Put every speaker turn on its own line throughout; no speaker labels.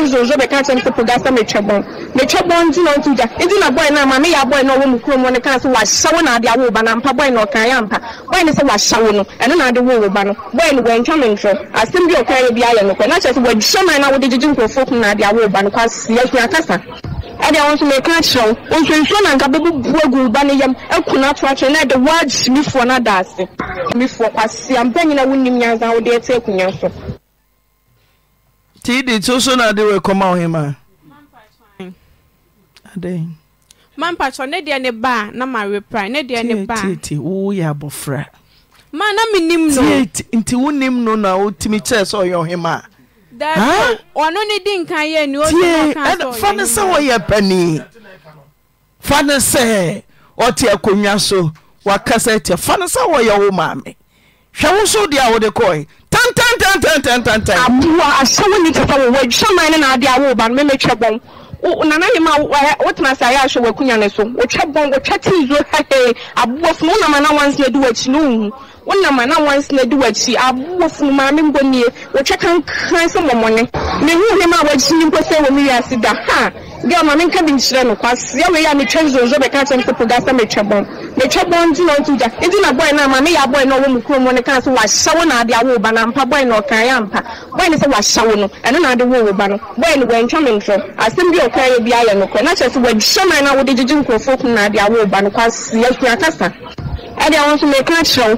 ụzọ e a ntụpụ gasa mechegbon mechegbon ndị na otu ja ndị na bọị na ya bọị na ọwụ mukuru mụ nịka sị washawo na adịawo ụba na mpa bọị na ọkara ya mpa bọị na sị washawo no ɛno na adịwo ụba no bọị e na wee ntwa m ntwọ asịm bi bi ayọ na achọ sị wadi shaman na wọde na ụba kwa nso
na nka ụba yam tide so so no ade wɔkɔma wohem a woo yɛ abɔfra nti woni no na wotimi kyerɛ sɛ ɔyɛ hem
afano sɛ
wɔyɛ pani fane sɛ ɔte akonnwa so wakasɛ atia fane sɛ wɔyɛ wo maame hwɛ wo so deɛ a wode kɔɛ
aboa a woba no mɛmɛtwɛ bɔn nanayi ma wotena sɛ ayɛ wakunya ne so wotwɛ bɔn wotwa tee zo hɛhɛ aboa funu di w'akyi di w'akyi aboa funu mbɔ nie kankan sɛ mɔmɔne mehu ne a wagyi ni sɛ wɔ me wiase da ha gị ọma me nka bi nhyerɛ no ya yɛ wei a metwa zozo bɛka kyɛ nso po gasa metwa bɔn metwa bɔn nti na ɔntu gya nti na bɔn no ama meyɛ abɔn no ɔwɔ mu kurom no ka sɛ wahyɛ wo na ade awo ba na mpa bɔn no ɔkan ampa no sɛ wahyɛ wo no ɛno na wo wo ba no bɔn no wɔntwa me asɛm bi yɛ bi ayɛ na kyerɛ sɛ na wode gyegye nkurɔfoɔ awo ba no ɛde àwọn nso mɛka kyerɛ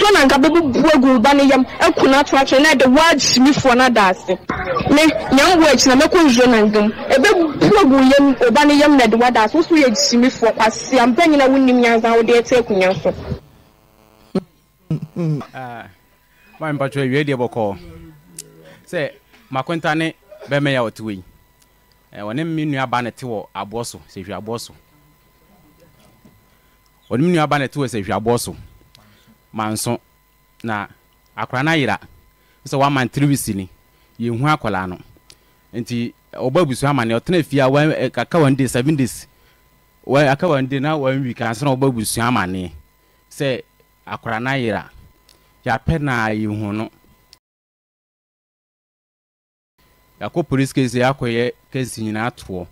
wo na nka bɛbubu agu ba ne yam aku ato akyerɛ na ɛde woakyimifoɔ no ada ase me nyɛ wo akyi na mɛkɔ nsuo na agu yam ɔba ne yam na ɛde ase yɛ ampa nyina wonim wode ɛte so awie deɛ sɛ
ne ɔne me nuaba etu ɛte wɔ sɛ hwɛaboɔ so manso na akora no ayera sɛ wama ntere wisi ni yɛhu akɔlaa no nti ɔba ama amane ɔtena fie a kaka wɔn de seven days aka wɔn de na wɔn wi kan na ɔba abusu amane sɛ akora no ayera yɛapɛ na yɛhu no yɛakɔ nyinaa toɔ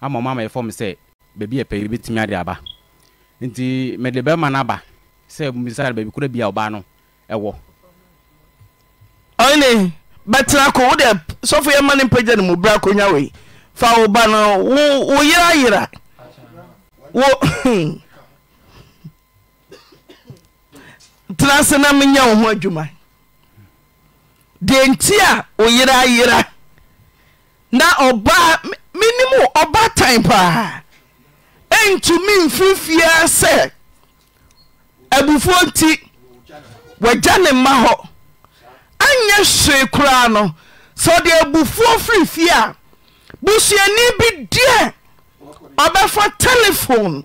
ama ama aba nti mede bɛma no aba sɛ misa baabi kora bia ɔbaa no ɛwɔ
ɔne bɛtena ko wode sɔfo yɛma no mpagya no mu berɛ akɔnya wei fa wo ba no wo yera yera wo tena se na menya wo ho adwuma deɛ nti a wo yera yera na ɔbaa menim ɔba tan paa ntumi mfiri fiea sɛ abufuo nti wɔagya ne mma hɔ anyɛ see koraa no sɛ ɔde abufuo firi fie a busuani bi deɛ ɔbɛfa telefon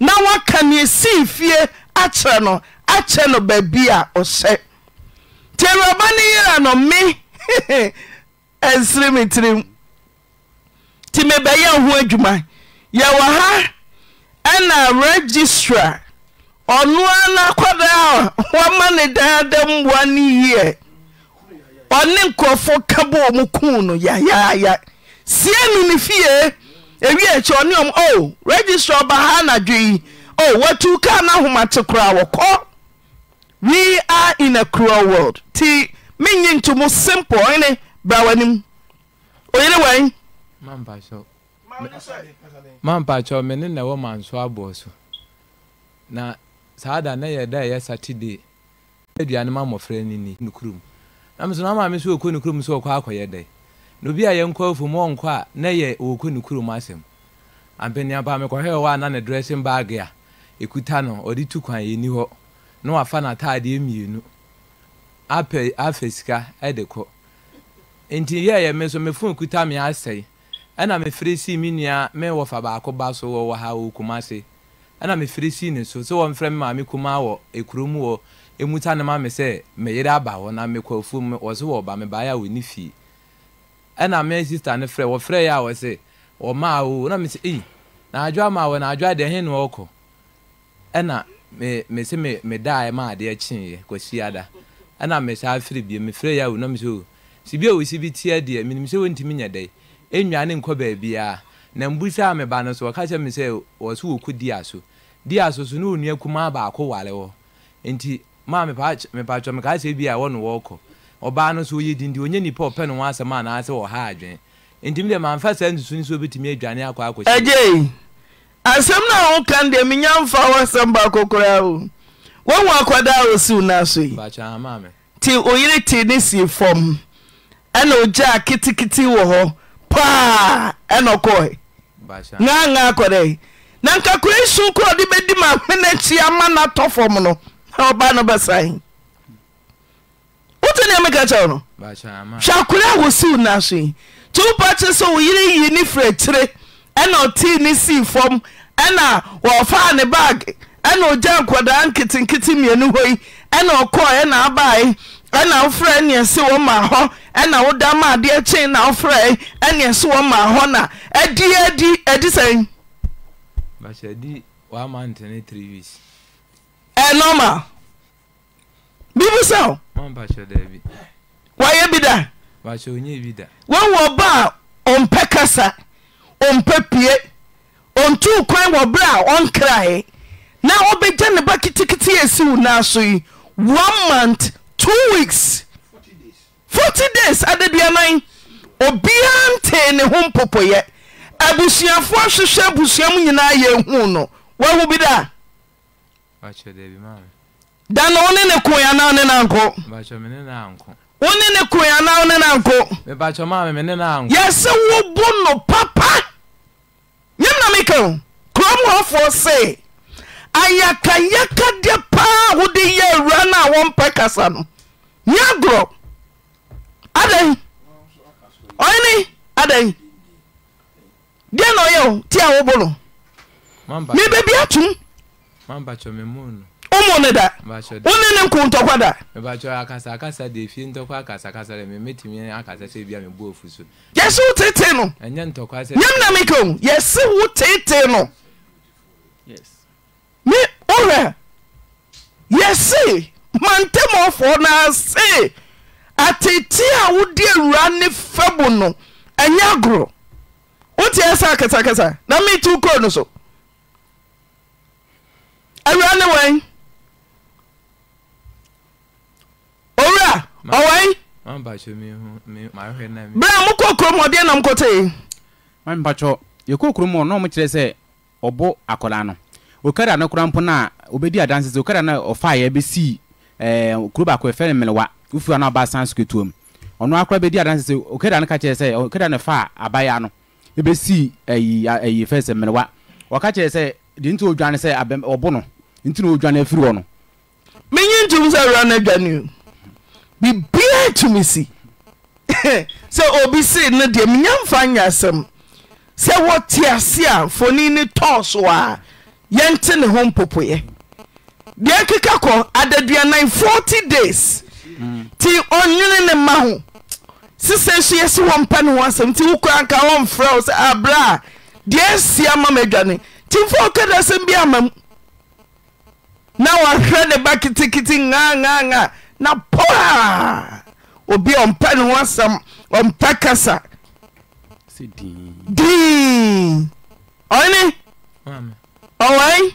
na woaka neɛ sii fie akyerɛ no akyerɛ no baabi a ɔsɛ nti murɛba ne yira no me nsiri me tirim nti mebɛyɛ ho adwuma yɛwɔ ha ɛna registra ɔno a na akwada a woama ne daada mboa ne yie ɔne nkurɔfo ka bɔɔ mu kuu no yayaaya sie no ne fie ewie akyi ɔne ɔm o oh, registra ɔba ha anadwo yi o oh, watu kaa na ahomate koraa wɔkɔ we are in a cruel
world nti menyi nto mo simple ɔne bra w'anim oyere wɛn mampakyɛ me ne na ɛwɔ manso aboɔ so na saa da na yɛ da ɛyɛ saturday aduane ma mmɔfra no ni ne kurom na me so na maame so ɔkɔ ne kurom so ɔkɔ akɔyɛ dɛ na obi a yɛnkɔ afom ɔnkɔ a na yɛ ɔkɔ ne kurom asɛm ampaniapa mekɔhwɛ hɔ a na ne dressing bag a ɛkuta no ɔde tu kwan yɛni hɔ na wafa n'ataadeɛ mmienu apɛ afɛ sika ɛde kɔ nti yɛyɛ me so me fon kuta me asɛe ɛna mefiri sii me nua me wɔfa baako ba so wɔwɔ ha wɔ kumase ɛna mefiri sii ne so sɛ wɔmfrɛ me maame kumaa wɔ ekuro mu wɔ emu ne ma me aba hɔ na mekɔ afuom wɔse wɔ ba me a wɔni fie ɛna me sista frɛ wɔfrɛ yɛ a o na ei na ma wɔ na deɛ na ɔkɔ ɛna me me me me adeɛ kyeeɛ kɔsi ada ɛna ɛnwane nkɔ baabiaa na mbusa a meba no so wɔka kyɛ me sɛ wɔso wɔku dia so dia so so ne baako nti maa mepatwɔ mekaa sɛ bi a wɔne wɔkɔ ɔbaa no so ɔyɛ dindi ɔnyɛ nnipa ɔpɛ ne ho asɛm anaasɛ wɔha adwene nti mamfa saa nsusu wobɛtumi adwane akɔ akɔ agyei
asɛm no a woka deɛ menya mfa wo asɛm baako koraa o a ɔsiw no
yi
nti oyere ne sie fam ɛna ketekete wɔ hɔ paa ɛnɔkɔe aa kɔdɛ na nkakora su kora ɔde bɛdi ma hwene kyi ama natɔfam no na ɔba no bɛsae wote nea meka kyɛw no
hwɛ
akora a wɔsiw naaso yi nti wopa kye sɛ wo yere yi ne frɛkyire ɛna ɔtee ne sii fam ɛna wɔfaa ne bag ɛna ɔgya nkɔdaa nketenkete mmienu hɔ yi ɛna ɔkɔɔ ɛna abae ɛna wofrɛ neɛ se wɔ ma hɔ ɛna woda maadeɛ kyine na wɔfrɛe ne so wɔma hɔ na adi adi adi sɛn nɔma bibsɛwo wayɛ bi da wowu ɔba a ɔmpɛ kasa ɔmpɛ pie ɔntoo kwan wɔberɛ a ɔnkrae na wobɛgya ne ba ketekete ɛ si wo noa so yi one month t weeks 40 days adaduanan obiara ntee ne ho mpopɔeɛ abusuafoɔ hwehwɛ abusua m nyinaa yɛ hu no woaho bi
da da no wo ne ne koe ana wo ne ya wo ne ne koe ana wo ne nanko yɛ sɛ wobo no papa nyam na
meka o kurom hɔfoɔ se ayakayakadeɛ paa wode yɛ awura kasa no adɛn ɔyene adɛn deɛ na ɔyɛwo ti a wobo no mebɛbi atom
womu ne da wone ne nko ntɔkwa da yɛse wo teetee no nyam na
mekao yɛse wo yesi! no me wohwɛ yɛse mantamɔfoɔ naase atete a wode awura ne fɛ no ɛnyɛ agorɔ wotiɛ sɛ akasakasa na meto koo no so awura ne wai
owura ɔwai
berɛ a mokɔ kurom ɔdeɛ nam
kɔtee
mpakyɛ yɛkɔ kurom ɔ na ɔmokyerɛ sɛ ɔbɔ akɔla no okara no kora mpo no a obɛdi adanse sɛ okara no ɔfaayɛ bɛsii ɛɛ eh, kuro baako yɛfɛ ne melewa wofi hɔ na ɔba san sukutuo mu ɔno akora bɛdi adansi sɛ okeda no ka kyerɛ sɛ okeda ne fa abaya no ebesi ɛyi ɛyi fɛ sɛ melewa ɔka kyerɛ sɛ deɛ nti odwane sɛ abɛm
ɔbo no nti na odwane afiri hɔ no. menyi ntum sɛ awura no adwane bibia tumi si sɛ obi si no deɛ menya mfa nyɛ asɛm sɛ wɔte ase a mfoni ne tɔɔso a yɛnte ne ho mpopoeɛ deɛ keka kɔ adaduan40 days nti ɔwene ne ma ho sesɛ so yɛse wɔ mpa ne ho asɛm nti wo koa ka ɔmfrɛ o sɛ abrɛa deɛ asia mama awane timfo wokada asɛm bi ama m na wɔhwerɛ ne ba ketekete aaga na pɔa obi ɔpa neho asɛm ɔmpa kasa
di ɔne i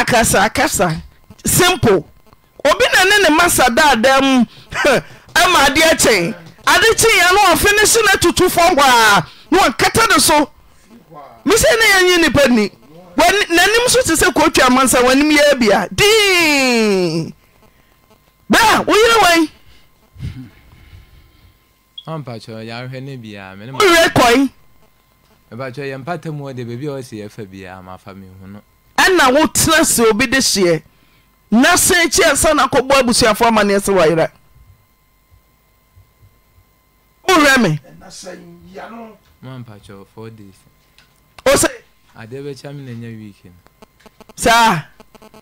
akasa akasa simple obi na ne ne masa daadaa mu ɛma adeɛ kyɛn ade kyɛn yɛn no ɔfinisi na tutu fam hwaa na ɔkata ne so mesɛ ne yɛn nye nipa ni n'anim so te sɛ kootu amansa w'anim yɛ abia diin bɛɛ woyere wɔn.
ɔmpakyɛ yɛahwɛ ne biaa mene wowerɛ kɔe mpakyɛ yɛmpata mu ɔde baabi a ɔsi yɛfa biaa mafa mehu no
ɛna wotena se obi de hyeɛ na sɛ akyi ansa na akɔbɔ abusuafoɔ amanneɛ sɛ wayera
wohwɛ me ose
saa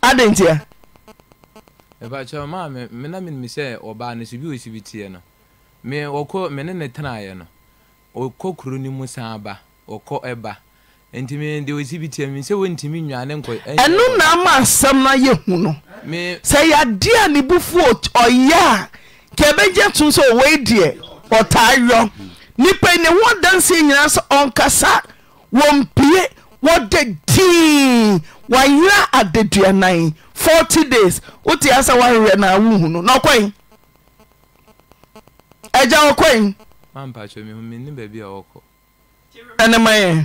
adɛn ntia
ɛpakyɛ maa me me na menim sɛ ɔbaa no so bi ɔsi bi teɛ no me ɔkɔ me ne ne tenaeɛ no ɔkɔ kuro no mu san ba ɔkɔ ɛba ɛno eh. na ama
asɛm no yɛ hu no sɛ yɛade a ne bofuo ɔyɛ a kɛ ɛbɛgya tom sɛ ɔwɔi deɛ ɔtaa yɔ nnipa ne wɔ danseɛ nyinaa sɛ ɔnkasa wɔmpie wɔda dii wayera adaduanan 40 days wotia sɛ woawerɛ naa wohu no na ɔkɔi agya ɔkɔi ɛne ma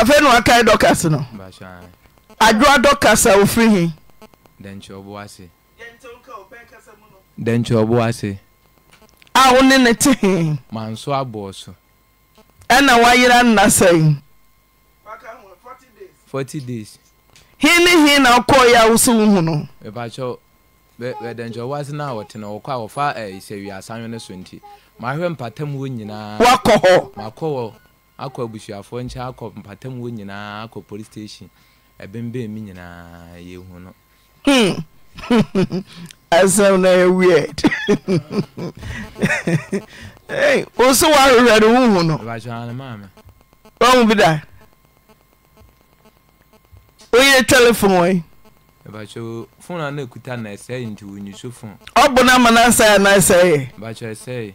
afei ne wakae dɔkas no adwoa dɔkas a ofiri he dɛnkyɛɔbo ase a wo ne ne te ma nso abɔɔ so ɛna woayera nna sɛe
he ne he na wokɔɔyɛ wo so wo hu no
dɛnkyɛɔbo ase na wɔte no wɔkɔ a wɔfa sɛ wiasawene so nti mahwɛ mpatamu hɔ nyinaa woakɔ hɔ akɔ abusuafoɔ nkyɛn akɔ mpatam wɔ nyinaa akɔ police station ɛbɛnbɛn mi nyinaa yɛ hu no.
Hmm. asɛm na yɛ weird o so wa awurɛ de wo hu no.
wɔn
bi da oyɛ telephone wɔn.
bakyɛ fone a na ekuta na ɛsɛe nti wɔnyi so fone. ɔbɔ na ama na asɛe anaa ɛsɛe. bakyɛ ɛsɛe.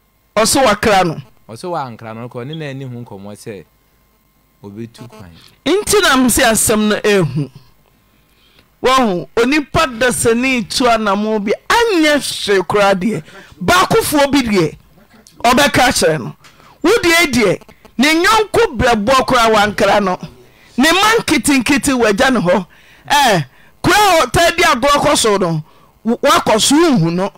ɔso wakra no ɔso wankra no kɔ ne na ani ho nkɔmmɔ sɛ obɛtu kwan
nti na m sɛ asɛm no ɛhu wɔhu onipa da sani tu anamo bi anyɛ hwee koraa deɛ baakofoɔ bi deɛ ɔbɛka kyerɛ no wo deɛ ne nyɔnko brɛboɔ koraa wankra no ne ma nketenkete wagya ne hɔ ɛ koraa ɔtaa di agorɔ kɔ so no so nhu no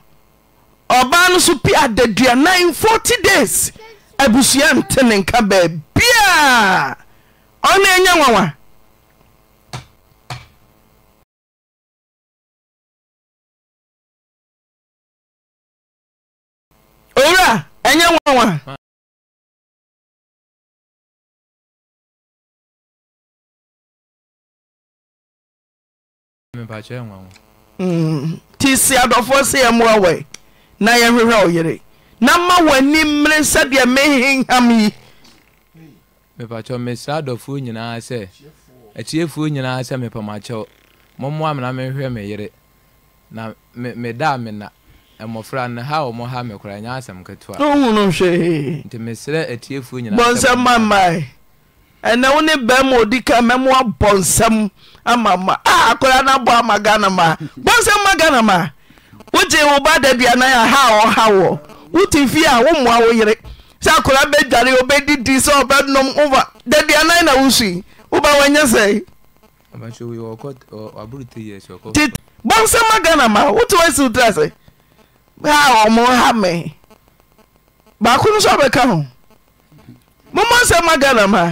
ɔbaa no so pi adaduanan forty days abusua nte
ne nka baabiaa ɔne ɛnyɛ nwanwa owura ɛnyɛ nwanwa nti mm, si adɔfoɔ sɛ yɛ mmoa
wɔ na yɛhwehwɛ ɔyere na ma w'ani mmere sɛdeɛ mehenham yi
mepakyɛw mesra adɔfoɔ nyinaa sɛ akyiefoɔ nyinaa sɛ mepamakyɛw mommoa me na mehwɛ me yere na meda a mena mmɔfra no ha ɔmɔ ha me kora ɛnyɛ asɛm ketewa wohu no hwee nti mesrɛ atiefoɔ nyinaa bɔnsɛm
mammae ɛnɛ wo ne bɛrima odi ka mɛmoa bɔnsɛm ama ma a ah, akora no abɔ ama ghana ma bɔnsɛm ma ghana ma wogye wo ba da duanan a ha o. ɔha wɔ wote fie a wommoa wo yere sɛ akora bɛdware obɛdidi sɛ ɔbɛnom wova da duanan na wosui woba wanyɛ sɛe
uh,
bɔnsɛm agana ma wote wasi wotra Ha a ɔmo ha me baako no so abɛka ho mommɔ nsɛm agana ma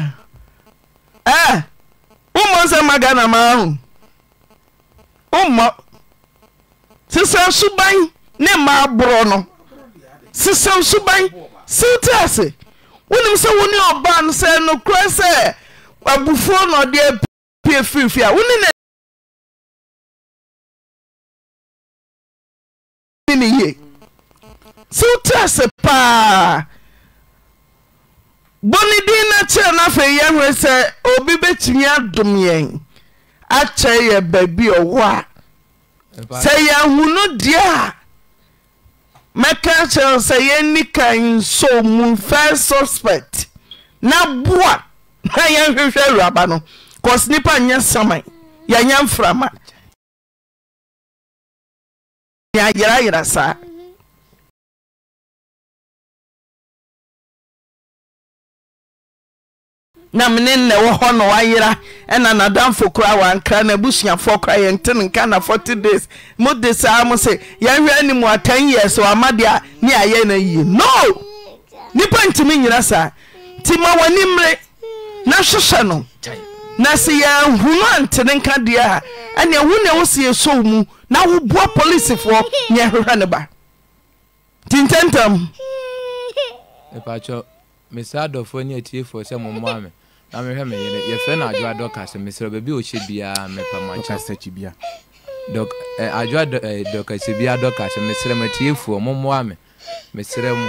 ɛ wommɔ nsɛm agana ma ho wommɔ sesɛ suban ne maaborɔ no sesɛ nsuban sewotiase wonim sɛ
wo ne ɔbaa no sɛ nokoraa sɛ abufuo no ɔdeɛ pie firfie a wonene sɛwotiase paa
bone din no kyerɛ no afei yi weɛ sɛ obi bɛkyimia adom yɛn akyɛ yɛ baabi a ɔwɔ a sɛ yɛahuno deɛ a mɛka akyɛɛno sɛ yɛnni ka nso mu fir suspect
na boa na yɛ hwehwɛ awuraba no caurus nipa nnyɛ samae yɛanyɛ mframa nea ayerɛ yera saa na mene na ɛwɔ hɔ na wayera ɛna nadamfo kora wankra
na abusuafoɔ kora yɛnte ne nka na 40 days mode saa mo se yɛnhwɛ anim a ten years wama deɛ a ne ayɛ no yie no nipa ntumi nyina saa nti ma w'ani mmere na hwehwɛ no na sɛ yɛahunu ante ne nka deɛ a ɛne ɛhu ne wo se yɛsɔw mu na woboa polisifoɔ ne ɛhwehwɛ ne ba nti ntɛntɛm
mesaa adɔfoɔ ne atiefoɔ sɛ mommoa me na mehwɛ me yere yɛfrɛ no adwoa dɔkas mesrɛ baabi ɔhyɛ biaa mepa makyɛ adwoa dɔkas biaa dɔkas mesrɛ matiefoɔ mommoa me mesrɛ mu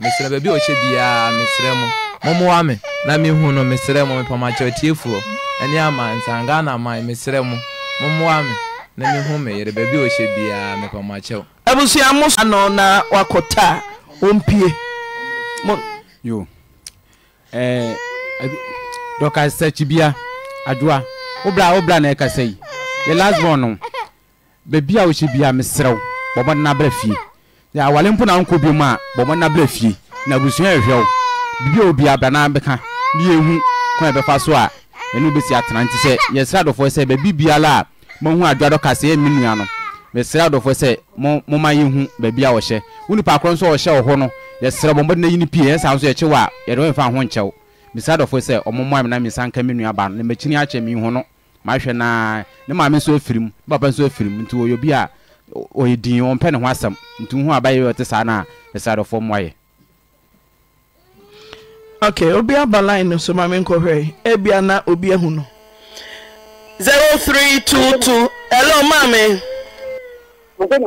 mesrɛ baabi ɔhyɛ biaa mesrɛ mu mommoa me na mehu no mesrɛ mu mepa makyɛ atiefoɔ ɛne ama nsangana na aman mesrɛ mu mommoa me na mehu me yere baabi ɔhyɛ biaa mepa makyɛw
abusua mo ano na wakɔta a ɔmpie yo ɛɛ eh, dɔkasa kyibia
adwoa wobra wobra na ɛkasa yi yɛ last born no baabi a wohyɛ bia meserɛw bɔ mmɔden na fie yɛ awale mpo na nkɔ bi mu a bɔ mmɔden na fie na abusua ɛhwɛ wo bibi a obia abra na bɛka ne yɛhu kwan ɛbɛfa so a ɛnu bɛsi atena nti sɛ yɛsrɛ adɔfoɔ sɛ baabi biara a mohu adwa dɔkasa yɛ mi nua no yɛsrɛ adɔfoɔ sɛ mo mo ma yɛhu baabi a wɔhyɛ wo nipa korɔ nso a wɔhyɛ wɔ hɔ no bụ bɔ mɔde na yine pii ɛsa nso yɛkyi wɔ a yɛde wɔmfa ho nkyɛw misa dɔfoɔ sɛ ɔmommoa me na misa nka me nuaba no na makyini akyɛ me ho no mahwɛ na ne maame nso efiri mu ne papa nso efiri mu nti ɔyɛ bi a ɔyɛ din ɔmpɛ ne ho asɛm nti ho abayɛ ɔte saa no a yɛsrɛ dɔfoɔ yɛ
ok obi aba line no so nkɔhwɛ ebia na obi ahu no 0322 hello maame ɔpɛ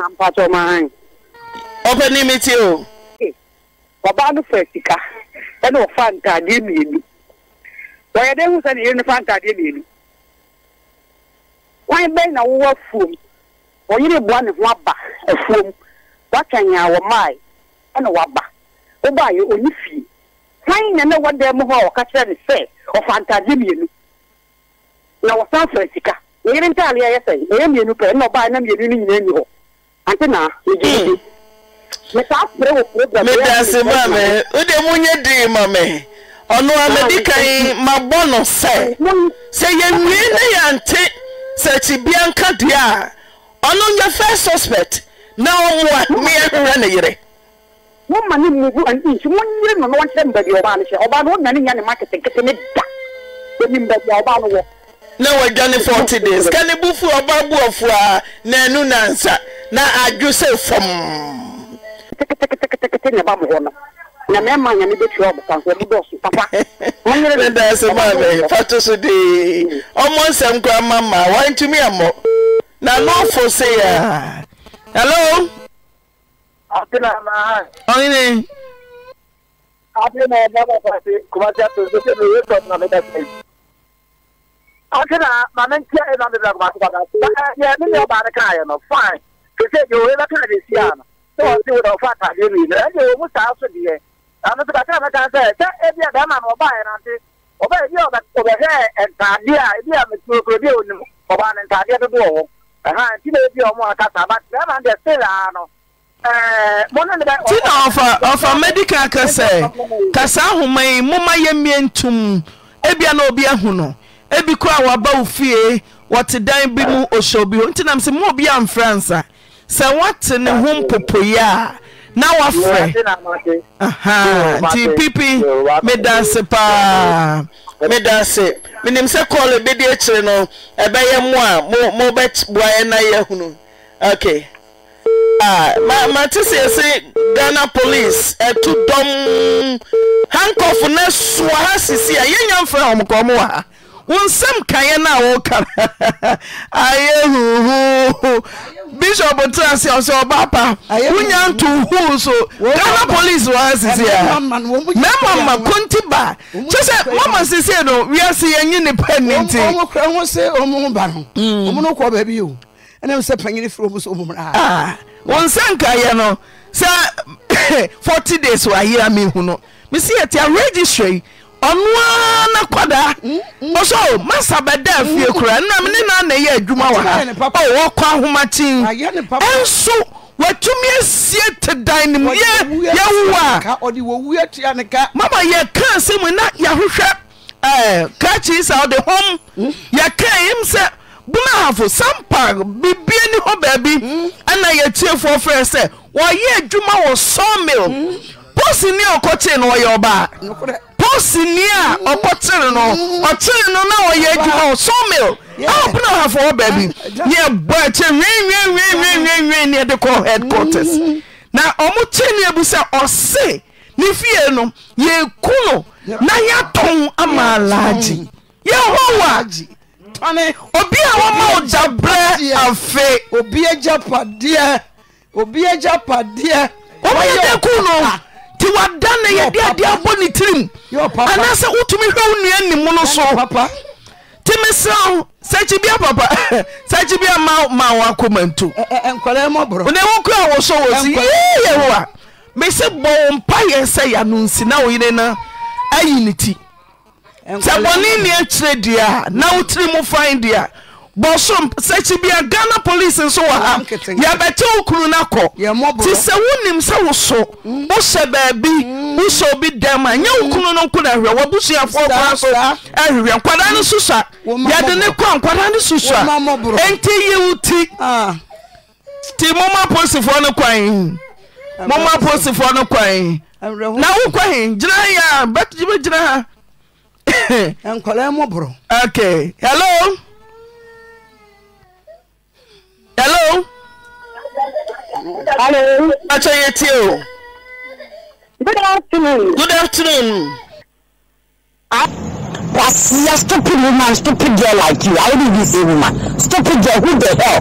ne mi ti o ɔbaa no fa
sika ɛna ɔfa ntaadeɛ mmienu wɔyɛ dɛ ehu sɛ ne yere no fa ntaadeɛ mmienu wɔn bɛn na wɔwɔ afuom wɔyere bua ne ho aba afuom wɔatwɛn a wɔmaa ɛna waba wɔbaayɛ oni fie wɔn nyɛ na ɛwɔ dan mu hɔ a wɔka kyerɛ ne sɛ ɔfa ntaadeɛ mmienu na wɔsan fa sika ne yere ntaadeɛ yɛ sɛ ɛyɛ mmienu pɛ ɛna ɔbaa na mmienu no nyinaa ni hɔ
ante na egye medase maame wode munyɛ dii mame ɔno amadi kan mabɔ no sɛ sɛ yɛwie ne yɛante sɛ kyibia nka deɛ a ɔno nyɛ first suspect na ɔmoa meɛhwerɛ ne yere wọ́n ma ní mùgú àti no, wọ́n
nyere nù wọ́n no, mbẹ́bi ọba no, ọba ní wọ́n nani nya ni market nkete ní da ebi mbẹ́bi ọba no, wọ.
na wàdwa ní forty days kanibu fún ọba abuọ̀fọ̀ a n'anu nansa na adwo sẹ́ fọ́ọ̀mù teketeketekete hmm. na ɛba mo hɔ no na mɛma nyame bɛtua ɔboka nso ɛmu dɔɔso papa medase maame fato so dee ɔmmɔ nsɛm koraa ma ma wantumi ammɔ na nɔɔfo se
a
hello ɔhene akena
maame ntia ɛna mebra kumase pata yɛ ne ne ɔbaa ne kaayɛ no fine sɛ sɛ yɛwɔ ɛbɛka de si a no sɛ ɔde wo dɔfo atadeɛ no yina ɛne wɔ mu saa so deɛ ano so kakra mɛka sɛ ebi a bɛrima na ɔbaeɛ nante ɔbaeɛ bi a ɔbɛhwɛ ntadeɛ a ebi a onim na
ebi akasa ti na ọfa medical kasa yi mmie na obi ebi dan bi sɛ woate ne ho mpopoyi a na wafrɛ nti pipi medase paa medase menim sɛ kɔɔle bɛdi akyire no ɛbɛyɛ mo a mobɛboa yɛ na yɛahunu ok ah, mate sɛ yɛse ghana police ɛto dɔm hankɔfo na soa ha sisi a yɛnya mfrɛ ɔmkɔm wɔ ha wo nsɛm kaeɛ no a wɔka ayɛ huhu bishop tena ase ɔsɛ ɔba pa wonya nto huu so ghana police wɔ asisi a mɛma ma konti ba
kyɛ sɛ mama sisi
no wiase yɛnye nipa ni nti ɔmo kura ho sɛ ɔmo ho ba no ɔmo hmm. no kɔ baabi o ɛnam sɛ panyin firi ɔmo so ɔmo mra ah, wɔn nsa nkaeɛ no sɛ forty days wɔ ayira mi hu no mesi yɛ te a registry ɔnoara no kɔdaa ɔsɛ masa bɛda afie koraa nam ne ah, naa na ɛyɛ hmm? hmm? adwuma wɔ ha wɔkɔ ahoma kyin ɛnso watumi asie te dan nem yɛ yɛwoa mama yɛka sɛ mu na yɛahwehwɛ kakyi sa ɔde hom yɛka im sɛ bona hafo sampa birbie ni hɔ baabi ana yɛtiefoɔ frɛ sɛ wɔyɛ adwuma wɔ sawmill posi ne ɔkɔkyee no wɔyɛ ɔbaa nọọsini mm-hmm. a ọbọ tiri no ọtiri no na ọyẹ adwuma ọ sawmill help na ọha fọ baabi yẹ bọ ẹkyẹ nwinwinwinwinwin ni ẹdi kọ headquarters na ọmọ kyẹn ni ebu sẹ ọsẹ ne fie no yẹ ku no na yẹ tọn ama alaagye
yẹ hó wa
obi a wọn ma ọjà brẹ afe. obi ẹja padeẹ obi ẹja padeẹ. wọ́n yẹ dẹ́kun no. ti woda ne yɛdeadeɛ abɔ ne tiri m anaasɛ wotumi hwɛ wo nnua nni mu no so nti mesera o sakyi bi apapa sakyi bi amamaa wɔ ako mantowone wokura a wosɔ wɔ si yɛ howa mɛsɛ bɔ wo mpa yɛ sɛ yɛ ano nsi na wo yene no ayi no ti
sɛ bɔne nnua kyerɛ
deɛ a na wo tiri mo fain deɛ a bɔsom sɛkyi bia ghana police nso wɔ ha yɛbɛte wo kunu no akɔ nti sɛ wonim sɛ wo so mm. wohyɛ baabi mm. wosɛ obi dɛm a nyɛ wo mm. kunu no nko na ahwɛ wabusuafoɔ kora so ahwehwɛ nkwadaa no susua yɛde ne kɔ nkwadaa no susua enti yiwo ti nti ah. momma polisifoɔ no kwan
momma polisifoɔ no kwan na wo kwan
gyina yɛ a bɛgyina ha okay hello hello. hello. pàtó yẹ tí o. good afternoon. good
afternoon. Wasi a stupid woman, stupid girl like you. I will be the same woman. Stupid girl, who the hell?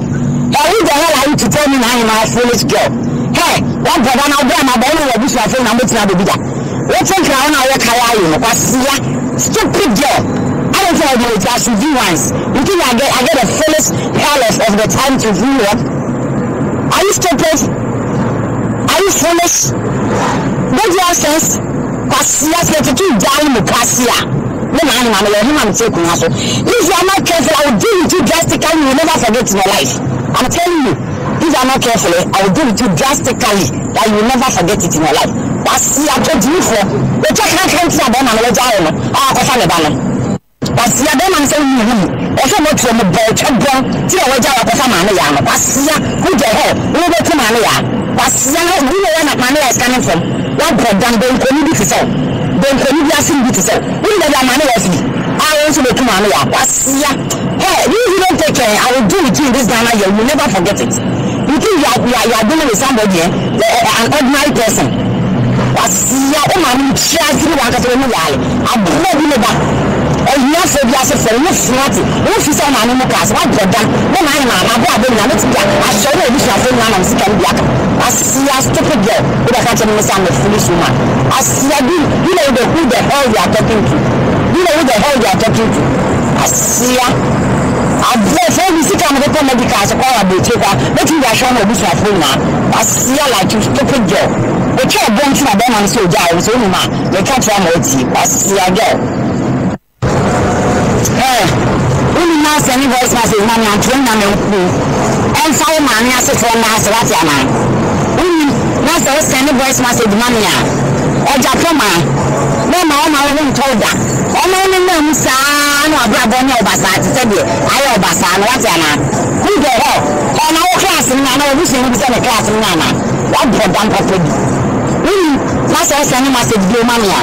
Hey, who the hell are you to tell me now I'm a foolish girl? Hey, what brother now, brother, my boy, will be so saying? I'm not going to be there. What's in crown? I will carry you. a stupid girl. I don't tell you I should do once. You think I get I get the fullest palace of the time to do what? Are you stupid? Are you foolish? Don't you have sense? Kwasia said to die Mukasia. No man, I'm a human taking us. If you are not careful, I will do with you drastically. You will never forget in your life. I'm telling you, if you are not careful, eh, I will do with you drastically. That you will never forget it in your life. Kwasia told you for. We're talking about country ah, about Mamma Jaro. Ah, Kofane Bannon wasia bɛrima nsa yi mu ɔsɛ mo tuo mo bɔ ɔkyɛ bɔ ti a wɔgya wa kɔfa maame yaa no wasia ko gya hɔ wɔn bɛ tu maame yaa wasia ebi wɔ yɛ na maame yaa sika fam wabɔ dan benkoni bi ti sɛ benkoni bi ase bi ti sɛ wɔn bɛ yɛ maame yaa firi a nso bɛ tu maame yaa wasia hɛ you you don take care i will do with you in this ghana year you will never forget it you think you are you are you are with somebody eh? Eh, eh, an ordinary person wasia o maame tia si wa akasɛ wɔn mu yaa yɛ aburo bi ne ba ɛyìn ɛsɛ bi ase fɛrɛ ne funu ati ne fi sɛ ɔmaame mu kaasi wa bɔ da ne nan na ama bɔ abɛ nyame ti bi a ahyɛ ne ebi fiafo nyina nam sika ne bi aka asia stupid girl o de ka kyerɛ ne sɛ a foolish woman asia bi you know the who the hell you are talking to you know who the hell you are talking to asia abúlé fún mi sika mi kókó medical sọ kọ́ ọ̀bẹ tí o kọ́ bẹ́ẹ̀ tí ìyá aṣọ náà ebi fiafo nyina asia like you stupid girl o tí o bọ́ ntí na bẹ́ẹ̀ ma ní sọ o jẹ́ àyè sọ o nù ma yẹ ká tó ama o ti asia girl ɛɛ wuli ma sɛni voice message ma na tún na mi nkú ɛnfa wo maame asefoɔ na ase wate ama wuli na sɛ o sɛni voice message ma mi a ɔjà fɔ ma bɛɛ ma ɔma wo ntɔw da ɔma wo ne nam saa na ɔbɛrɛ bɔ ne ɔbasa te sɛ deɛ ayɛ ɔbasa na wate ama nkɛ hɔ ɔna wo class mu na na obi sɛni bi sɛ ne class mu na na wabɔ dampɔpɔ bi wuli na sɛ o sɛni message bi o ma mi a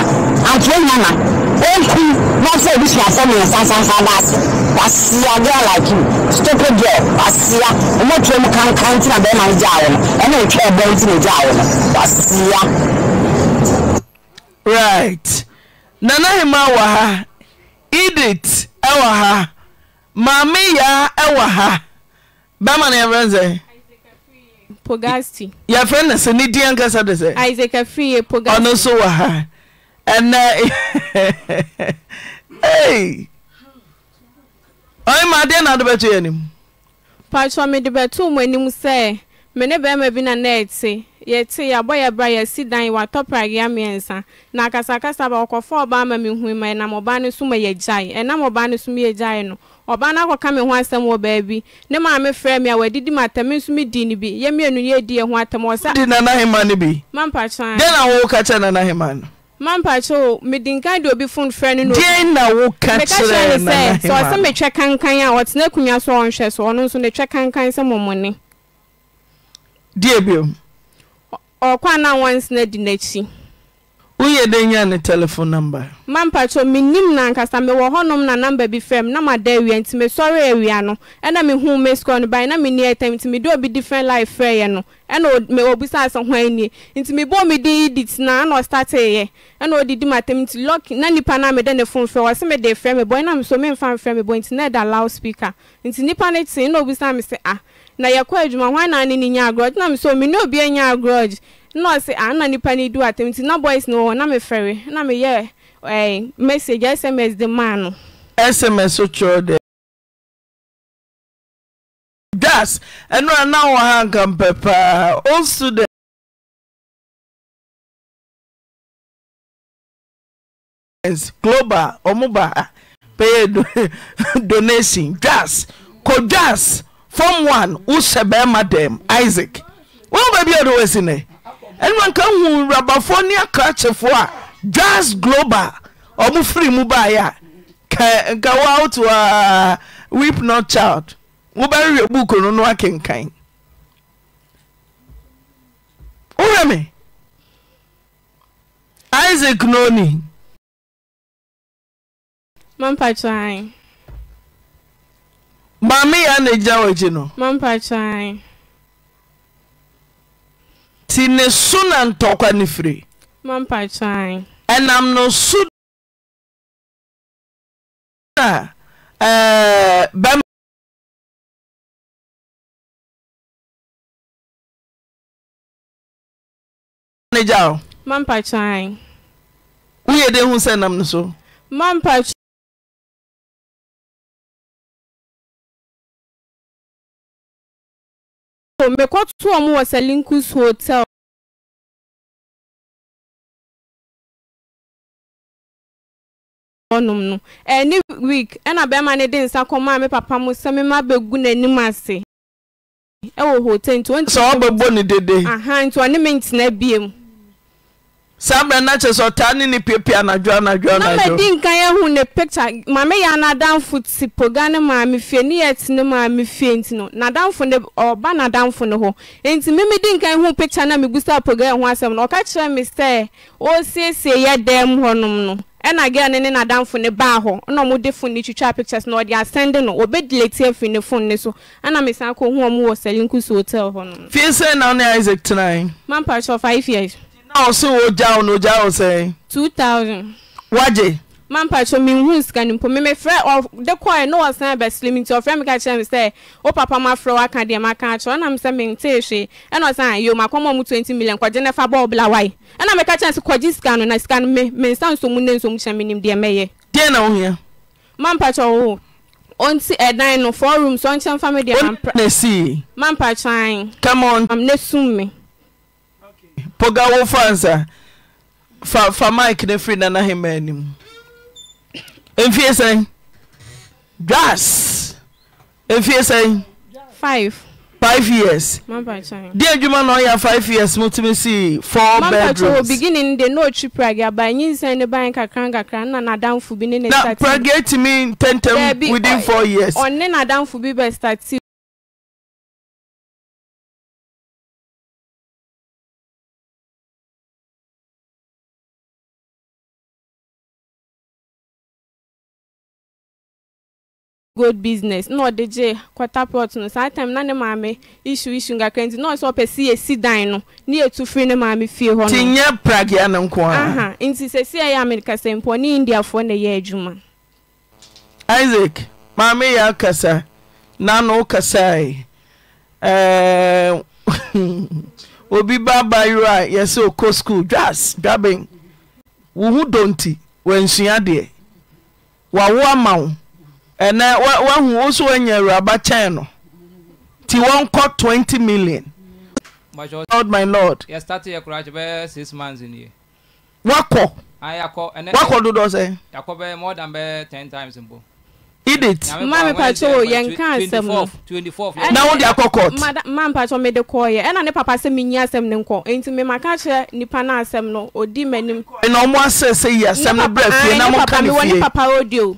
antún na na. Don't you not say this my family and san san san girl like you stupid girl wasia o kankan tí na bẹẹ máa ń jẹ àwọn
ẹni ìtwa ẹbẹ tí na jẹ right nana hima wɔ ha edith ewa ha Mami ya ewa ha Bama na yɛfrɛ
pogasti
yɛfrɛ no sɛ ne din nso ha ɛnɛ ɔima deɛ na wode bɛto yɛ na
patɔ mede bɛtoo mɔ anim sɛ me ne bɛrima bi na na ɛte yɛte yɛabɔ yɛ bra yɛasi dan wɔatɔ pragea mmiɛnsa na akasakasa ba ɔkɔfa ɔbaa ma mehui ma ɛnam ɔbaa no ma yɛgyae ɛnam ɔbaa no so ma yɛgyae no ɔbaa no akɔka me ho asɛm wɔ baabi ne maa me frɛ me a wɔadidi m atɛm nso medii no bi yɛ mmienu yɛdi yɛ ho atɛm ɔsɛdi nanahema no bi mampakyɛa dɛn na wowo
ka kyɛ nanahema no
mampakyɛw medinkan de obi fon frɛ no nona woka kyerɛ ne sɛ sɛ ɔsɛ metwɛ kankan a ɔtena akonnwa so ɔnhwɛ so ɔno nso ne twɛ kankan sɛ mɔmɔne
deɛ bio ɔkɔ
ana wansena di n'akyi
woyɛ dɛ nya ne telephone number
mampakyɛ nim na ankasa mewɔ hɔnom na number bi fam na ma mada awia nti mesɔre awia no ɛna mehu me score no ban na menni atam nti mede obi different life frɛeɛ no ɛna ɔbisaa sɛ ho ani nti mebɔɔ mede edit na ana ɔstateeɛ ɛna ma matam nti lock na nipa na a mede ne phone frɛ ɔse mede frɛ me bɔ ɛna meso memfa mfrɛ me bɔ nti na ɛda loud speaker nti nipa no tee na obisaa me sɛ ah na yɛkɔ adwuma hwan na ne ne nya agrɔge na mesɛ mene obia nya agrɔge Ah, na ɔsi nipa ni du atam ti na boys no na me fɛre na me yɛ ɛɛ eh, message sms de maa no.
sms kyerɛ de.
gas ɛnu a na wɔn ha nka mpɛ paa o nso de. global ɔmo ba pay ah, donation
gas kɔ gas form one wosɛ bɛrima dɛm isaac wɔn baabi a ɔdo wɔ si ne. ɛnoma nka hu wurabafoɔ ne a jas global ɔmo firi mu baeɛ a nka woawoto a weep not child wobɛrehwɛ buuku no no akenkan wohwɛ me isaac noni
maame
yɛ na gyina
w'akyi no
ti ne so na ntɔ kwa ne firi ɛnam no soa ne gya w woye de hu sɛ ɛnam no so mekɔtoɔ mo wɔ salinkus hotel hɔnom no ɛne wik ɛna bɛrima ne de nsa
kɔmaa me papa mo sɛ mema bɛgu n'anim ase ɛwɔ hotel nti sɛ ɔbɛbɔ
ne dede aha nti ɔne me ntena biem saa berɛ na kyɛ sɛ ɔtaa ne ne piapia anadwoanadwoanamadi
nka ne ti poga ne fie ne ne fie nti no ne na mebu sa poga yɛ ho asɛm no ɔka kyerɛ me sɛ ɔsiesie no ɛna ne ne ne baa hɔ na ɔmode fon ne pictures na ɔde asɛnde no ɔbɛdileti efi ne fon ne so ɛna mesan hu ɔmo wɔ hotel hɔ
sɛ na isaac
mampa
ahụ sị ụja ahụ na ụja ahụ sị.
2000. waje. mampa tso mi hu sika ni mpo mimi frɛ ɔ de kɔɛ ne wɔsan abɛsiri mi nti ɔfrɛ mi ka kyerɛ mi sɛ o papa ma frɛ waka deɛ ma ka kyerɛ ɔnam sɛ mi nte ehwe ɛna ɔsan ayi o ma kɔn mu twenty million kɔgye ne fa bɔɔl bila wae ɛna mi ka kyerɛ mi sɛ kɔgye sika no na sika no mi mi nsa nso mu ne nso mu kyerɛ mi nim deɛ mɛyɛ. deɛ na ohia. mampa tso o onti ɛdan no four rooms ɔnkyɛn fa mi deɛ mampa. o na si. mampa tso anyi. come on. ne
sum mi poga wo fa fa fa mic ne firi nana hema anim mfie sɛn dwas mfie sɛn five five years di adwuma na ɔyɛ five years mo tumi si four bedrooms mama
beginning de no otwi pragi aba nyi nsɛn ne ban kakra kakra na n'adamfo bi ne ne start na
pragi etimi ntɛntɛm within four years ɔne n'adamfo bi bɛ starti. Good
business na ɔde gye kwata plot no saa time na ne maame isu isu nkakra nti na ɔsɛ ɔpɛ si esi dan no ne etu firi ne maame fie hɔ no. ti nye
pragya e, ne nko ara.
nti sisi ɛyɛ amerikasa mpɔ India indiafoɔ na ɛyɛ adwuma.
isaac maame yɛ kasa, nanu kasa yi e. eh, obi ba abayoro a yɛsɛ ɔkɔ school dwas dwaben wo donti wɔ nsua deɛ wawo ama wo ɛnɛ wahu wo so woanya awuraba kyɛn no nti wɔnkɔ 20 million lord my lord wakɔ
wakɔ dodɔ sɛ edit ma mepatwo yɛnka asɛm nona wode akɔ court
ma mpatwo mede kɔɔyɛ ɛna ne papa sɛ menyi asɛm ne nkɔ enti memaka kyerɛ nipa no asɛm no ɔdi m'anim na ɔmo asɛ sɛ yi asɛm no brɛ fie na mokame fie ne papa
ɔdi eh, o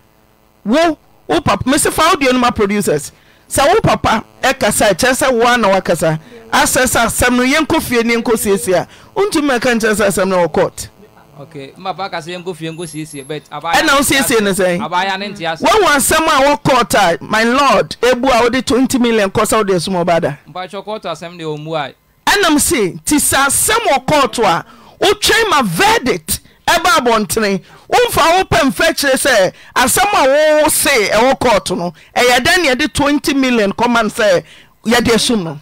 wo wo papa mesi fa audio no ma producers sɛ wo papa ɛkasa kyerɛ sɛ wo ana wakasa asɛ sɛ asɛm no yɛnkɔ fie ne yɛnkɔ siesie a wontumi ɛka nkyerɛ sɛ asɛm no wɔ court
okay mmapa kasa yɛn nkɔ fie nkɔ but abaya ɛna o siesie ne sɛn abaya ne nti ase wɔn wɔn asɛm a wɔ
kɔɔta my lord ebu a wɔde twenty million kɔsa wɔde esum ɔba da
mpatsɔ court asɛm de omu a
ɛnam se ti sɛ asɛm wɔ court, a wotwɛn ma verdict ɛba abɔntene womfa wo pɛ mfɛ kyerɛ sɛ asɛm a wo se ɛwɔ kɔɔto no ɛyɛ dɛn ne yɛde 20 million kɔma no sɛ yɛde eh, asum no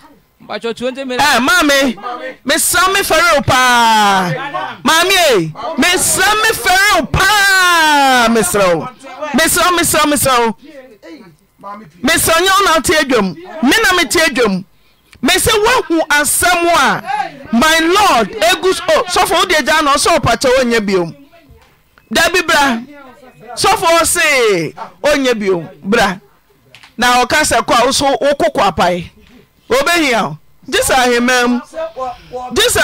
maame
mesra me fɛre wo paa maame mesra me fɛre wo paa mesrɛ wo mesrɛ wo mesrɛ wo mesrɛ wo mesrɛ nyɛ wo na wote adwam me na mete adwam mese wohu asɛm a mylord sfo wode gyanasɛ ɔpakyɛ wonya biom dabi bra sɔfo se oya bio ra na ɔkasɛ wokokɔa pa oesɛ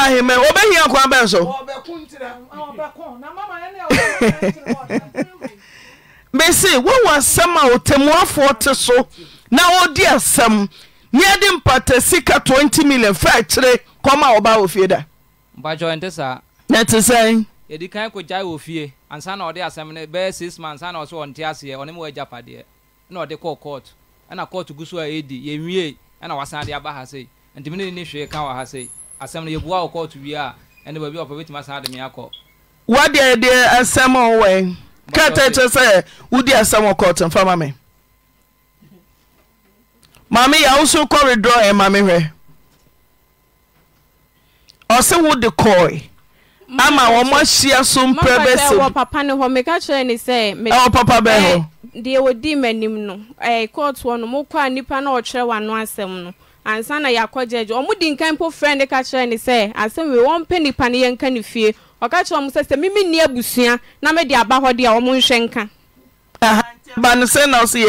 ahobɛhiakoabɛnso mese woahu asɛm a ɔtamuafoɔ te so na wodi asɛm yɛde mpata sika 20 million fa kyerɛ kɔma a wɔba wɔ fie da
mpakyɛ ɛnte saa
na te sɛn
yɛdi kan kɔgyae wɔ fie ansa na ɔde asɛm no bɛyɛ six months ansa na ɔsɛ ɔnte aseɛ ɔne ma wɔagya padeɛ ɛna ɔde kɔɔ court ɛna court gu so a ɛdi yɛnwie ɛna wasan de aba ha sei ntimi ne ne hwee ka wɔ ha sei asɛm no yɛbua wɔ court wie a ɛne baabi a ɔpɛ bɛtumi asan de me akɔ
wadeɛ deɛ asɛm ɔwɔ kɛtɛ kyerɛ sɛ wodi asɛm wɔ court mfama me maame yɛ woso kɔredɔ ɛma me hwɛ ɔse wode kɔe ama wɔmɔ ahyia so mprɛ bɛsɛwɔ papa bɛɛ hɔdeɛ
wɔdii m'anim no kɔɔtoɔ no mokɔa nnipa na ɔkyerɛ w'ano asɛm no ansa na yɛakɔgyagye ɔmodi nkan mpo frɛ ka kyerɛ ne sɛ asɛm wei wɔmpɛ nnipa no yɛnka ne fie ɔka kyerɛ ɔm sɛ sɛ memenni abusua na mede aba hɔ de ɔmo nhwɛ nka
ba no sɛ na ɔso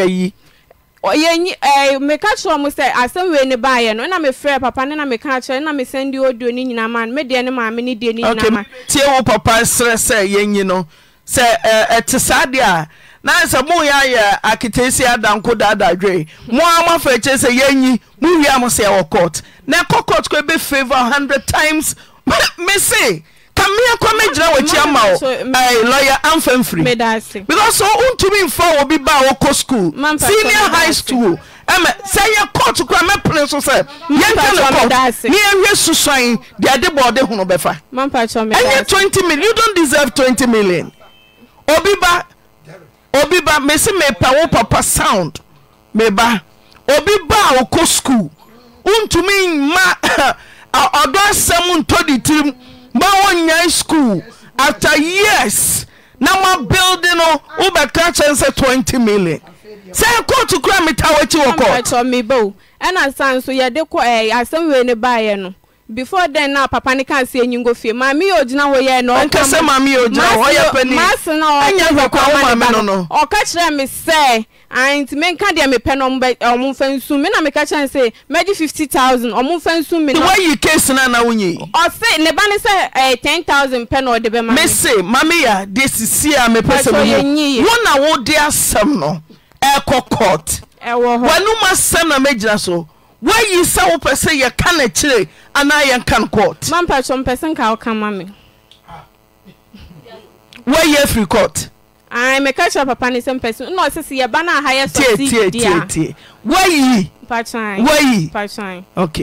yɛnyi ɛɛ eh, meka kyerɛ ɔmo sɛ asɛm ah, wei ne baayɛ no ɛna mefrɛ papa ne na meka kyerɛ na mesɛn de oduo ne nyinaa ma no me deɛ ne maame ne deɛ ne nyinaa ma. ok
tie wo papa serɛ sɛ yɛnyi no sɛ ɛɛ eh, ɛte eh, saa deɛ a na sɛ mo yɛ ayɛ akitesi adanko daadadwe mo a mo afɔ akyire sɛ yɛnyi mo wia mo sɛ ɛwɔ court na ɛkɔ court kɔ ebe favour hundred times mese kamea kɔ mɛgyina wakyi ama wo lɔya amfa mfiri because so wontumi mfa obi ba a wɔkɔ school senior high school ɛmɛ sɛ yɛ court kora mɛpene so sɛ yɛnka ne court ne yɛhwɛ susuan de ade bɔɔde hono bɛfa ɛnyɛ 20 million you don't deserve 20 million obi ba obi ba mesi mepa wo papa sound meba obi ba a wɔkɔ school wontumi mma ɔdɔ asɛm ntɔ de tirim ma wonyae school after years na ma building no wobɛka kyɛn sɛ 20 million sɛ kootu kora meta w'akyi wɔ kɔ
ɛna san so yɛde kɔ asɛm wei ne baeɛ no before then na papa ne kan se enyi ngofie maame yi ogyina hɔ yɛ na ɔka ɔka sɛ maame yi ogyina hɔ ɔyɛ panyin maase na ɔka hwɛ kwa ɔma ne ba no ɔka kyerɛ me sɛ ayi nti me nka deɛ mepɛ na ɔmo bɛ ɔmo nfa nsum mi na meka kyerɛ ne sɛ mɛgye fifty thousand ɔmo nfa nsum mi na. wɔyi case na na wonyi. ɔse ne ba ne sɛ ɛɛ eh, ten thousand pɛ na ɔde bɛ ma mi. mese maame ya de
sisi a mepɛ sɛ mo mu wɔn na wɔde asɛm no ɛkɔ court. ɛwɔ hɔ wɔn anum asɛm na megyina so. woayi sɛ wopɛ sɛ yɛka no kyerɛ anaa yɛnka no cortwoayi
afiri cort waai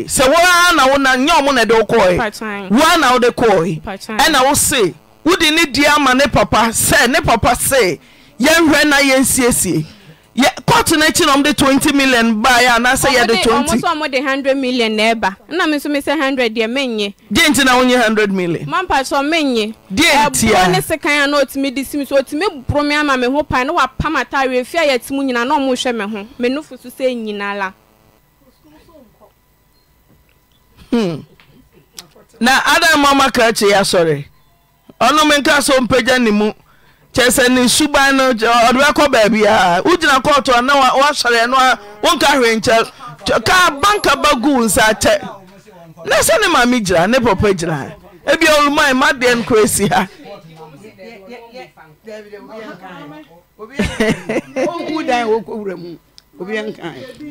sɛ woa na wona nyɛ om no de wokɔe woarna wode kɔeɛna wo se wode ne di ama ne papa sɛ ne papa sɛ yɛhweɛ no yɛnsiesie kɔɔto no akyi na ɔmde twenty million twenty. anaasɛ yɛde 20
ɔmde hundred million na ɛba na me nso me sɛ 100 deɛ menye
deɛ nti na wonye 100 million
mampa sɛ menye deɛ eh, ntia ɛboro ne sekan a na ɔtumi de sim so ɔtumi boro me ama me ho pan na wapam ataareɛ fi a yɛte mu nyinaa na ɔmohwɛ me ho me nofo so sɛ nyinaa la
hmm.
na adam mama ka akyi yɛ asɔre ɔno menka so mpagya ne mu kyɛɛ na ne suban no ɔde bɛkɔ baabiaa wogyina kɔɔto a na woasɔreɛ no a wonka hwee nkyɛ ka banka ba guu nsa kyɛ na sɛ ne maame gyira ne pɔpa gyira ebia olumae madeɛ no kora si ha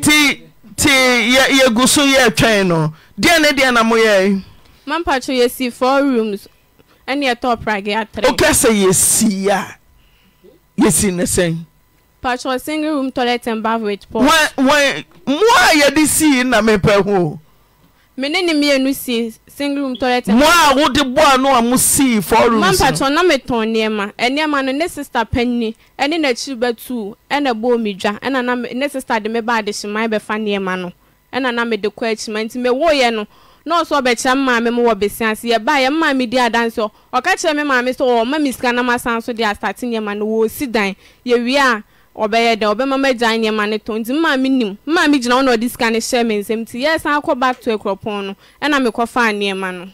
ti ti yɛgu so yɛ twɛn no deɛ ne deɛ na moyɛe
mampakyɛ si four rooms ɛne ɛtɔ prage atrɛ woka sɛ
yɛsi a yɛsi ne sɛn
patro single room toilet and bath with pot
wɔn mo a si sii na mepɛ ho
me ne ne mmienu si single room toilet and mo a bɔ
ano a mo sii four rooms man patro
na metɔn nneɛma nneɛma no ne sister panni ɛne n'akyiri bɛtu ɛna bɔ omi dwa ɛna na ne sister de me ba adehyemae bɛfa nneɛma no ɛna na me de kɔ akyima nti me wɔ yɛ no nọọsụ ọbịacha mma m wọ besiasị ya baa ya mma mi di adansị ọka kyerɛ me maame sɛ ɔma me sika na masa nso de asate nneɛma no wɔsi dan yɛwie a ɔbɛyɛ dɛn ɔbɛma magya nneɛma no tɔ nti mmaa me nim mmaa me gyina hɔ na ɔde sika no hyɛ me nsam nti yɛsan akɔ back to akuropɔn no ɛna mekɔfaa nneɛma no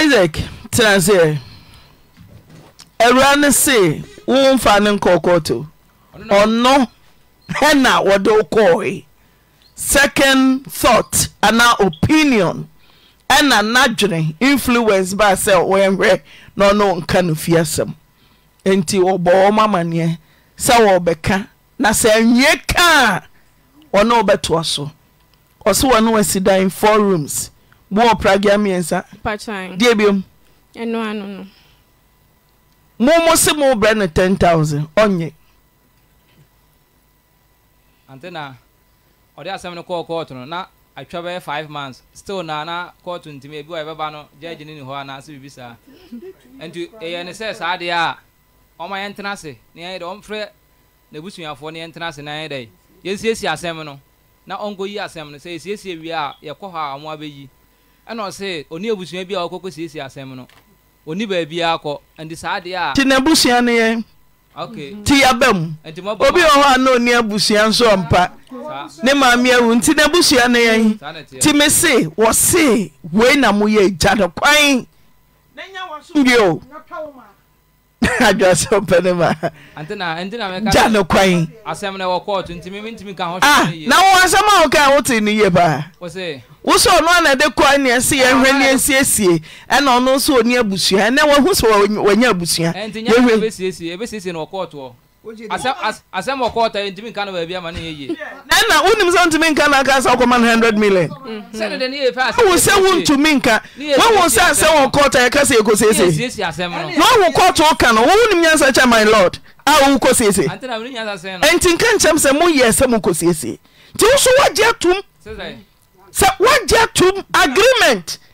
isaac tena sɛ awura no se wo mfa no nkɔkɔto ɔno ɛna wɔde wo kɔɔe second thought ana opinion ɛna n'adwene influence ba sɛ wɔnhwɛ na ɔno nka no fie asɛm nti wɔbɔ wɔn amaneɛ sɛ wɔbɛka na sɛ nwie kaa ɔno ɔbɛtoa so ɔso wɔn no wɔsi dan four rooms bu wɔ pragya mmiɛnsa deɛ bi mu
ɛno ano no
mo mo se mo brɛ no ten thousand ɔnye.
antena. ɔde asɛm no kɔɔ kɔɔto no na atwa bɛyɛ five months still na na kɔɔto ntumi ebi wɔ ɛbɛba no gyɛgye ne ni hɔ anaasɛ bibi saa nti ɛyɛ ne sɛ saa adeɛ a ɔma yɛn tena ase na yɛn dɛ ɔmfrɛ n'abusuafoɔ na yɛn tena ase na yɛn dɛ yɛsiesie asɛm no na ɔnkɔ yi asɛm no sɛ yɛsiesie wie a yɛkɔ hɔ a ɔmo abɛyi ɛna ɔse oni abusua bi a ɔkɔ kɔ siesie asɛm no oni baabi akɔ nti saa adeɛ a. ti
n'abusua ne yɛn. Mm-hmm. ti yaba mu obi wɔ hɔ a na ɔni abusua nso ɔmpa ne maame awu nti na abusua no yɛn ti me se wɔse wei na moyɛ gya no kwan bio adwasɛpɛnemagya
no kwan ah, na wo asɛm a wokaa wote
ne ye paa wo sɛ ɔno ana de kɔa nneɛse yɛhwɛ ne asiesie ɛna ɔno nso ɔni abusua ɛnɛ wahu sɛ wanya abusua
asɛm ɔkɔ ɔta ntumi nka no baabi ama ne yɛye
ɛna wonim sɛ wontumi nka no aka sɛ wokɔma no 100 million
mm. wo sɛ wontumi nka wowo sɛ asɛm ɔkɔ ɔta yɛka sɛ yɛkɔsiesie na wowo kɔɔto
woka no wowonim nyansa kyɛ my lord a wowokɔ siesie ɛnti nka nkyɛm sɛ moyɛ sɛ mokɔsiesie nti wo so woagye atom sɛ woagye atom agreement mm -hmm.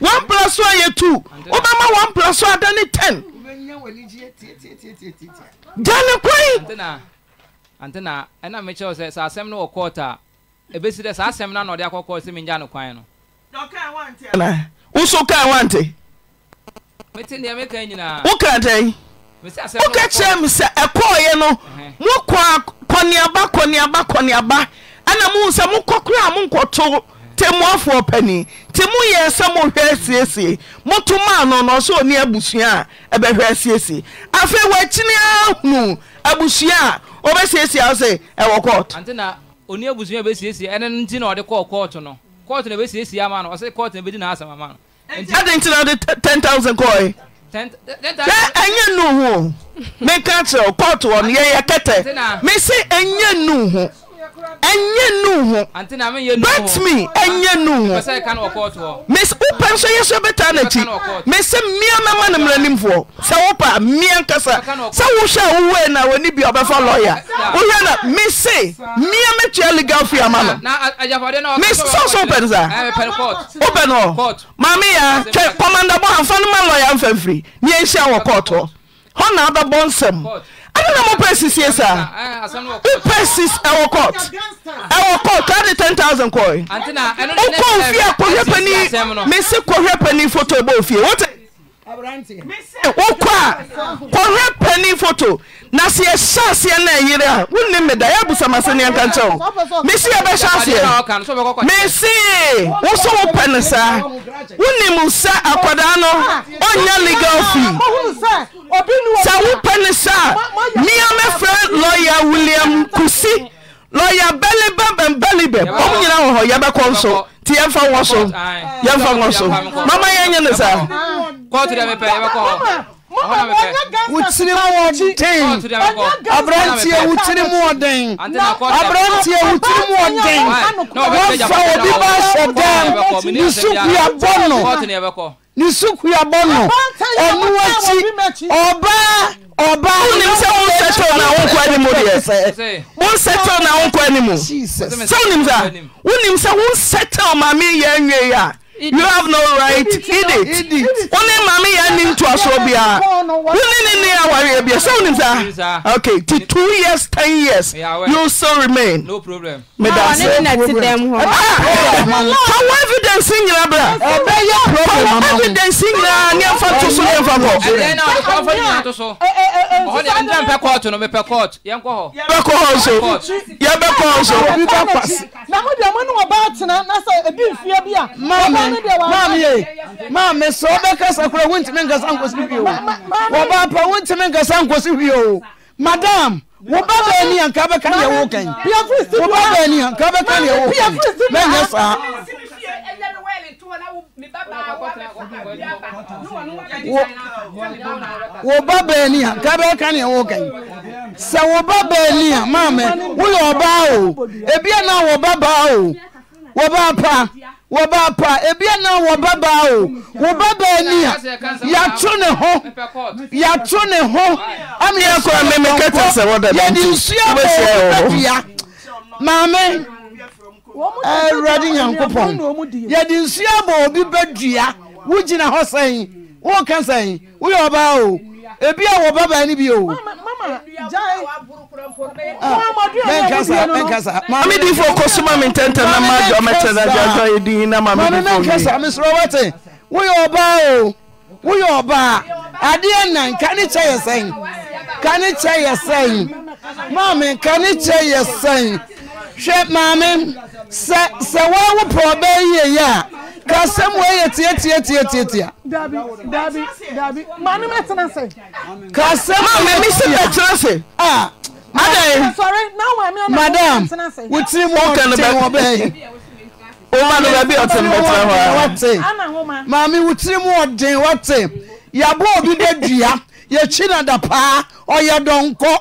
one plus one yɛ two obama one plus one adane ten gyane kwan
ante na ɛna mekyerɛ sɛ sɛ asɛm no wɔ court a ɛbɛsi dɛ saa asɛm no ana ɔde akɔ court sɛ mengya no kwan no
woso kaa wante
woka dɛn
woka kyerɛ me sɛ no mokɔ kɔneaba kɔneaba mohu sɛ mokɔ koraa temmuafoɔ pani nti moyɛɛ sɛ mohwɛ asiesie moto maa no no ɔsɛ ɔni abusua a ɛbɛhwɛ asiesie afei wɔakyini ahunu abusua a ɔbɛsiesie awo sɛ ɛwɔ court.
ante na oni abusua bɛsiesie ɛne no nti na ɔde kɔɔ court no court na bɛsiesie ama no ɔsɛ court na bɛdi n'asɛm ama no. adi nti na
ɔde ten thousand kɔɔ yɛ ɛnyɛ nu ho meka kyerɛ court wɔ no yɛyɛ kɛtɛ mese ɛnyɛ nu ho ɛnyɛ nu ho bet me ɛnyɛ nu
ho miss wopɛ nso yɛ so bɛtaa n'akyi mesɛ mmea mɛma ne mmeranimfoɔ
sɛ wopa mmea nkasa sɛ wohwɛ a wowei na w'ani bi ɔbɛfa lɔya wohwɛ na mese mmea mɛtua legal fee ama
no mes sɛ so wopɛ no saa wopɛ no hɔ maame ya twɛ kɔmandabɔ amfa no ma lɔya
mfa mfiri ne yɛnhyia wɔ kɔɔtoɔ hɔ na abɛbɔ nsɛm amnamopɛsise sa wopɛses wcot wct ade 10000 kwokfemesi kohɛ pani fotobofie wokɔ a kɔhwɛ pani foto na se yɛhyɛ aseɛ na ɛyere a woni medaeɛ abusamase neanka nkɛ ho mɛsi yɛbɛhyyɛ
aseɛno
mesee wo so wo pɛne saa wonimsa akwadaa no ɔnya ligal fi sɛ wo pɛne saa mea mɛfrɛ lɔya wiliam kosi lɔya bɛle bɛ bɛmbale bɛ ɔm nyina wɔ hɔ yɛ bɛkɔ so nti yɛmfa wɔ so yɛmfa wɔ so mama yɛnyɛ ne saa wotiri mu ɔden aberanteɛ wotiri
mu
ɔden aberanteɛ wotiri mu ɔden
wɔfa obi ba ahyɛ dɛm ne sukuabɔ no
ne sukuabɔ no ɔno
akyi ɔbaa
wooɛtɛna wonkɔ anim m sɛ won sa wonim sɛ wosɛtɛ ma menyɛ nwei a you have no right eat it wone maame yɛ ni ntoasoɔ bia wone ne ne awareɛ bia sɛ wonim saa okay to two years ten years you still remain medase kawo ah,
evidence nyina bra kawo eh, evidence nyina ne ɛfa to so ne ɛfa kɔ yɛbɛkɔ hɔ so yɛbɛkɔ hɔ so.
na mo deɛ mo ne wɔ baa tena na sɛ ebi mfie bi a maame ye maame sɛ wobɛkasa kora wontumi nkasa nkɔsi wie o wɔbaapa wontumi nkasa nkɔsi wie o madam wo ba bɛɛ ni anka bɛka ne ɛwo kɛn wo ba bɛɛ ni anka bɛka ne ɛwo kɛn mɛnyɛ saa wo ba
bɛɛ ni
anka
bɛka ne ɛwo kɛn sɛ wo ba bɛɛ ni a maame
woyɛ ɔbaa o ebi
anaa wo ba baa o wo ba pa wɔba pa ebia na wɔba baa o wɔba baa ni a yɛato ne
ho
yɛato ne ho ama yɛkɔ nkɔnkɔ yɛde nsuo abɛwɔ bia maame awurade nyankopɔn yɛde nsuo abɔ obi bɛdua wogyina hɔ sɛn woka sɛn woyɛ ɔbaa o ebi a wɔ baba ni bi o. mɛnkasa mɛnkasa maame di fo ko suma mi ntɛntɛn na ma jɔ mɛ tɛ na jɔ jɔ ye di na maame di fo mi. maame nankasa misiri wa ten woyɛ ɔbaa o woyɛ ɔbaa adeɛ nan ka ne kyɛ yɛ sɛn ka ne kyɛ yɛ sɛn maame ka ne hwɛ maame sɛ sɛ wɔn wo pɔɔbɛ yie yie a kasɛm wɔ yɛ tie tie tie tie tie. dabi dabi dabi maa ni mi tena se. kasɛm wɔ yɛ tie. maa mi madam madam wotiri mu ɔkɛ ne bɛ wɔ bɛ yi. woma no baabi ɔte no bɛtena hɔ a. maame wotiri mu ɔden wɔte yabɔ obi de dua yɛkyi na da paa ɔyɛ dɔnkɔ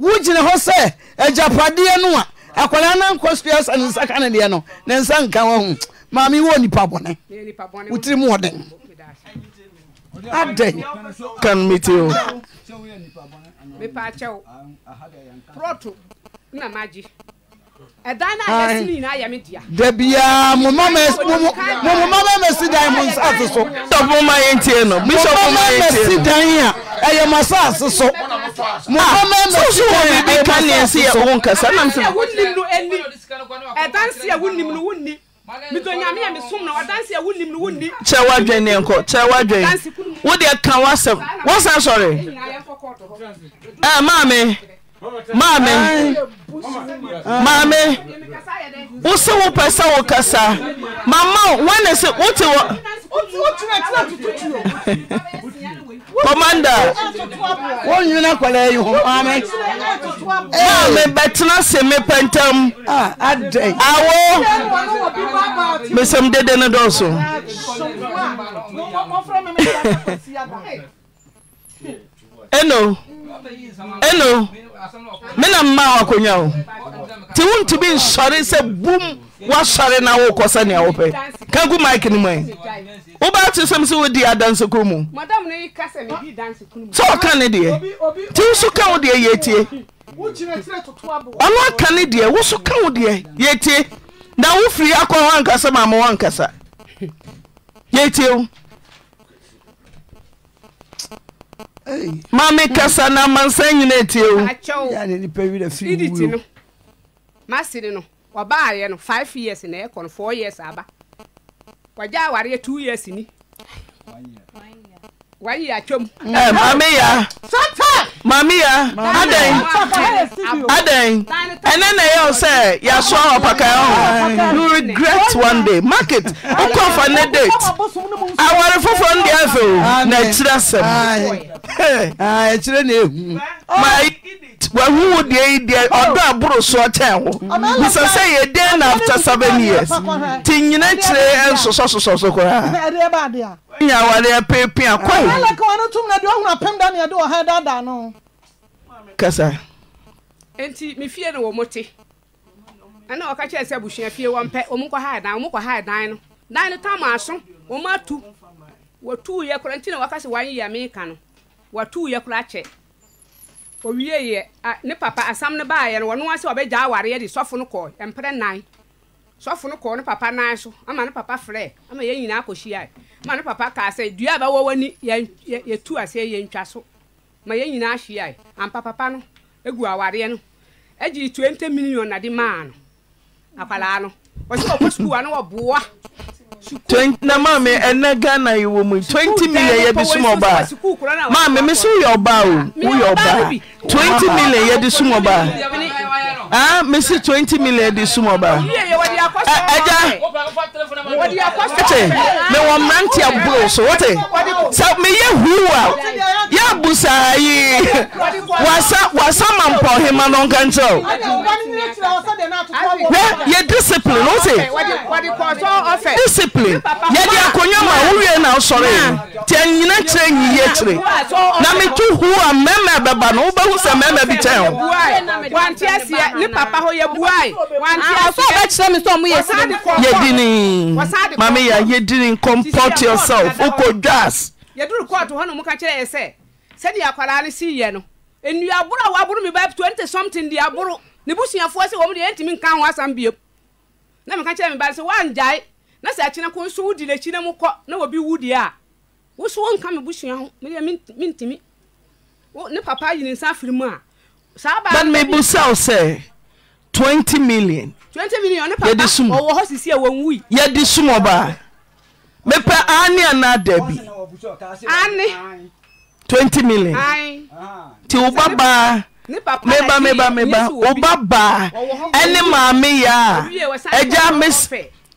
wogyina hɔ sɛ agyapadeɛ no a. akwadaa na nkɔsua sa ne nsa ka ne deɛ no ne nsa nka wahu ho maame wɔ nipa bɔne wotiri mu ɔden adɛn kan mete o
na magye ɛdan na ayɛ sini nyinaa yɛ mi dia. dabiya mu mama mu mama
ma dan mu nsa ase so. bishop ma ye tie no bishop ma ye tie no. mu mama ma dan a ɛyɛ mu asa ase so.
mu mama ma si dan a ɛyɛ mu asa ase so. sɔsɔ wo bi ka ne ɛsi yɛ
wo nkasa nam sɛ. ɛdan si ɛwu nim no
ɛni ɛdan si ɛwu nim no wuni mito nyame mi sum na ɔdan si ɛwu nim no wuni. kyɛ wa dwen ne
nkɔ kyɛ wa dwen wo deɛ kan wa sɛm sɔre. ɛɛ maame
maame maame wosi wo pɛ sɛ wo kasa mama wane se wote wɔ
kɔmanda
wonyina kɔlɛ yi ho maame maame
bɛtena se me pɛntɛm awo mesɛm dede ne dɔɔso ɛno ɛno mena mma wakonya wo nti nsɔre sɛ bum na wokɔ sɛnea wopɛ ka gu mike no mu wobaa te sɛm sɛ wodi adansekoro mu
sɛ ɔka ne deɛ nti ka wo deɛ yɛtie ɔno aka ne deɛ
ka wo deɛ yɛtie na wofiri akɔ wankasa ma ma wankasa yɛtie
maame kasa na amansa nyina etie o.
akyɛw nipa bi na fi wuo. masiri no wabaayɛ no five years na ɛkɔ no four years aba wagya awareɛ two years ni wàyí àtwam. Mm, eh, ẹ
maame ya.
sọtọ.
maame ya adan adan ẹnẹ na ẹ yọ sẹ yasọ ọpaka ọhún you regret one day market okọ for ne date awari foforọ ndị efe o na ekyirẹ sẹm. ekyirẹ na ehu. maa wahu wo deɛ yi deɛ ɔdɔ aburo so ɔkyɛn ho bisa sɛ yɛ den na after seven years ti nyina kyerɛ nsosɔsosɔ so koraa nya awadeɛ peepea kɔe alaka wɔne tom na deɛ ɔhunu apɛm da neɛde wɔ ha daadaa no kasa
enti mefie no wɔ mo te ɛna ɔka kyerɛ sɛ abusua fie wɔmpɛ ɔmo nkɔ ha dan ɔmo kɔ ha dan no dan no tam aso ɔmo atu watu yɛ koraa nti na waka sɛ wɔanyi yɛ meka no watu yɛ koraa kyɛ owie yɛ ne papa asam ne baa yɛ no wɔn ase ɔbɛgya awareɛ de sɔfo no kɔɔ mpere nan sɔfo no kɔɔ ne papa nan so ama ne papa frɛ ama yɛn nyinaa kɔ hyia ma ne papa kaa sɛ dua a bɛwɔ w'ani yɛtu aseɛ yɛntwa so ma yɛn nyinaa ahyia ampa papa no egu awareɛ no agyi twenty million na de maa no akwalaa no wɔsɛ ɔkɔ sukuu ano wɔboa
na maame ɛnɛ ghana yi wɔ mu twenty million yɛ de sum ɔbaa maame mi so yɛ ɔbaa o woyɛ ɔbaa twenty million yɛ de sum ɔbaa ah mi si twenty million yɛ de sum ɔbaa
ɛgya ɛkyɛ
mi wɔ mmeranteɛ buro so wote sɛ mi yɛ huu a yɛ abusa yi wasa wasa ma mpɔ hema no nka nkyɛw
wɛ yɛ discipline wote discipline discipline
yɛde akonnwa ma wowie na wosɔre nti anyina kyerɛ nyiye kyerɛ
na meto huu
a mmarima bɛba no wobɛhu sɛ mmarima bi kyɛn
ho yɛdini mameya
yɛdini comport yourself wokɔ dwas
yɛduru kɔɔto hɔ no mu ka kyerɛ yɛ sɛ sɛdeɛ akwaraa no siiɛ no nnuaboro a wɔaboro mi bɛɛ twenty something di aboro ne busuafoɔ sɛ wɔm deɛ yɛntumi nka ho asam biom na meka kyerɛ me ba sɛ woangyae na sɛ akyena ko nso wodi n'akyi na mokɔ na wɔbi wudi a wo so wonka me busua ho medeɛ mentimi ne papa yi ne nsa afiri mu a saa baa but mebusa wo
sɛ twenty million
twenty million ne papa ɔwɔ
hɔ sisi a wɔnwui yɛde sum ɔbaa mepɛ ane anaa dabi
ane
20 million
o
wo babaa meba meba meba o babaa ɛne maame yɛ a agya mes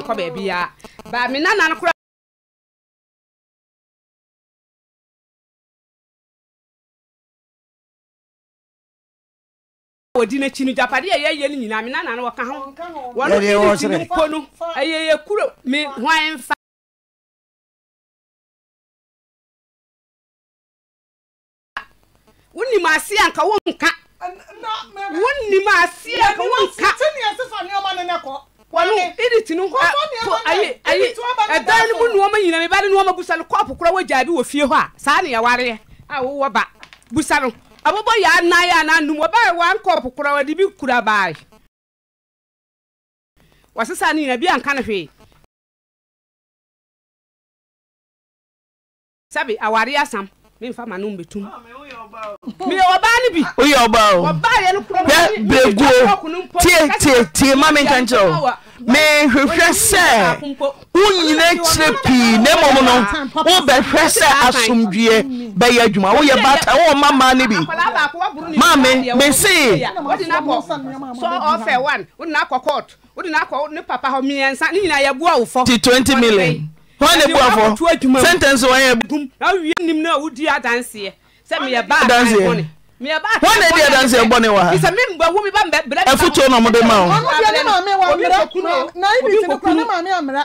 nkɔ baabi ya baa mi nana no kora. wɔdi n'akyi no japadeɛ a yɛyɛ no nyinaa me nana no wɔka ho wɔno ɛdesi no mpo no ɛyɛ yɛ kuro me hwan mfa wonim ase anka wonka wonim ase anka wonka
wọnú ìdí tìǹkù ayi ayi ẹ̀dá ni mu nìwọ́n mu mi bá ní nìwọ́n mu busa ni kọ́ọ̀pù kúrẹ́ wọ́n jàbí wọ fie hɔ a saa ni yàwá rẹ̀ a wò wọ́ ba busa no abobɔ yà á nan yà á nan num wɔn kɔɔpù kúrẹ́ wọ́n de bi kura baayi
wɔ sisan ni yìnyín bi à kan hwee sɛbi awari asam Ah, mi fa maa nu bɛ tum.
mi yɛ ɔbaa ni bi. o yɛ ɔbaa o. ɔbaa yɛ ni kura mi. bɛ go tie
tie
tie maa mi nkan kyerɛ o. mɛ hwehwɛ sɛ wo nyina kyerɛ pii na mmom no wobɛhwɛ sɛ asomdwie bɛyɛ adwuma woyɛ bata wowɔ ma maa ni bi
maame mese ti twenty million hanebafɔ sentence wannwodianɛ ɛ mɛhanɛdia danseɛ bɔnewaa afuto nɔmde
ma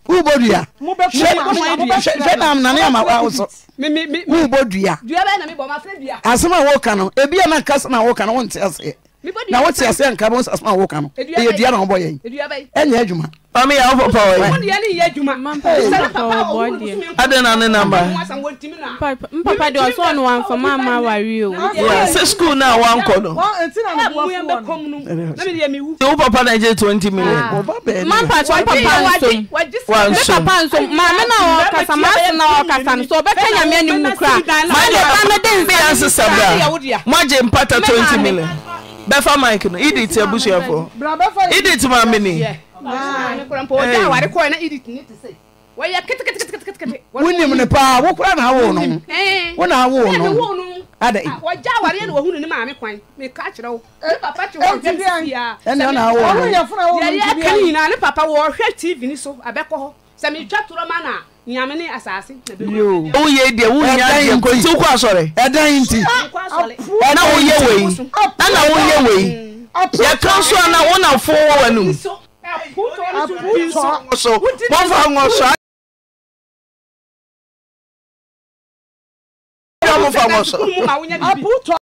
wúbọ dua hwẹ naam nane ama wa so
wúbọ dua asem
a wọ́ọ̀ka no ebi yẹn na nkasa na wọ́ọ̀ka no wọ́n ti ase na wote ase nka bɔ nsasoma a woka no ɛyɛ dua na wɔbɔ yɛn ɛnyɛ adwuma mami yà
wọ́n pọ̀ wẹ̀. adé na ne namba. mpapa de ọsọ ni wà nfọmọ àmà wà rí o. ṣé skul náà wà nkọ nọ. ṣé wọ́n
papa náà jẹ́ twenty ah. million. má mpàtọ́ papa nso wà nso. papa nso maame náà wọ kasa maame náà wọ kasa nso ọbẹ kẹnyà mi ẹni
mu kura. má jẹ mpata twenty million
bɛfa mike no edit abusuafo edit maame ni.
wonim ne paa wo kora na awo no wo na awo no ada ah, wɔgya awareɛ na wɔhu ne ne maame kwan meka kyerɛ wo eh, ne papa te wɔhwɛ ɛne ɔna awo no deɛ yɛka ne nyinaa ne papa wɔhwɛ tv ni so abɛkɔ hɔ sɛ metwa torɔ ma no nyame ne asase
woyɛ deɛ wonya
deɛ nti wokɔ asɔre ɛdan nti
na woyɛ wei ana woyɛ
wei
yɛka so ana wonafo wɔ w'anom so mɔmfa wɔ so so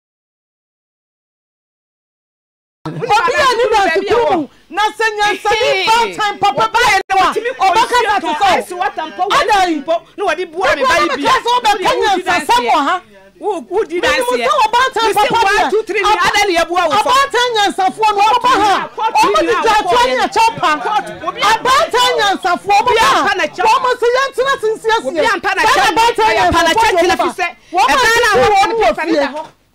obi a ni na sukuu
na sɛ nyansa ni bautan papa ba yɛ ne wa ɔba kasa ti sɔ ada yi ɔba kasa ti sɔ ɔbɛ kɛ nyansa sɛm wɔ ha wudi na ɛsɛ yɛ ɔbaatan papa bi yɛ ɔbaatan
nyansafoɔ no ɔba ha ɔmo di daatu anya kyɛw pa ɔbaatan nyansafoɔ ɔba ha ɔmo sɛ yɛn tena sensiesie sɛ ɔbaatan nyansafoɔ ɔmo wɔ fie wɔn wɔ fie.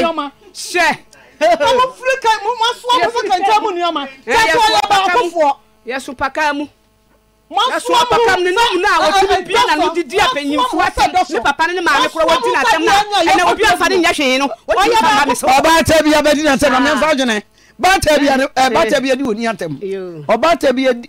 nneɛma hyɛ
na mo firi ka mo mo aso akɔfo kɛntɛ mu nneɛma kyɛtɔ yɛ baako foɔ yɛso paka mu yɛso apaka mu ne nam na wɔtumi bia na no didi apanyinfo asɛm ne papa ne ne maame korɔ wɔdi na asɛm na ɛnna obi afa ne nyɛ hwee no wɔdi nfa ba mi so. ɔbaa tɛ bi abɛdi na asɛm na mɛmfa adwene
baa tɛ bi ɛ tɛ bi adi wɔ ni atɛm ɔbaa tɛ bi adi.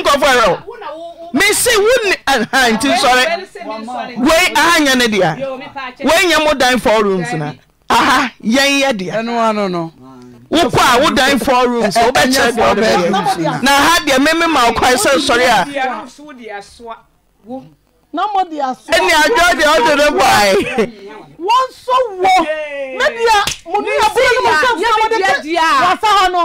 nkɔfoɔ ɛwerɛ wo mese wo ah, ne nti nsɔre
wei aha nyɛ ne dea wei nyɛ mo dan four
rooms na aha yɛn yɛ dea wokɔ a wo dan four rooms wobɛkyerɛ deɛ wobɛyɛ na ha deɛ meme ma wo kwae sɛ nsɔre a n'amọ di aso. ẹni àjọ di ọdún ní báyìí. wọ́n sọ wọ mẹ́bi a mo ní abúlé ní mo
sọ fún ọmọdé tẹ wà sá hàn nọ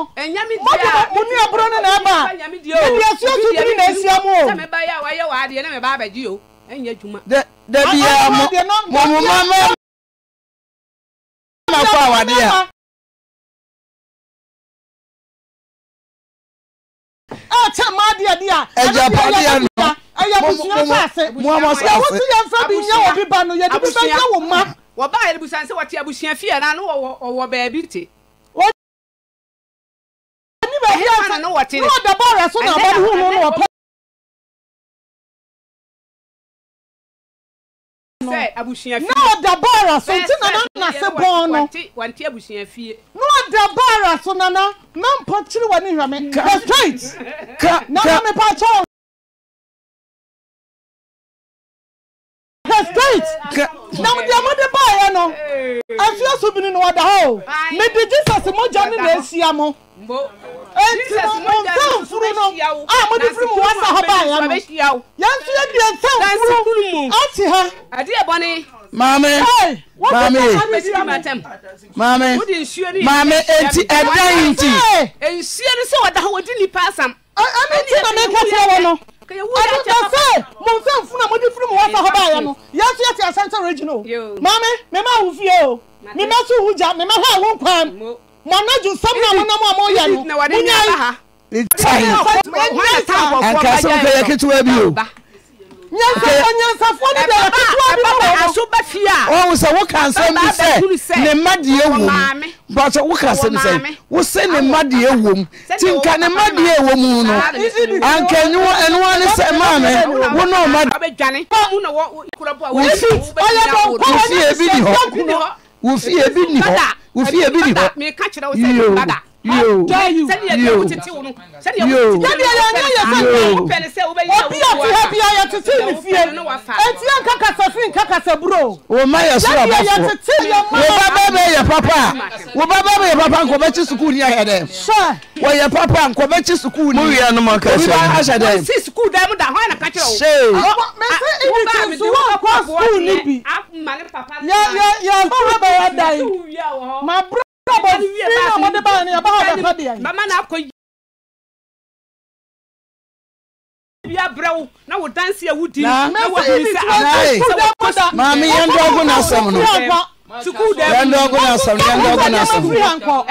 mọ́tò mo ní abúlé ní nàá bá mẹ́bi ẹsẹ̀ oṣù tìrì náà ẹsẹ̀ amú o. sẹ́mi bá yà wá yẹ wà á di ẹ̀ náà mi bá a bẹ̀ jí o ẹ̀yin ẹ̀ jùmọ̀. dẹbi ya mo mo mo ma mẹ
ma kó àwàdí a. ẹ ẹ tẹ máa di ẹ di a. ẹ jẹ apá di ẹ nù ẹyẹ busua saase ìyàwó tí yẹn fẹ́ bi yẹ wọ
bíba no
yẹ di bíbẹ yẹ wọ ma. wọ́n bá yẹn busua sẹ́ wọ́n ti abusua fi yẹn náà wọ́n wọ bẹ́ẹ̀bi tè.
wọ́n ní bẹ́ẹ̀ bí ẹ̀fọ́ ní wọ́n dàbọ̀ rẹ̀ sọ́nà àbọ̀dún hùwù ní wọ́n pẹ́. sẹ abusua fie. n'o da baara so nti nana na se bɔn no. wanti abusua fie. n'o da baara so nana na mpɔnkiri wa ni hwɛ mi. ka straight. ka ka na mi pa kyɛw. the street na deɛ mode baeɛ no afie so bi no no wɔda hɔ o mede
jesus mogya ne na ahyia mo
enti
no mo nsa mfuru no a mode firi mu wasa hɔ baeɛ no yɛnso yɛdeɛ nsa mfuru ate ha maame maame maame maame eti ɛdan nti. nsuo no sɛ wɔda hɔ wɔdi nipa asam. ɛne nti na meka kyerɛ wɔ no ɛdu ta fɛ mo fɛn funu a mo di funu mo wá fa hɔ báyɛ no yɛn ti yɛ
ti asante regional maame mɛ ma wu fie o mɛ ma tu wu ja mɛ ma hɔ awo nkwan mɔ anaju sɛm na mo nam a mo yɛ no mo nya
yi. ɛnkaso nkɛyɛ ketewa bi o nyansafo
nyansafo
ne da ketewa bi
ma
wɔ hɔ aso
bɛ fi a ɔn sɛ wo ka nsɛm bi sɛ ne mma deɛ wɔ mu bàtɛ wo ka nsɛm sɛ wo sɛ ne
mma deɛ wɔ mu ti nka ne mma deɛ wɔ mu no anka ɛniwa ɛniwa ne sɛ maame wo na ɔma de. wofi
ɔyɛ bɔ nkɔla ne sɛ wofi ebi wofi ebi ni hɔ wofi ebi ni
hɔ yiyo yo yo yo obi ɔte ha bi a yɛtete ne fie eti anka kasafi nka
kasaburo o ma yɛ soro abafo wo baba bɛ yɛ papa wo baba bɛ yɛ papa nkɔ bɛkyi sukuu ni ayɛ dɛ wɔyɛ papa nkɔ bɛkyi sukuu ni mu yɛ numu kɛse obi ba ahyɛ dɛ si
sukuu dɛ mu da hɔn na kakyɛ o se mɛsɛ ibi ti su wɔn kɔ sukuu ni bi yɛ yɛ yɛ bɔ ha bɛ yɛ da yi ma bro mama na akɔ bi abrɛ wo na wo dansi awudi wo nsa na asɛm no sukuu dɛm yɛn dɔgɔ na asɛm yɛn dɔgɔ na asɛm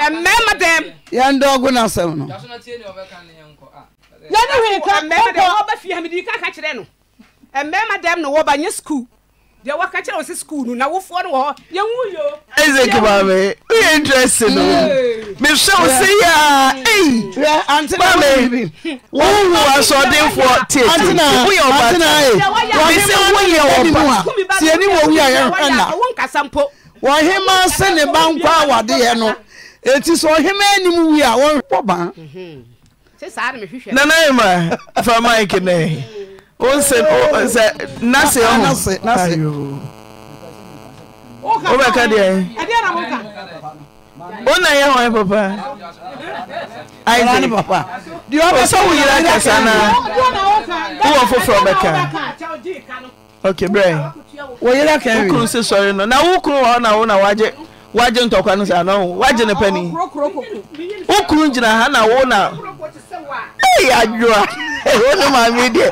ɛmɛɛma dɛm yɛn dɔgɔ na asɛm no
yɛn ni hwee ka mɛɛma dɛm ɔbɛ fi
hamidi kaka kyerɛ no no wɔba nye sukuu deɛ waka kyerɛ wo sɛ skul no na wofoɔ no wɔ hɔ yɛwu yo isaac maame
woyɛ interesting no mehwɛ wo sɛ yɛ a mame wohu asɔdenfoɔ tietewoyɛ ɔbatamesɛ woyɛ ɔba tiani wɔ wi a yɛhwɛ na
wonkasa mpo
wɔhema sɛ ne ba nkɔ a wadeɛ no ɛti sɛ ɔhema anim wi a wɔhwɛ mhm. baa
nana ɛma
fa mike nɛ onse onse nase ɔmo ah, nase nase
o bɛ ka di
o na papa ayi papa
ɔsɛ wo yira kasa na wowɔ foforɔ bɛ
ok brɛ
wo yira kan
si no na wokun wɔ na wo na ntọkwa wagye ntɔkwa no sɛ anɔho wagye ne gyina ha na wo na ɛyɛ adwoa ɛwɔ ne di deɛ.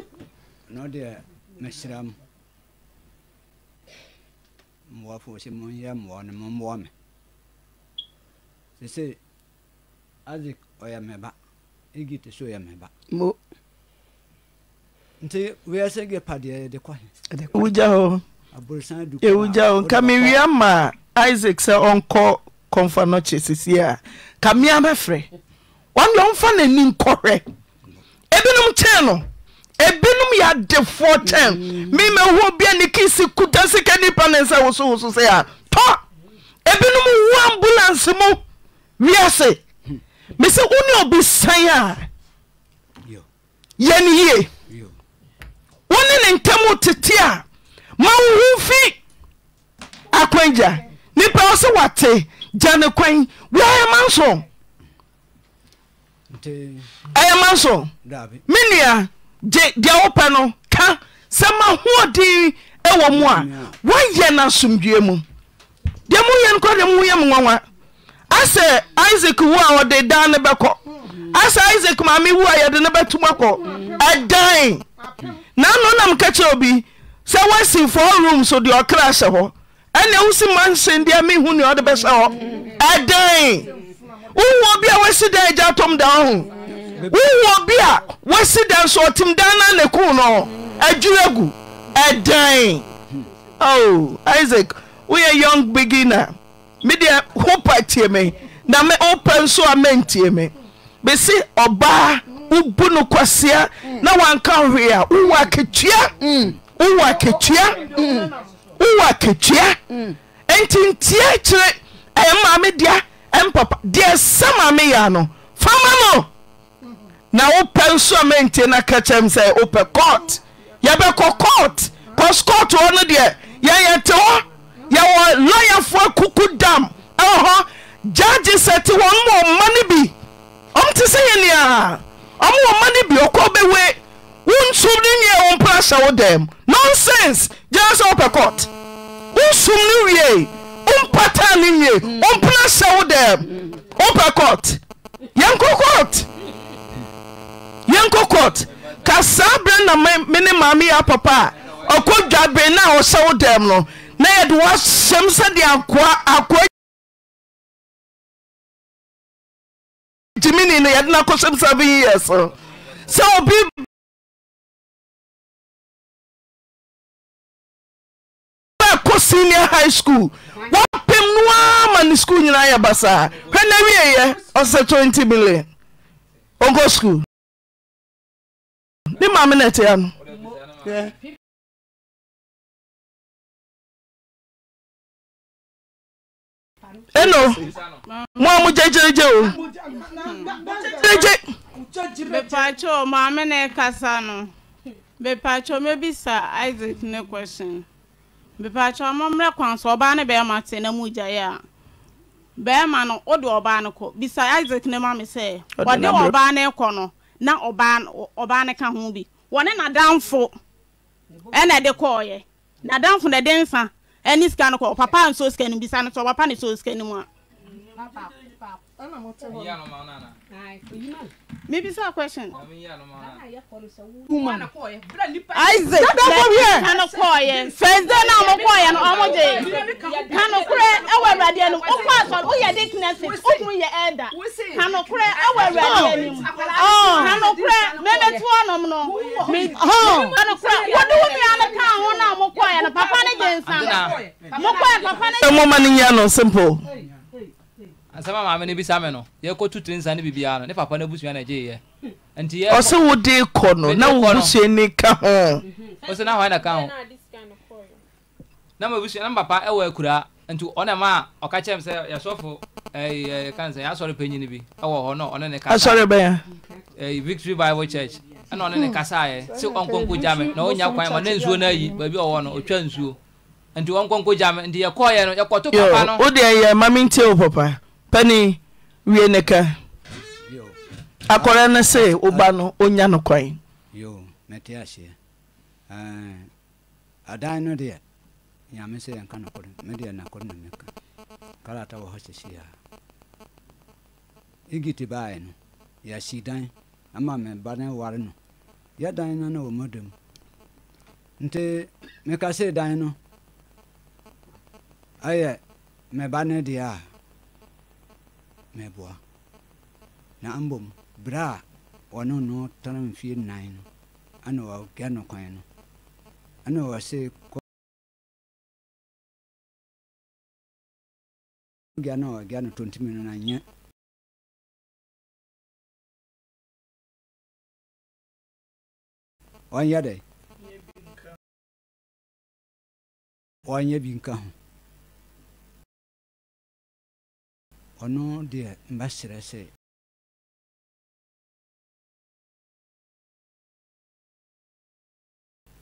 na ɔdeɛ mɛhyira mo mmoafoɔ sɛ monyɛ mmoa no mommoa me sese azik ɔyɛ me ba egit so ɔyɛ me ba mo nti wiɛ sɛ ge padeɛ de kɔ
he wogya hɔ aborosan du ewugya hɔ nka mewia ma isaac sɛ ɔnkɔ kɔmfa nɔkye sisi a ka mmea bɛfrɛ wɔn deɛ ɔmfa n'ani nkɔhwɛ ebinom kyɛn no ebinom yɛ adefoɔ kyɛn mímɛ hu obi a ne kisi kuta sika nipa ne nsa wosowoso sɛ a tɔ ebinom wu ambulance mu wiase mesɛ wo ne obi san a yɛ ne yie wo ne ne ntam tete a ma wo fi akwagya nipa wo sɛ wate gya ne kwan woayɛ ma nso ɛyɛ ma nso me nua gye deɛ wopɛ no ka sɛ mahoɔden wɔ mu a woayɛ no asomdwoe mu deɛ moyɛ nkɔ deɛ moyɛ m nwanwa asɛ isak wu a ɔde dan ne bɛkɔ asɛ isak maame wu a yɛde ne bɛtom akɔ ɛdan na ano nam ka kyerɛ obi sɛ woasi fo room so deɛ ɔkra hyɛ hɔ ɛnea wosi deɛ mehu ɔde bɛhyɛ hɔ ɛdan a woasi dan agya da ɔho wowɔ bi a woasi dan so ɔtem dan no ne ko no adwurɛ gu ɛdan isaac woyɛ young beginner medeɛ wopa tie me na wopɛ nso a mantie me bɛsi ɔbaa wobu no kwasea na wanka hwee a wowɔ akatua wowɔ akatua wowɔ akatua ɛnti ntia kyerɛ ɛyɛ maame dea ɛmpapa deɛ sɛ maame yɛa no fama no nawopɛ nsoama nt no kɛ kɛm sɛ wopɛ k yɛbɛkɔ k skt no deɛ yɛyɛte wo yɛwɔ lɔyefoɔ kuku dam hɔ jage sɛ te wɔnma ɔ ma no bi ɔmte sɛ yɛne ɔma ɔ mano bi ɔkb o ns no omp sɛos gyisɛwoɛ ons noeomptanompa sɛ wodmwopɛ yɛnko kɔ kasaa berɛ
na mene maameyɛ papa a ɔkɔ dwabɛ na a ɔsyɛ wo dam no na yɛde wɔahyɛm sɛde akakoa gyimini no yɛdena kɔsɛm s yeaso sɛ ɔbkɔ senia high schuul wɔpɛm no aa ma ne skuul nyinaa yɛ basaa hwɛ ne wiɛyɛ ɔsɛ20 milin ɔnkɔ scuul ne ma me na tia no eno mo a mo gyegyeregye o
gyegyeregye
mepakyɛ maame na ɛkasa no mepakyɛ mebisa isaac ne question mepakyɛ ɔmɔmmerɛ kwan so ɔbaa ne bɛrima te na mu gyaeɛ a bɛrima no wode ɔbaa no kɔ bisa isaac ne ma sɛ ɔde ɔbaa no no na ɔbaa ɔbaa no ka ho bi wɔne n'adamfo ɛna ɛde kɔɔyɛ n'adamfo na ɛde nsa ɛne sika no kɔ papa nso sika no bisa no sɛ papa ne so sika no mu a Maybe it's a question.
Woman. Isaac, don't come here. Kana koye. First day na mo koye no omo je. Kana kure ewe awurade no. O kwa so o ye dickness. O kun ye elder. Kana kure ewe awurade ni. Oh, kana kure me me tu onom
no. Me oh.
Kana kure wo do mi ala ka ho na mo koye no papa ne je nsa. Mo koye papa
ne. Mo ma ni
ya no simple
asɛm a maame no bi sa me no yɛkɔtu tiri nsa no biribiara no ne papa ne abusua na gyeeyɛ nti yɛ ɔsɛ
wode kɔ no na wobusua ni
ka ho mhm. ɔsɛ na hwan na ka ho
na mabusua na mpapa ɛwɔ akura nti ɔne ma a ɔka kyerɛ m sɛ yɛsɔfo ɛka sɛ yɛasɔre panyini bi ɛwɔ hɔ no ɔne ne kasasɔre bɛn victory bible church ɛna ɔne ne hmm. kasaeɛ sɛ ɔnkɔnkɔ gya me na ɔnya kwan ma ne nsuo no ayi baabi ɔwɔ no ɔtwa nsuo nti ɔnkɔnkɔ gya me nti yɛkɔɔyɛ no yɛkɔto papa no wodeɛ
yɛ ma nti wo papa pani wie ne ka
akɔrɛ no se
wo no ɔnya no kwan
eh, adan no deɛ nyame sɛ yɛnka medeɛ na meka karata wɔ hɔ hyehyeaa igiti no dan ama me ba ware no yɛ dan no na wɔ mɔda nti meka se dan no ɛyɛ me deɛ a meboa na an bom bra wɔne no tɔnɔ mfie nan no ana
wɔgɛ no kwan no ana wɔse gya na wɔgya no tontumi no na nyɛ dɛ wɔnyɛ bi nka ho ɔno deɛ mbɛserɛ sɛ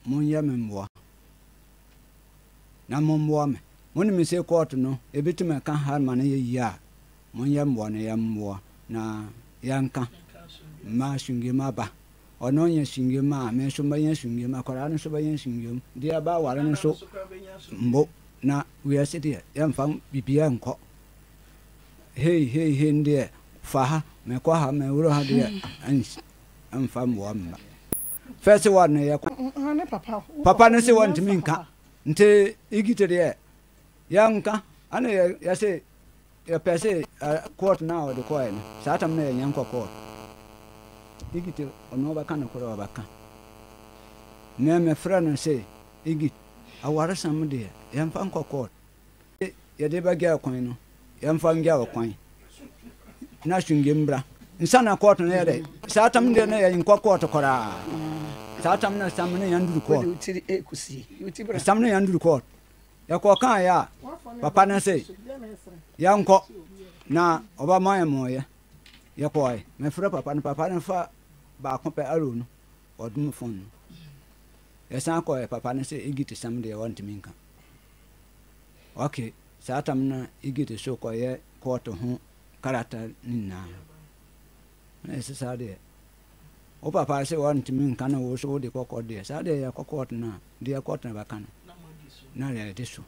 monyɛ me m'boa na mommoa me
monim sɛ kɔɔto no ebitum ɛka ha ma no yɛyie a monyɛ mmoa no m'boa na yɛnka mma asungem aba ɔno nyɛ sungem a me nso bɛyɛ sungem akwaraa no nso bɛyɛ sungem deɛ ɛba aware no nso mbo na wiase deɛ yɛmfa bibia nkɔ hei hei hei ndeɛ fa ha mekɔ ha wuro ha deɛ mfa mmoa mma fɛse wa no yɛkɔ
mm, mm, papa ne se wɔ ntimi
e. nka nti igite deɛ nka ana yɛse yɛpɛ se court na ɔde kɔɛ no saa tam na yɛnyɛnkɔ court igite ɔno ɔbɛka no ka ɔbɛka na mɛfrɛ no se igit awaresam deɛ yɛmfa nkɔ court e, ba bɛgɛ kwan no yɛmfa ngya wɔ kwan na aswenge mbra nsa na kɔɔto na yɛ dɛ saa tam deɛ no yɛ nkɔ kɔɔto kɔraa saa tam no sam no yɛnduru kɔɔt sam no yɛnduru kɔɔt yɛkɔɔ kaa yɛ a papa no se yɛnkɔ na ɔba ma yɛ mɔɔyɛ yɛkɔɔɛ mɛfrɛ papa no papa no fa baako pɛ aro no ɔdom fon no yɛsan kɔɛ papa no sɛ ɛgi te sam deɛ wɔntimi nka okay saa tam na igiti so kɔyɛ kɔɔto ho karata ne nyinaa na ɛsɛ saa deɛ wo papa sɛ wɔntumi nka na wo so wode kɔkɔ deɛ saa deɛ yɛkɔ kɔɔto no a deɛ kɔɔto no bɛka no na yɛde so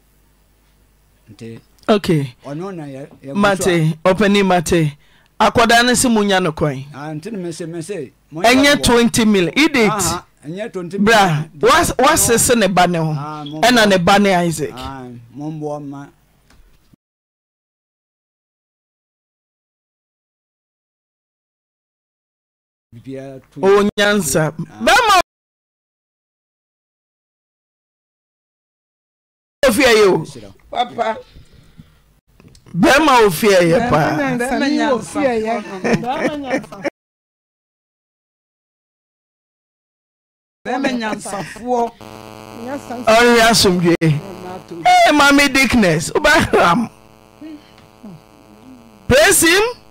nti
ok ɔno na mate ɔpani mate akwadaa no sɛ munya no kwan
ah, nti no mese mese ɛnyɛ 20 million idit bra
wasese ne ba ah, ne ho ɛna ne ba ne isaac ah, onyansa bẹẹma ofi ẹyẹ o bẹẹma ofi ẹyẹ paa ọrịa asomdwe ee mami dickness
ụba hram praise him.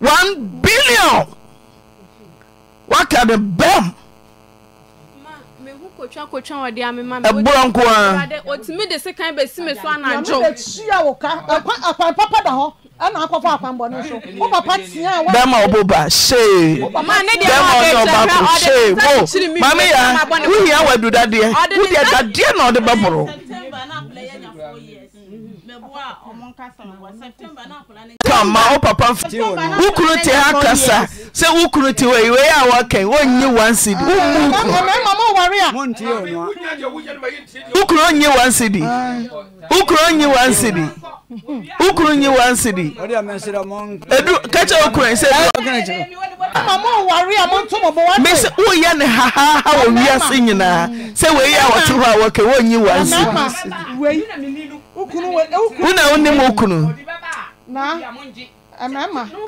one billion waka de bam.
ɛborɔ nko aotumi de sekan bɛsi me so anadwo ɛhyia
wo ka akwan papa da hɔ ɛna akɔfɔ akwanbɔ no so wo papa tia a bɛma ɔbo ba
hyee bɛma ɔne ɔbaako hyee wo mame ya wohia wɔ adudadeɛ wodeɛ dadeɛ na ɔde bɛboro kama wo oh, papa wo kunu te ha kasa sɛ wo kunu te wei wei a wɔkɛn wonnye one cd wommu
wo kunu onnye one cd
wo kunu onnye one cd
wo kunu nye one cd
edu kɛkyɛ wo kunu sɛ
me sɛ woyɛ ne hahaha wɔ wiase
nyinaa sɛ wei a wɔte hɔ a wɔkɛ wonnye one cd wona wonim wo kunu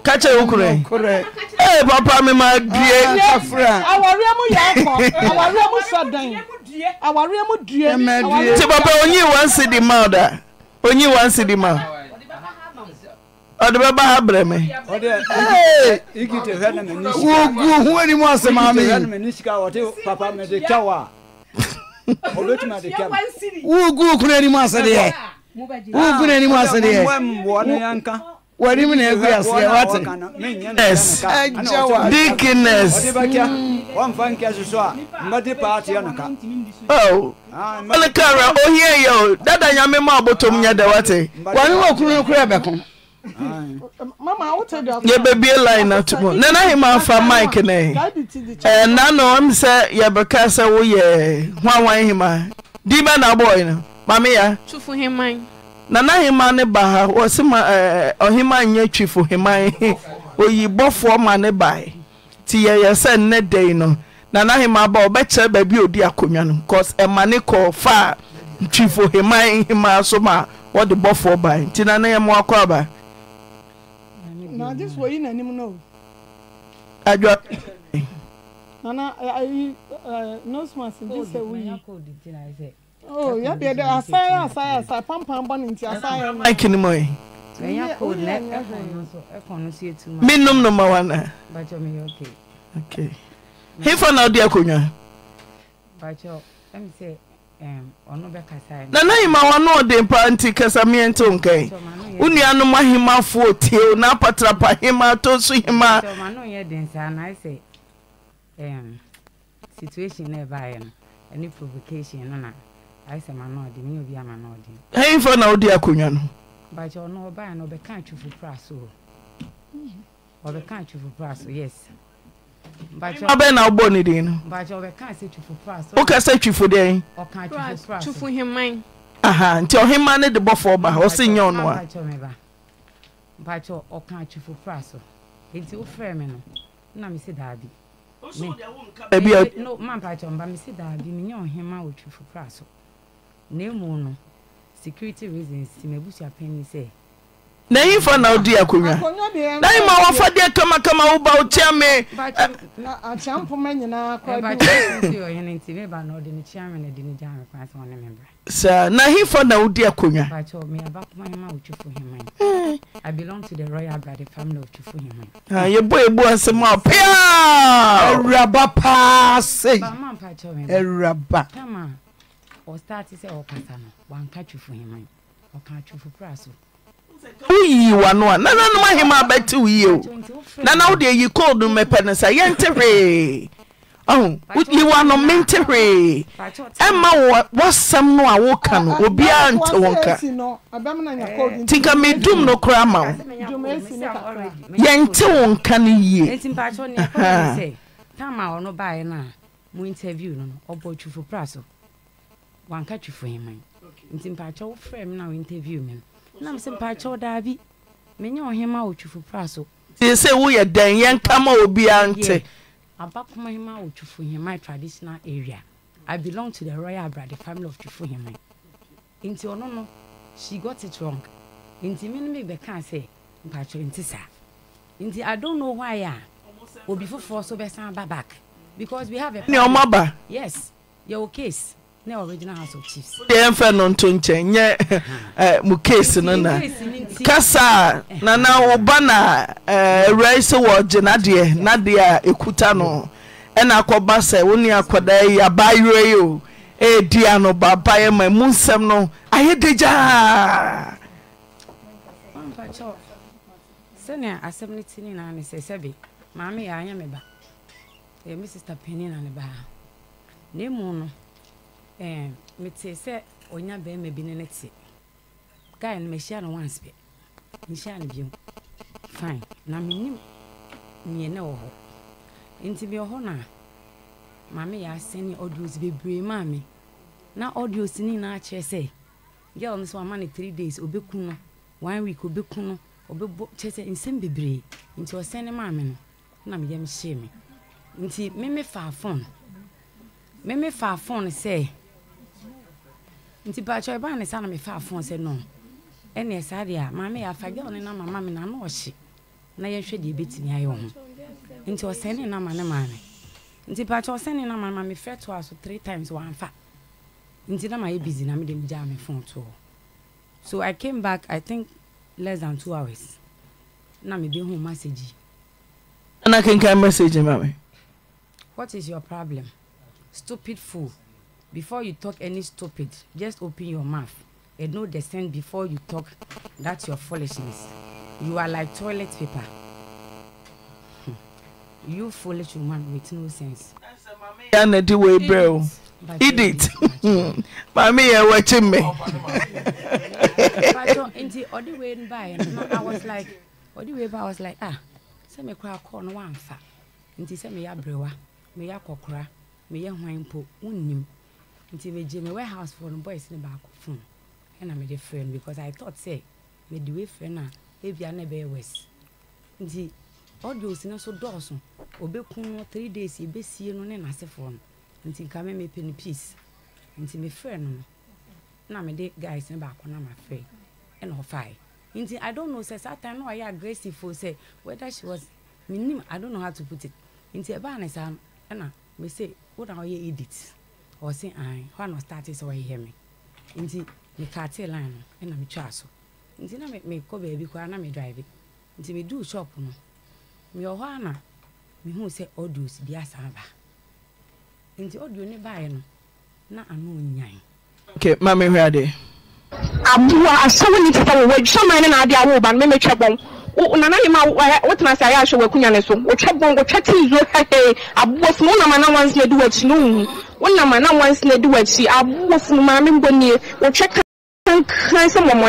ka kyerɛ wo kunu ee papa me ma due ah, nti papa wan si di ma da wan si di ma ɔde bɛba ha brɛ me
wogu ho anim asɛm ame wogu kunu anim asɛ deɛ wunkunanimu asedeɛ wanim na agu aseɛ wate s
ɔne kara ohie o dada nyame ma abotom nyɛ dɛ wate wane wɔ no kora bɛko yɛbɛbie line no to mu nana hema afa mike ne ɛna no ɔm sɛ yɛbɛka sɛ woyɛ hema na no mame ya na na ne ha ma ɔheman nyɛ twifo heman oyibɔfoɔ ma ne bae nti sɛ no na na ba ɔbɛkyerɛ baabi odi akonnwa no cause ɛma ne kɔɔ fa a twifo heman so ma wɔde bɔfoɔ yɛ aba na
n'anim
Oh, yeah, yeah, yeah. Asaya, asaya, asaya. Pam pam bọ ni nti asaya. Mike ni mo yi. Ẹ̀yà kò nẹ
ẹ̀kọ́ ní sí etu ma. Mi num num ma wa na. Bàjọ́ mi yóò ké. Okay. Hifo na ọdí akonnwa. Bàjọ́
ẹ̀ mi sẹ́
ọ̀nà bẹ́ kasa ẹ̀. Nana yìí ma wọn náà dé mpa nti kasa mi ẹ̀ ń tó nǹkan yìí. Unu ya anum ahima fo tie o na apatrapa ahima to so ahima. Bàjọ́ ma
náà yẹ dẹ̀ nsa na ẹ̀ sẹ́ um, situation náà ẹ̀ báyẹ̀ no ẹ̀ ní provocation náà ɛyin
fa na wode akonnwa no
bàtɛ ɔno ɔbaa no ɔbɛka atwofo pra so ɔbɛka atwofo pra so yes bàtɛ ɔbɛn na ɔbɔ ne den no bàtɛ ɔbɛka sɛ twofo pra so ɔka sɛ twofo den ɔka twofo pra so twofo heman
aha nti ɔheman ne de bɔfo ɔba ɔsi nyɛ ɔno a
bàtɛ ɔka twofo pra so nti wofrɛ mi no na mi si daabi ebi a o ma bàtɛ ɔmba mi si daabi mi nyɛ ɔheman wɔ twofo pra so na emu no security reasons si ma ebusua
panyin sɛ. n'eyin fa na odi akonnwa n'ayin ma wafa deɛ kama woba eh. eh, o tia mi.
akyia mpoma nyinaa kɔ bi. ɛbɛkyɛ nti ɔyɛn nti mi ba na ɔde ne kyia mi na ɛde ne gya mi kwan sɛ ɔne mi bra.
saa n'ahin fa na odi akonnwa.
ɛbɛkyɛ mi aba kuma hima otwifo
hima. Eh.
i belong to the royal bride family of twifo hima. Ah, yebu
ebu asem a pia. ɛwuraba paa se. ɛwuraba
ɔstaate sɛ ɔkasa no wanka twefo heman ɔka twefo pra so woyii w'ano a nananom ahema abɛte wo yie o nana wode yi
cold mmɛpɛ no sa yɛnte hwee yi w'ano mente hwee ɛma wɔsɛm no a woka no ah, ah, obiara ah, nte wo nka eh. nti medum no koraa ma wo yɛnte wo nka eh, no yie
time interview no no ɔbɔ twufo pra so wanka twifo heman nti mpakyɛ wofrɛ me na wointerview me no nam sɛ mpakyɛ wo daa bi menyɛ ɔhema wɔ pra so
sɛ woyɛ dɛn yɛnka obiaa nte
abakoma hema wɔ twifo traditional area i belong to the royal abrade family of twifo heman nti ɔno no she got it wrong nti me no mebɛkaa sɛ mpakyɛ nti saa nti i don't know why a obi foforɔ so bɛsan ba back because we have a ne ɔmaba yes yɛwɔ case deɛ
mfɛ no nto nche nye eh, mu case nọ na kasa na na ụba ba na awurai e sɛ wɔgye nadeɛ nadeɛ a ɛkuta nọ ɛna akɔba sɛ wo ne akɔdaa yi abayewa yi o ɛɛdi ano ya ma e mu nsɛm no ayɛ degyaa
sɛnea asɛm no ti nyinaa ne sɛ sɛbe maame yɛ anyɛ me ba ɛyɛ na ne mu no mete sɛ ɔnya bɛrima bi ne ne te guy no mahyia no once pɛ mehyia no bio fine na menim neɛ ne wɔ hɔ nti biɛ hɔ no a maame yɛ asɛne audios bebree maa me na audios ne nyinaa kyerɛ sɛ girl no sɛ wama no three days obɛku no one week obɛku no ɔbɛbɔ kyerɛ sɛ nsɛm bebree nti ɔsɛne maa me no na meyɛ mehyee me nti meme faa phone meme faa phone sɛ nti pakyɛ ɛbaa ne sa na mefa afon sɛ no ɛne saa deɛ a maame yɛ afa gɛl ne nama ma me na na ɔhye na yɛhwɛ deɛ ɛbɛtumi ayɛ ho nti ɔsɛn ne nama ne maame nti pakyɛ ɔsɛn ne nama ma mefrɛ to a so three times wɔamfa nti na mayɛ busy na mede megyaa me phone to hɔ so i came back i think less than two hours na mebɛhu message yi
na kenkan message ma me
what is your problem stupid fool before you talk any stupid just open your mouth and know the sense before you talk that your foolishness you are like toilet paper hmm. you foolish woman with no sense.
ya na di wee brɛ o edith maame yɛ wɔkye me. patro
nti ɔde wee ba yɛ no i was like ɔde wee ba i was like ah sɛ me kora kɔɔ no wamfa nti sɛ meyɛ aberewa meyɛ akɔkora meyɛ hwan mpo wonnim nti megye me warehouse for no boys no baako fon hmm. ɛna mede frɛ no because i thought sɛ mede wei frɛ no a ebia na ɛbɛyɛ wes nti audios no so dɔɔso obɛku no three days ebɛsie no ne n'asefoɔ no nti nka me mepɛ no peace nti mefrɛ no no na mede guys no baako na mafrɛ ɛna ɔfae nti i don't know say saa time na ɔyɛ aggressive fo sɛ whether she was menim i don't know how to put it nti ɛbaa ne saa no ɛna wo na ɔyɛ edit ɔse an hɔ na ɔstarte sɛ nti mị line no ɛna metwaa so nti na mekɔ baabi koraa na medrive nti meduu shop no meyɛ hɔ ana mehuu sɛ audios bi asan ba nti audio ne baeɛ no na ano
onyan okay ma ade aboa wɔ
man ne bɔn nana ma wotena sɛ ayɛ ne so bɔn ma wonam a na wansi na
edi w'akyi aboɔ funu maame mbɔ nie wɔtwɛ kankan sɛ mɔmɔ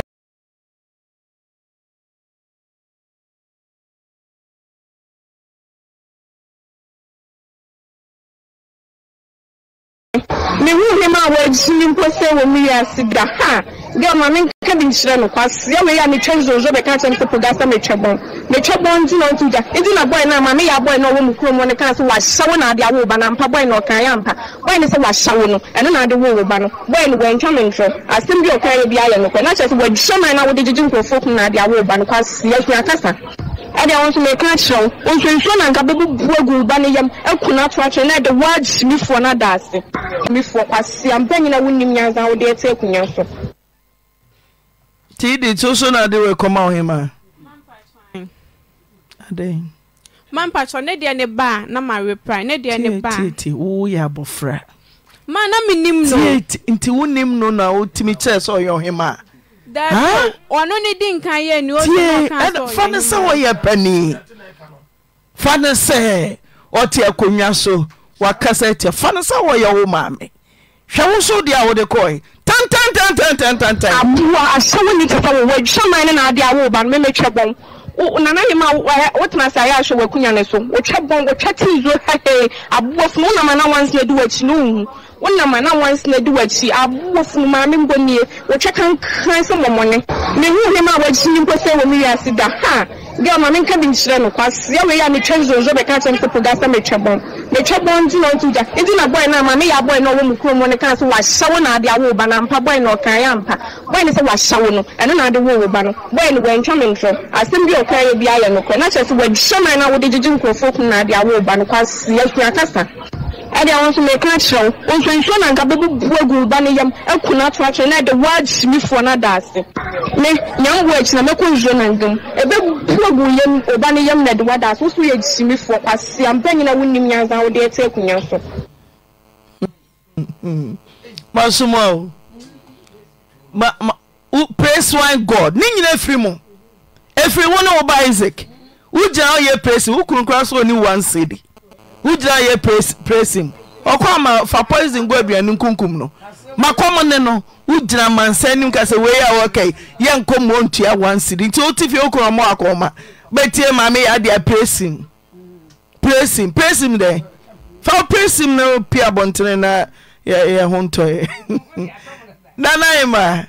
mehu him a wɔagyi mpo sɛ wɔ mu yɛ ase da ha gɛ ma menka meka bi nkyerɛ no kwaseɛ
wei a metwa nzozo bɛka kyerɛ no sɛ pogasa metwɛ bɔn metwɛ bɔn nti na ɔnto gya nti na bɔe no ama meyɛ abɔe no ɔwɔ mu kurom hɔ no sɛ wahyɛ na ade awo ba na mpa bɔe no ɔkaeɛ ampa bɔe no sɛ wahyɛ no ɛno na ade wo wo ba no bɔe no wantwa me mfrɛ asɛm bi ɔkaeɛ bi ayɛ nokɔ na kyerɛ sɛ wagyɛ man na wode gyegye nkurɔfoɔ kom na ade awo kasa ɛde wɔn nso mɛka kyerɛw nso nsuo na nka bɛbubu agu ba ne yam aku na ato na ɛde wɔagye mifoɔ no ada ase mifoɔ kwaseɛ ampa nyina wonim nyansa wode ɛte akonnwa so
tide so so no ade wɔkɔma wohem a wowo yɛ abɔfra nti woni no na wotimi kyerɛ sɛ ɔyɛ hem
afane sɛ wɔyɛ
panii fane sɛ ɔte akonnwa so wakasa atia fa ne sɛ wɔyɛ wo maame hwɛ wo so deɛ a wode kɔɛ tɛntɛntɛntɛntɛntɛn. abuwa ni papa wo wɔdwaman
ne awo ba no mɛmɛtwɛ bɔn nana yi ma wotena se ayɛ ahyɛ wɔ akunya ne so wotwɛ bɔn wotwɛ ti nsuo hɛhɛ wansi na edi wonam a na wansi na di wakyi aboɔ funu maame mbɔ nie wɔtwa kankan sɛ mɔmɔne mehu ne ma wɔakyi ni mposɛ wɔ me wiase da ha gɛl ma menka bi nkyerɛ no kwaseɛ wei a metwa nzonzo bɛka kyɛm sɛ poga sɛ metwa bɔn metwa bɔn nti na ɔntu gya nti na bɔe no a ma meyɛ abɔe no ɔwɔ mu kurom no kaa sɛ wahyɛ wo na ade awo ba na mpa bɔe no ɔkae ampa bɔe no sɛ wahyɛ wo no ɛno na ade wo wo ba no bɔe no wɔantwa me ntorɔ asɛm bi ɔkaeɛ bi ayɛ nokorɛ na kyerɛ sɛ wɔahyɛ man no a wode gyegye nkurɔfoɔ kun na ade awo ba no kwaseɛ kua kasa ɛde àwọn nso mɛka kyerɛ wo nsonsuo na nka bɛbubu agu ba ne yam aku no ato akyerɛ na ɛde woakyimifoɔ no ada ase me nyɛ wo akyi na mɛkɔ nsuo na ndom ɛbɛbu agu yam ɔba ne yam na ɛde woada ase woso yɛ kyimifoɔ kwase ampa nyina wonim nyansa wode ɛte akunya so
masoma o ma ma praise one god ne nyina efiri mu efiri wo ne wo ba isaac wo gyina hɔ yɛ praise wo kunkura so oni one cedi. wogyina yɛ pressing ɔkɔ ama fa poison gu aduane nkunkum no makɔm ne no wogyina mansa anim ka sɛ wei a wɔkai yɛ nkɔmmɔ ntua wansiri nti wote fie wokorɔmɔ akɔma bɛtie maame yɛ adeɛ pressing pressing pressing dɛ fa pressing no pi abɔntene na yɛ ho ntɔɛ nanaima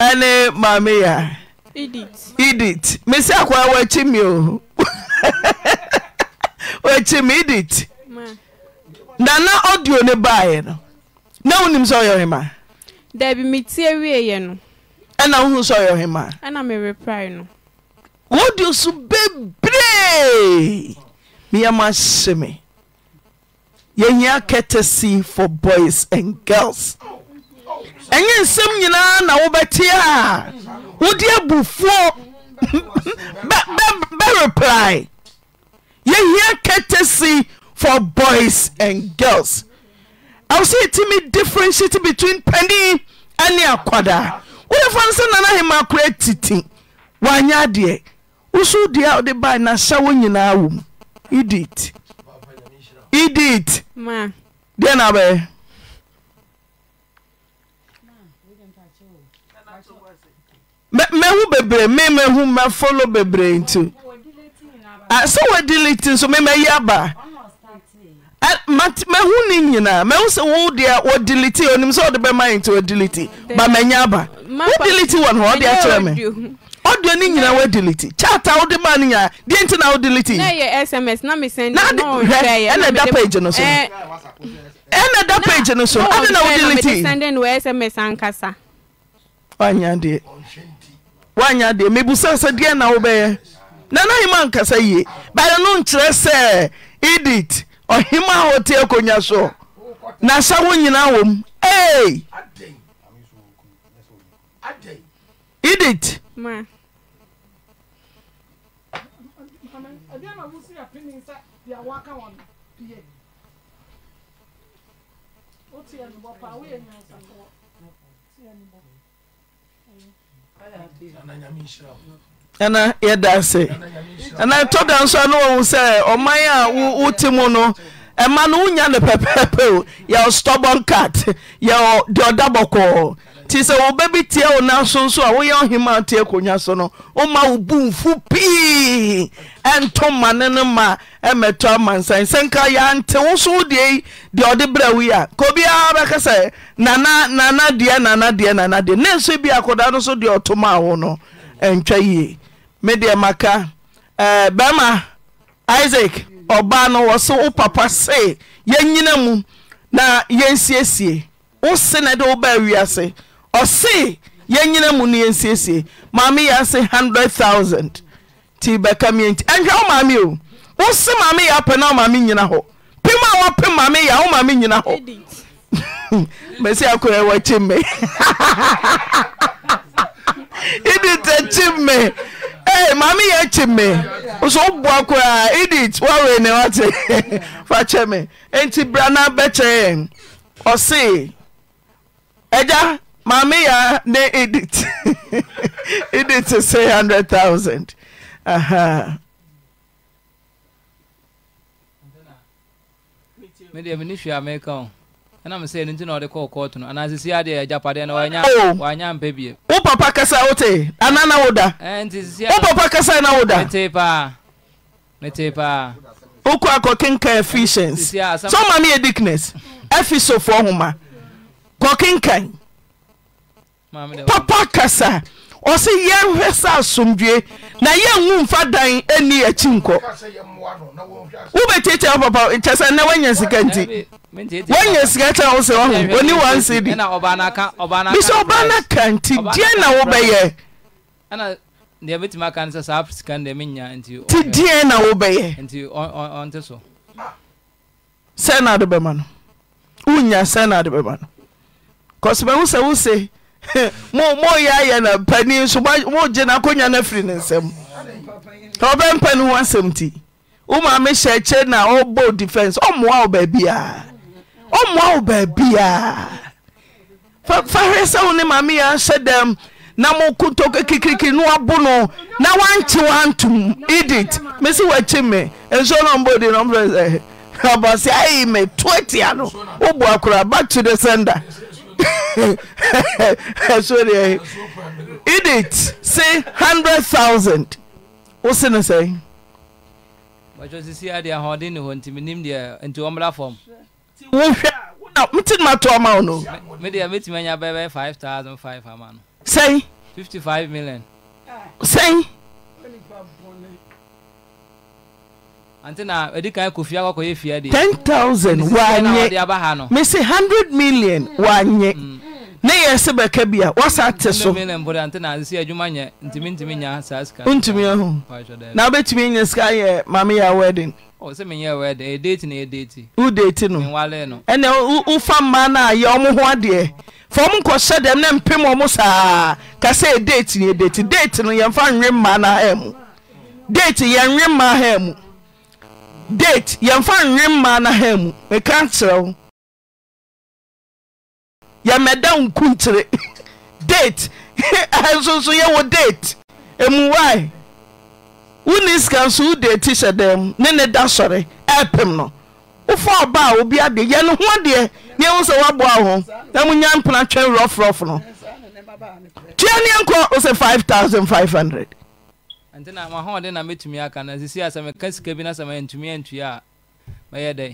ɛne maame yɛ edit mesi akɔa wɔakyi mi o kime nana ado no baɛ no na wonisɛo so bebre meyma hyeme yyia kates fo boys a girls yɛ nsɛm nyinaa na wobɛte a wode abufuobɛep yɛhia catesy for boys and girls ɛwo sɛ yɛtumi differentiate between pani ane akwadaa wodefa no sɛ nana hema kora titi wanyɛ adeɛ woso deɛ a wode bae nahyɛ wo nyinaa wɔ mu edit edit deɛ na bɛyɛ mɛhu bebree me mɛhu mɛfolo bebree nti Ah, sɛ woadiliti nso memayi aba eh, mahu ne nyinaa mahu sɛ wo deɛ wɔdeliti onim sɛ wode bɛma yɛnti wɔdeliti ba manya aba wodeliti wɔ no ɔde akyerɛ me ɔdeɛ ne nyinaa woadeliti kyata wode ma no nyinaa deɛ nti na wodelitiɛna
da page no so eh, eh,
ɛna da page no so ade na wodeliti woanya deɛ mebusa sɛ deɛ na wobɛyɛ nana hima nkasa yie bɛyɛ no nkyerɛ sɛ edit ɔhema a wɔte akonnwa so na sa wo nyinaa wɔ mu ee edit. Ana ɛna yɛda ase ɛna ɛtɔ da nso a ne wɔhu sɛ ɔman a wote mu no ɛma no wonya ne pɛpɛɛpɛ o yɛwɔ stɔbɔn cat yɛwɔ deɛ ɔda bɔkɔɔ nti sɛ wɔba bi tie wo nanso nso a woyɛ ɔhema te akonnwa so no woma wo bu mfu pii ɛnto ma ne no ma ɛmɛtɔ amansan sɛ nka yɛante wo so yi deɛ ɔde berɛ wo a ka obiara bɛka sɛ nana nana deɛ nana deɛ nana deɛ ne nso bi akɔda no so deɛ ɔtoma a wo no ɛntwa yie medeɛ maka eh, bɛima isaak ɔbaa no wɔ so wo papa see mu na yɛnsiesie wo se ne de wobaa wiase ɔsee yɛnyina mu no yɛnsiesie maame yɛ ase 100,000 nti bɛka miɛnti ɛnhwɛ wo maame o wo se maame yɛ apɛ na womaame nyina hɔ pem a wɔpem maame yɛ a womaame nyina hɔ mɛsi me idi me maame yɛ akyi me so woboa koraa edit woawei ne wate fa kyɛ me enti bra na bɛkyɛɛ ɔsee agya maame yɛa ne edit edit 300,000 aha
mede mene hwɛ ameka o ɛnam sɛ ɛno nti na ɔde kɔɔ kɔɔto no anaasɛ si adeɛ agyapadeɛ no wanyɛ mpɛ bie
wo papa kasa wote ana woda wo papa kasa
na woda mete paa mete paa wokɔ
akɔkenkan sɛ ɔma no yɛ dickness ɛfisofoɔ homa kɔkenkan papa kasa ɔse yɛhwɛ sɛ asomdwe na yɛ nwu mfa dan ani akyi nkɔ wobɛtiti wo papa nkyɛ sɛ nnɛ wanya sika nti
woanya sika taa wo sɛ wah ɔni ansedi bi sɛ ɔba no
kan ntideɛ na wobɛyɛnti deɛ
na wobɛyɛ
sɛ nade bɛma no wonya sɛ no ade bɛma no kɔs mɛho sɛ wose moyɛ ayɛ na pani so mogye na akɔnya na afiri ne nsɛm ɔbɛmpa no ho asɛm ụmụ woma mehyɛ kyɛ na ɔbɔ defense ɔmmoa wo baabiaa ɔmmoa wo baabiaa fa hwɛ sɛ wo ne mameyɛ hyɛ dɛm na mokotɔ kekirikiri no wabo no na woankye woantom edit mesi wakyi me nsuo no mbɔdi no mfrɛ sɛ abɔse ayi me toatia no woboa koraa back to the sender ɛso deɛ edit say hundred thousand wosi ne sɛ.
wɔtɔ sisi adeɛ ahoɔden ne hɔ nti mi nim deɛ nti wɔn bla fam.
wohwɛ a mete ma to ama wo no.
mi deɛ mi tìmɛ five thousand five ama no. sɛn. fifty five million. sɛn. Antena edi kan kò fia kọkọ yẹ fia de. ten thousand wanye nyẹ mesi
hundred million mm. wàá nyẹ mm. ne yɛ se bɛka bi a wasa te so
wontumi ahu na
wobɛtumi nya sika yɛ mame yɛ wedding wodate no ɛnɛ wofa date no a yɛ ɔmo ho adeɛ fa ɔmo nkɔhyɛ dɛm ne mpem ɔmo saa ka sɛ e date ni ɛdate e date no yɛmfa nwe mma no ha mu date yɛnwe mma ha mu date yɛmfa nwe mmaa no ha mu meka kyerɛ wo yɛmɛda nku nkyere date nsoso yɛwɔ date ɛmu wae woni sika nso wo date hyɛ dɛn mu ne ne da sɔre ɛpem no wofa ɔba a obi adeɛ yɛne ho deɛ ne ɛwo sɛ woaboa ho na munya mpena twɛn rɔfrɔf no tua nkɔ wo sɛ 5500
nti na ma hɔn de na metumi aka na sisi asɛm ka sika bi na sɛ mɛ ntumi ntua a mɛyɛ dɛ.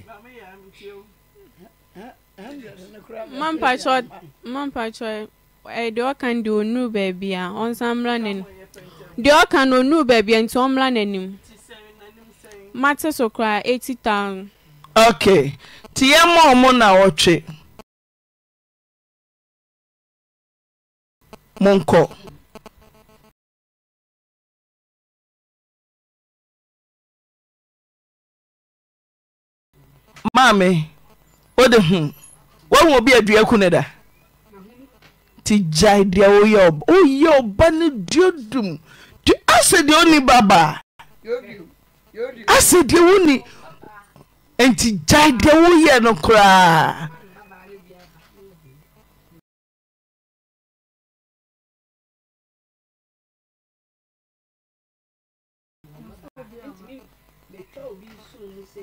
mampatsɔ
mampatsɔ ɛyɛ deɛ ɔka no deɛ onu baabi a ɔnsan mra n'anim deɛ ɔka no onu baabi a nti ɔmra n'anim mate so koraa eighty
thousand. ok tie mɔ ɔmo na ɔtwe. mo nkɔ. maame wode hu woahu obi adua ku ne da
nti gyae deɛ woyɛ ɔba woyɛ ɔba no duodum nti asɛ deɛ wonni babaa asɛ deɛ wonni
nti gyae deɛ woyɛ no koraa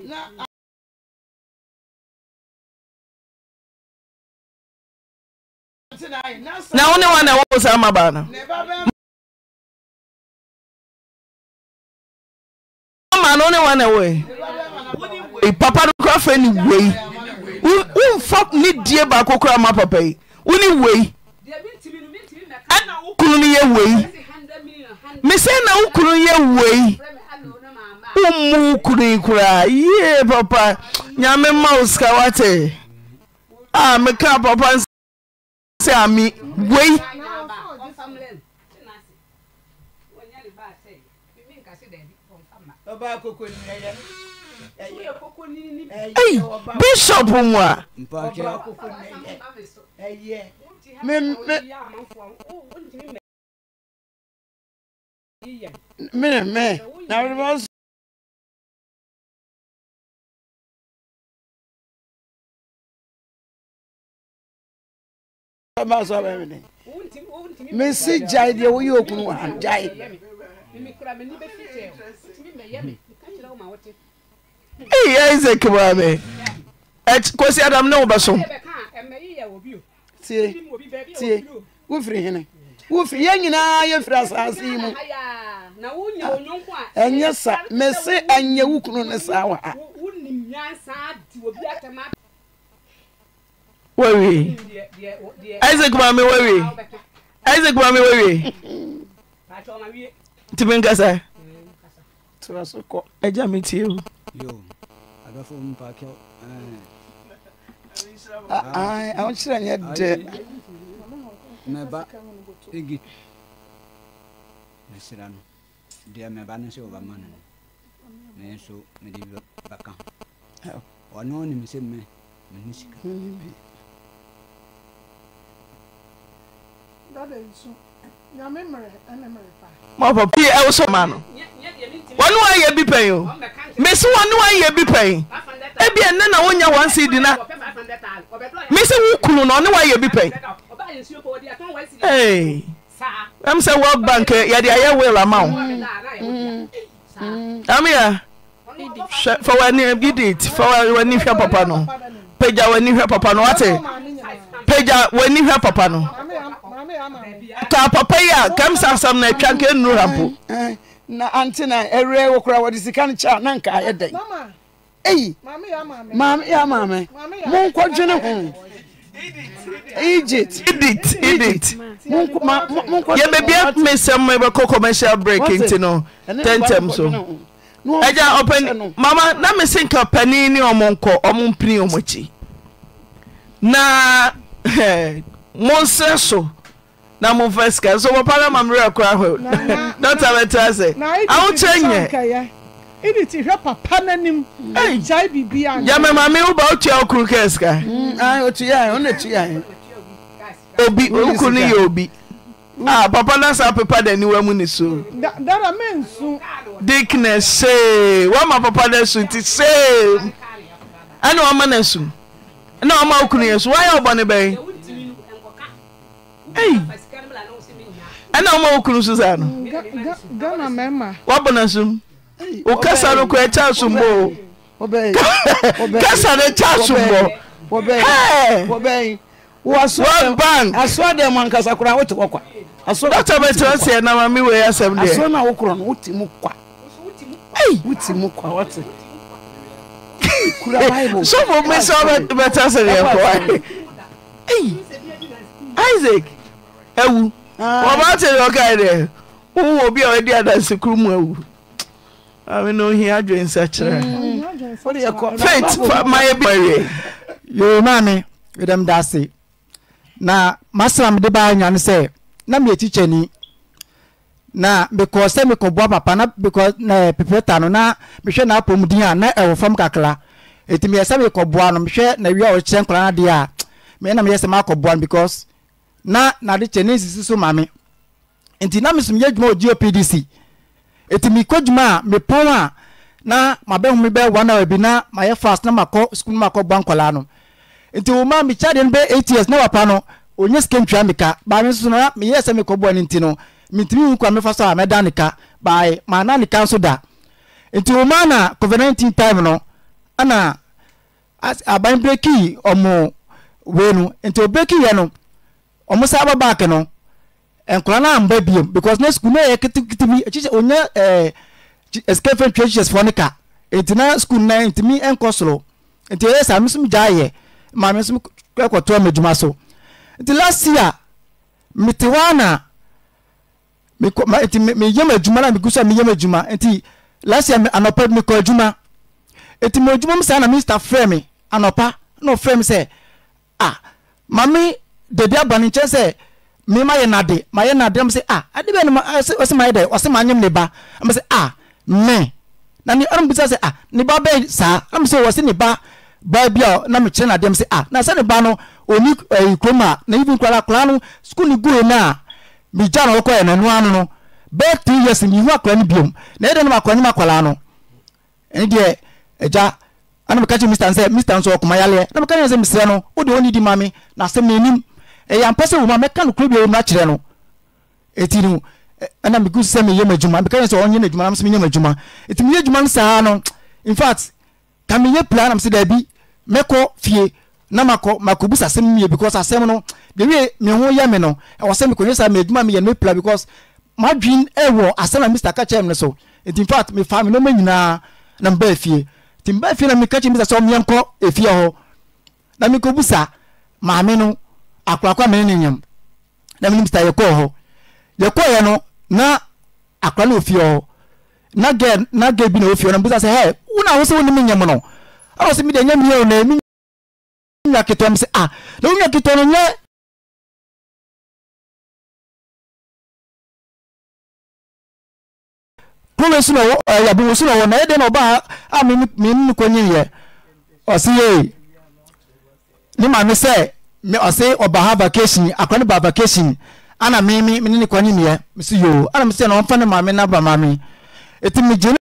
na n wone wane wo sa ma baanoman onewane wo
papa nokora f ne wei omfo ne die ba ko kora mapapai wone wei wokrum yɛ wei mese na wokrum yɛ wei womu wokunu koraa ye papa yame ma o ska wate a ah, mekapapa sɛ ami wei.
Eyi bishop mu a.
Mmemme na ɛma sɔ bɛ mene mesi gyae deɛ woyɛ okunu wɔ han gyae
ei isaac maame kɔsi adam ne wobɛsom tie tie wofiri hene wofiri yɛn nyinaa yɛfiri asase yi mu ɛnyɛ sa mese ɛnyɛ wo kunu ne saa wɔ wawie isaac maame wawie isaac maame wawie ntumi nkasa
tura so kɔ
ɛgya mi tie o.
ahokyerɛ nyɛ dɛ mɛba egi
mesira no deɛ mɛba no sɛ ɔba ma no no nanso mede bɛka ɔne ɔnim sɛ mɛ mene sika mɔpɔ
pii ɛwɔ so maa no
wɔn wa yɛ bi pɛn
o mesi wɔn wa yɛ bi pɛn ebi ɛnɛ na wonya wɔn si di na mesi wo kunu na ɔne wa yɛ bi pɛn ee ɛm sɛ world bank yɛde ayɛ will ama wo
mm-hmm.
amia hwɛ fa w'ani bi di ti fa w'ani hwɛ papa no pagya w'ani hwɛ papa no wate pagya w'ani hwɛ papa no. apapa yi a kam sa asam na atwa nka nnuru ha mpo na ante na ɛwerɛ wɔ koraa wɔde sika no kyɛ na nka ayɛ dɛn eyi
maame yɛ maame monkɔdwene ho
Egypt. Egypt. Egypt. yẹ bẹbi ẹ mi sẹm mi bẹ kọ commercial break nti no ten tem so ẹja ọpẹni mama na mi si nka pẹni ni ọmọ nkọ ọmọ mpini ọmọ ekyi na mo nsẹ so. na mo fɛ sika so papa na ma mmerɛ kora hɔ dɔta bɛtera sɛ awokyerɛ nyɛ ɛde ti hwɛ papa n'anim ɛgyae biribi ano yamɛ maame wo ba wotua okuru kɛ sika mm. mm, ah, otua ɔna tua ah, ah. obi okuru no yɛ obi mm. a papa nasa sa pepa niwa mu ne so dara me nsu dick na see wama papa na su ti see ɛna wama na su ɛna wama okuru yɛ so wayɛ ɔbɔ ne bɛn Ei!
ɛna woma wo kunu so saa no mm, woabɔna som wo kasa no kora ɛkya sombɔ
kasa no ɛkya sombɔ dɔta bɛkyerɛ seɛ na ma me wei asɛm deɛ
sɔfo me sɛ wobɛta sɛ deɛ kɔa
isaac awu
Ah. ọba tẹ ẹ ọka
dẹ wọn wọ bi a ọdi adansi kuru mu ewu ami na ohin adwo nsakyerɛ faith mayɛ bi ɛyɛ. yorùbá mi yɛdɛm da ase na masalam de ba anya ne sɛ na mi ekyikyɛ ni na because sɛ mi kò papa na because na pipita no na mi hwɛ na apɔmuden a na ɛwɔ fam kakra eti mi yɛ sɛ mi kò bɔ ano mi hwɛ na wi a ɔkyerɛ nkɔla na deɛ a mi yɛ na mi yɛ sɛ mi akɔ bɔ ano because na nade kyɛ ne nsisi so ma me nti na mesomyɛ adwuma wɔ gopdc ɛti mekɔ dwuma a mepɔn a na mabɛhu me bɛ one hour bi na mayɛ fast na makɔ sukuu na makɔ bɔ nkɔlaa no nti wo ma mekya deɛ no bɛ eight years na wapa no onye sika ntwa meka baa me nso na meyɛ sɛ mekɔ bɔ ne nti no mentumi hu kwa mefa so a mɛda ne ka baae maana ne ka nso da nti wo ma na covid nineteen time no ana aban breki ɔmo wei no nti obreki yɛ no ɔmo sa aba baaki no nkura no amba biem because ne sukuu ne yɛ kitikiti bi ekyikyɛ onye ɛɛ eh, escape teachers fo ne ka eti na sukuu nan ntumi nkɔ soro nti ɛyɛ saa mesom gya ayɛ maame nso ɛkɔtɔ ɔmo adwuma so nti last year mete hɔ ana mekɔ ma nti me me yam adwuma na mekusa me yam adwuma nti last year anɔpa mekɔ adwuma nti mo adwuma mu saa na mr frɛ me anɔpa na ɔfrɛ me sɛ ah maame. beebi abɔne nkyɛn sɛ mi ma yɛ nade ma yɛ nade ɔmo sɛ ah, a ade bɛ ɛnum ɔsi ma yɛ dɛ ɔsi ma anyim ne ba ɔmo sɛ a ah, mɛ na ni ɔmo bisa sɛ a ah, ne ba bɛ saa ɔmo sɛ wɔsi ne ba baa bi a na mi kyerɛ nade ɔmo sɛ a na sɛ ne ba no oni ɛyi kurom a na ibi nkura akura no sukuu ni gu na mi gya na ɔkɔ yɛ na nua no no bɛɛ three years mi hu akura no biom na yɛ dɛ no ma akura no ma akwaraa no ɛni deɛ ɛgya ɛna mi ka kyerɛ mr nsɛ mr nso ɔkuma yaleɛ ɛna mi ka kyerɛ sɛ misrɛ no o de o di ma na asɛm na enim ɛyɛ ampɛ sɛ woma mɛka no kuro bia wom no akyerɛ no ɛti no ɛna megu sɛ meyɛ m adwuma meka sɛ ɔnyɛ no adwuma nam sɛ menyɛ m adwuma ɛti meyɛ adwuma no saa no infact ka meyɛ pla nam sɛ daabi mɛkɔ fie na makɔ makɔbu sɛ asɛm mie because asɛm no dewie me ho yɛ me no ɛwɔ sɛ mekɔhwɛ saa meadwuma meyɛ no mepla because madwin ɛwɔ asɛm a mr ka kyerɛ me no so nti infact mefa me nɔma nyinaa na mbaa fie nti mbaa fie na meka kyerɛ mr sɛ ɔmeɛnkɔ ɛfie hɔ na mekɔbu sa maame no akwaakwa mene ne nyam na menim yeko ho yeko yɛkɔɔyɛ no na akwa no fio na ge na ge bi no fio na mbisa se he una wo sɛ wo ne me nyam no
ɛna mi de nyam yɛo na mi nya kito m sɛ a ah, na wonya kito no nyɛ kúrò sínú ọwọ ẹ yàbùwò sínú ọwọ náà ẹ dẹ́nu ọba a mi nínú kò yín yẹ
ọ̀sìn yẹ ni màmí se ɔse ɔba oh, ha vacation
akwani ne ba vacation ana me me ne ne kwa ne meɛ mesi yoo ana mesi na ọ ɔmfa ne maame na ba maame eti me gye ne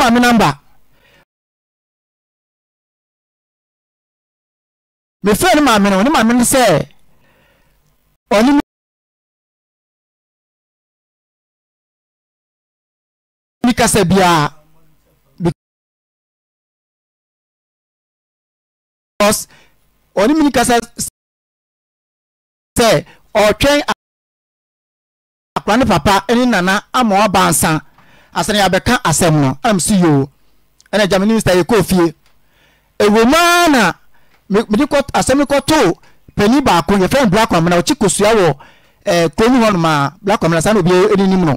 maame namba me fɛ ne maame no ne maame no sɛ ɔne oh, mi kasa biara. because ɔne mini kasa sɛ ɔtwɛn akora ne papa ne nana ama ɔba nsa asane
abɛka asɛm no ɛnam si yoo ɛna gyama ne mr yɛkɔ fie ewoma na mede kɔ asɛm ne kɔto panyin baako yɛfrɛ no black amena ɔkye kosua wɔ ɛɛ kurom hɔnom a black amena saa obi anim no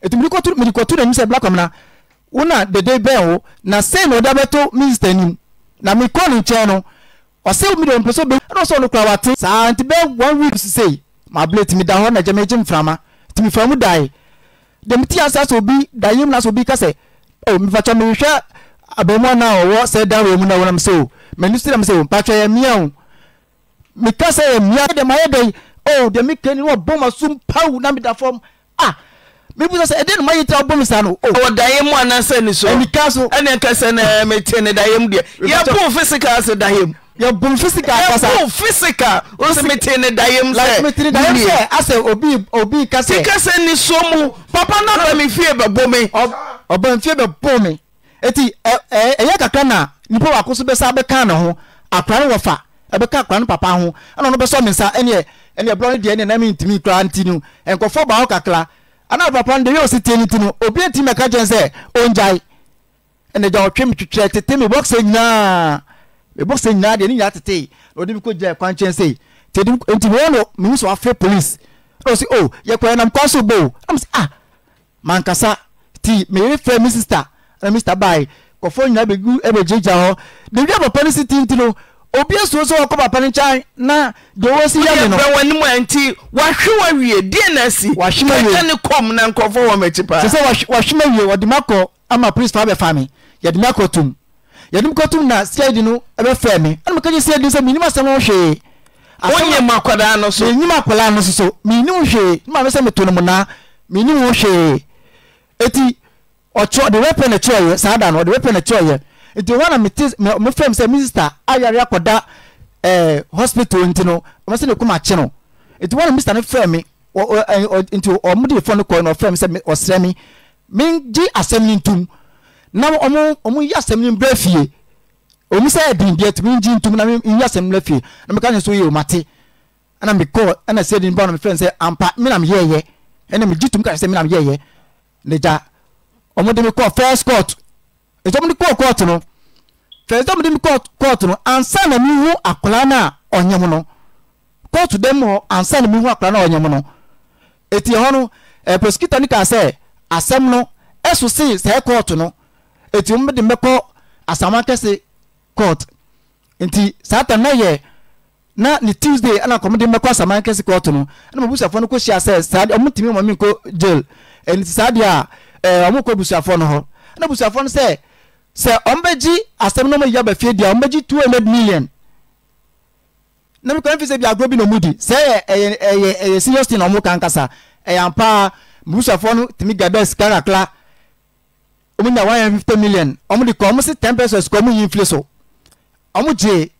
etu mede kɔto mede kɔto n'anim sɛ black amena wona dede bɛn wo na sɛn na ɔde abɛto minister anim na mekɔ ne nkyɛn no ɔsɛ million pɛ sɛ ɔbɛ ɛna ɔsɛ ɔnokura wate saa nti bɛɛ one week sisei ma abule timi da hɔ na gyama egye mframa timi fam dae dɛm ti asa sɛ obi da yim na sɛ obi kasɛ ɛwɔ mifatwa mehwɛ abamuwa na ɔwɔ sɛ dan wɔ mu na wɔnam sɛ o mɛni sɛ dɛm sɛ o mpatwa yɛ mia o mika sɛ yɛ mia dɛm ayɛ dɛ o oh, dɛm ike ni wɔn bɔ ma so mpawu na mi da fam a mibu sɛ ɛdɛ numu ayi tira bɔ mi sa no. Oh. ɔwɔ daye mu anasɛ ni so ɛnika so ɛna ɛkɛsɛ na mɛtiɛ ne daye mu deɛ yɛ bɔ fisika ase daye mu yɛbom physical kasa yɛbom physical ɔsɛ mete ne dayɛm sɛ mete ne dayɛm sɛ asɛ obi obi kasa sika sɛ ni so mu papa na ba mi fie bɛbɔ mi ɔba mi fie bɛbɔ mi eti ɛɛ ɛyɛ kakra na nipa baako so bɛsa bɛka ne ho akora no wɔfa ɛbɛka akora no papa ho ɛna ɔno bɛsɔ mi nsa ɛneɛ ɛneɛ blɔn deɛ ɛneɛ nam ntumi kura nti nu. nkɔfo baako kakra ana papa no deɛ yɛ osi tie ne ti no obi ntumi ɛka kyɛn sɛ ongyae ɛnɛ gya ɔtwe mi twitwɛ tete mi bɔks ebɔsɛ nyinaa deɛ ne nyinaa tete na ɔde mi kɔ gya ɛkwan kyɛn sɛ te de nti wɔn no mihu sɛ wafɛ polisi ɛna ɔsi oh, o yɛ kɔ ɛnam kɔ so bo ɛna ɔsi ah mankasa ti meyɛ fɛ mi sista ɛna mi sista baayi kɔfɔ nyinaa bɛgu ɛbɛgyegya hɔ debi abapa ne si ti ti no obi esuo sɛ ɔkɔ papa ne nkyɛn na deɛ wɔsi yɛ mi no. wɔyɛ bɛn wɔn anim ɛnti wahwe wawie deɛ na si wahwe wawie ne kɔm na nkɔfɔ wɔn akyi paa. sɛ sɛ wahwe wawie wɔde mi ama polisi fa bɛ fa mi yɛde mi tum yɛde mkɔtum na sɛdi no ɛbɛfɛ me ɛna mekagye sɛdi no sɛ menim asɛm ho hwee wonyɛ mu akwadaa no so menim akwadaa no so so menim hwee ne maame sɛ meto no mu naa menim ho hwee eti ɔtɔ ɔde wɛpɛ na ɛkyerɛ yɛ saa da no ɔde wɛpɛ na ɛkyerɛ yɛ nti wɔn na mete mefɛ mu sɛ minista ayare akwadaa ɛɛ eh, hospital nti no ɔmo sɛ ne kum akye no nti wɔn na minista no fɛ mi ɔ ɔ nti ɔmo de fɔ no kɔ na ɔfɛ mi sɛ ɔsrɛ mi mengye asɛm ne ntum na ɔmo ɔmo yi asɛm ne mbɛ fie ɔmo sɛ ɛdin deɛ tumi ngyi ntum na yi asɛm ne fie na meka ne so yɛ ɔmo ate ɛna mi kɔ ɛna sɛ ɛdin ba na mi fɛn sɛ ampa mi na mi yɛ yɛ ɛna mi gyi tum ka sɛ mi na mi yɛ yɛ ne gya ɔmo de mi kɔ first court ɛsɛ ɔmo de kɔ court no first ɔmo de mi kɔ court no ansa na mi hu akwaraa na ɔnyɛ mu no court dɛm hɔ ansa na mi hu akwaraa na ɔnyɛ mu no eti hɔ no ɛɛ eh, ni ka sɛ asɛm no ɛso no eti mu de mɛkɔ asama kɛse court nti saa ta na yɛ na ne tuesday ɛna kɔn mu de mɛkɔ asama kɛse court no ɛna mo busuafo no kɔ hyia sɛ saa deɛ ɔmo tìmi mɔmi nkɔ jail ɛnti e, saa deɛ a ɛɛ ɔmo kɔ busuafo no hɔ ɛna busuafo no sɛ sɛ ɔmo bɛ gyi asɛm na ɔmo yɛ aba fie deɛ ɔmo bɛ gyi two hundred million na mi kɔn fi sɛ bi agorɔ bi na ɔmo di sɛ ɛyɛ e, ɛyɛ e, ɛyɛ serious thing na ɔmo kan kasa ɛyɛ ampa busuafo no tìmi gɛbɛ sikara kla wɔn nya one fifty million wɔn de kɔ wɔn si ten pesos kɔ wɔn yi nfili so wɔn gye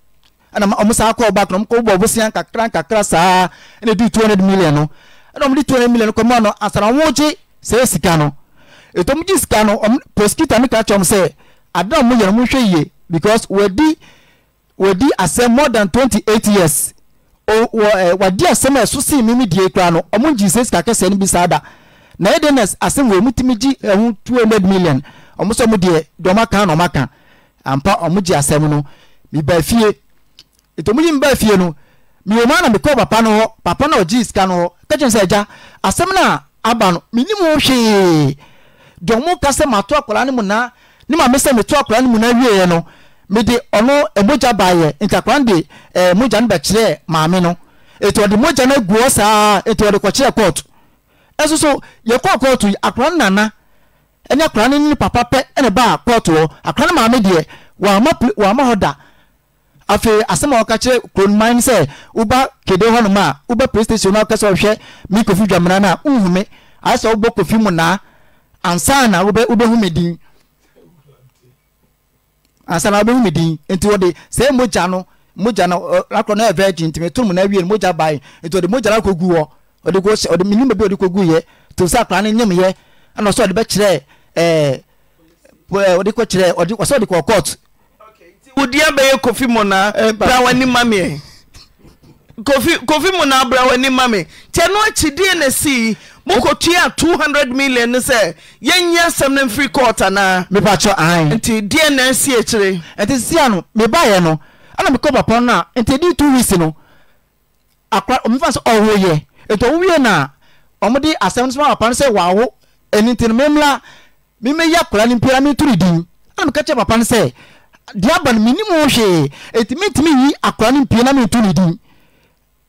ɛna wɔn san akɔ ɔba kɔnɔ wɔn kɔ bɔ bosia nkakra nkakra saa ɛna di two hundred million no ɛna wɔn de two hundred million kɔ mu ano asana wɔn gye sɛ sika no ètò wɔn gye sika no wɔn prosecutor ne kaa kyɛn sɛ adan a wɔn yɛ no wɔn hwɛ yie because wɔdi wɔdi asɛm more than twenty eight years wɔ ɛɛ wɔdi asɛm a ɛso si mímí die kura no wɔn gye sɛ sika kɛseɛ no bi na ɛde na asem wɔ mu tumi gye ɛho two hundred million ɔmo sɛ ɔmo deɛ deɛ ɔmo aka na ɔmo aka ampa ɔmo gye asem no meba fie ètò ɔmo yi mba fie no mìíràn mu anam kɔ papa no hɔ papa na ɔgye sika no hɔ kɛkyɛn sɛ ɛgya asɛm na aba no mìíní mu hwee deɛ ɔmo ka sɛ to akwaraa no mu na ne maame sɛ mato akwaraa no mu na wie yɛ no mede ɔno ɛmogya baayɛ nti akwaraa no de ɛmogya no bɛkyerɛ maame no ɔde mogya no hɔ saa ètò ɔde kɔkyerɛ kɔɔto ɛso so yɛkɔ kɔɔto yi akora no nana ɛne akora no ne papa pɛ ɛna ba kɔɔto hɔ akora no maame deɛ wama wama hɔ da afei asɛm a wɔka kyerɛ kuronuman sɛ woba kede hɔnom a woba playstation na wokasɛ ɔhwɛ me kofi dwamena no a wohume ayɛ sɛ wobɔ kofi mu naa ansa na wobɛhu me din ansa na wobɛhu din nti wɔde sɛ mogya no mogya no akɔ no yɛ virgin ntimi to mu no awie no mogya bae nti wɔde mogya no akɔgu hɔ ɔde ko ɔde mi nimba bi ɔde ko gu yɛ to sɛ akora ne nyam yɛ ɛna ɔsɛ ɔde bɛ kyerɛ ɛɛ ɔde kɔ kyerɛ ɔde ɔsɛ ɔde kɔ court. wòdi abɛyɛ kofi mu na eh, ni wani mamiɛ kofi kofi mu na bra wani mami tia no akyi na si mo ko tua two hundred million sɛ yɛn nyɛ asɛm no mfiri court anaa. mipa kyɔ an. nti die na esi akyire. ɛti sia no miba yɛ no ɛna mi kɔ papa no a nti di two weeks no akora omi fa so ɔwɔ yɛ ètò òwúyẹ náà ɔmo de asɛm sɛ papa no sɛ wawo ɛni ti no memla meme yɛ akwadaa no mpira me turu din ɛna diaba ni papa no sɛ deɛ aba no menim wo yi akwadaa no mpira na metu ne din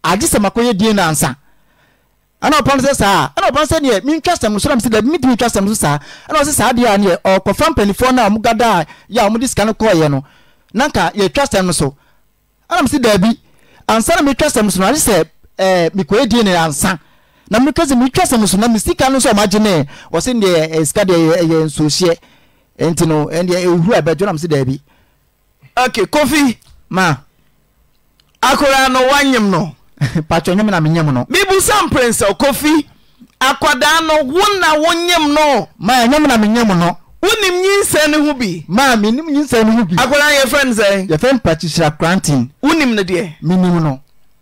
agye sɛ makɔyɛ die no ansa ɛna ɔpa no sɛ saa ɛna ɔpa no sɛ deɛ mentwa sɛm so na mesɛ dabi metumi twa sɛm so saa ɛna ɔsɛ saa deɛ a neɛ ɔkɔfa mpanimfoɔ no a ɔmo gada a yɛ a ɔmo de sika no kɔɔyɛ no nanka yɛtwa sɛm no so ɛna mesɛ dabi ansa na metwa sɛm so no agye sɛ ɛɛ eh, mikɔyɛ di ansa na mika sɛ mitwa sɛm so na mi sika eh, eh, no nso ɔmo agye ne wɔsi deɛ ɛ sika deɛ ɛyɛ ɛyɛ nsuohyɛ no ɛndeɛ ehura bɛdwo na mo si daabi. ok kofi. ma. akora no wanyim no. patro nyɛm na mi nyɛm no. bibu sam prinsa kofi akwadaa no wo na wo nyɛm no. ma nyɛm na mi nyɛm no. wonim nyinsɛn ne ho bi. maa mi nim nyinsɛn ne ho bi. akwadaa yɛ fɛn sɛn. yɛ fɛn patikyira kranten. wonim no deɛ. mi nim no.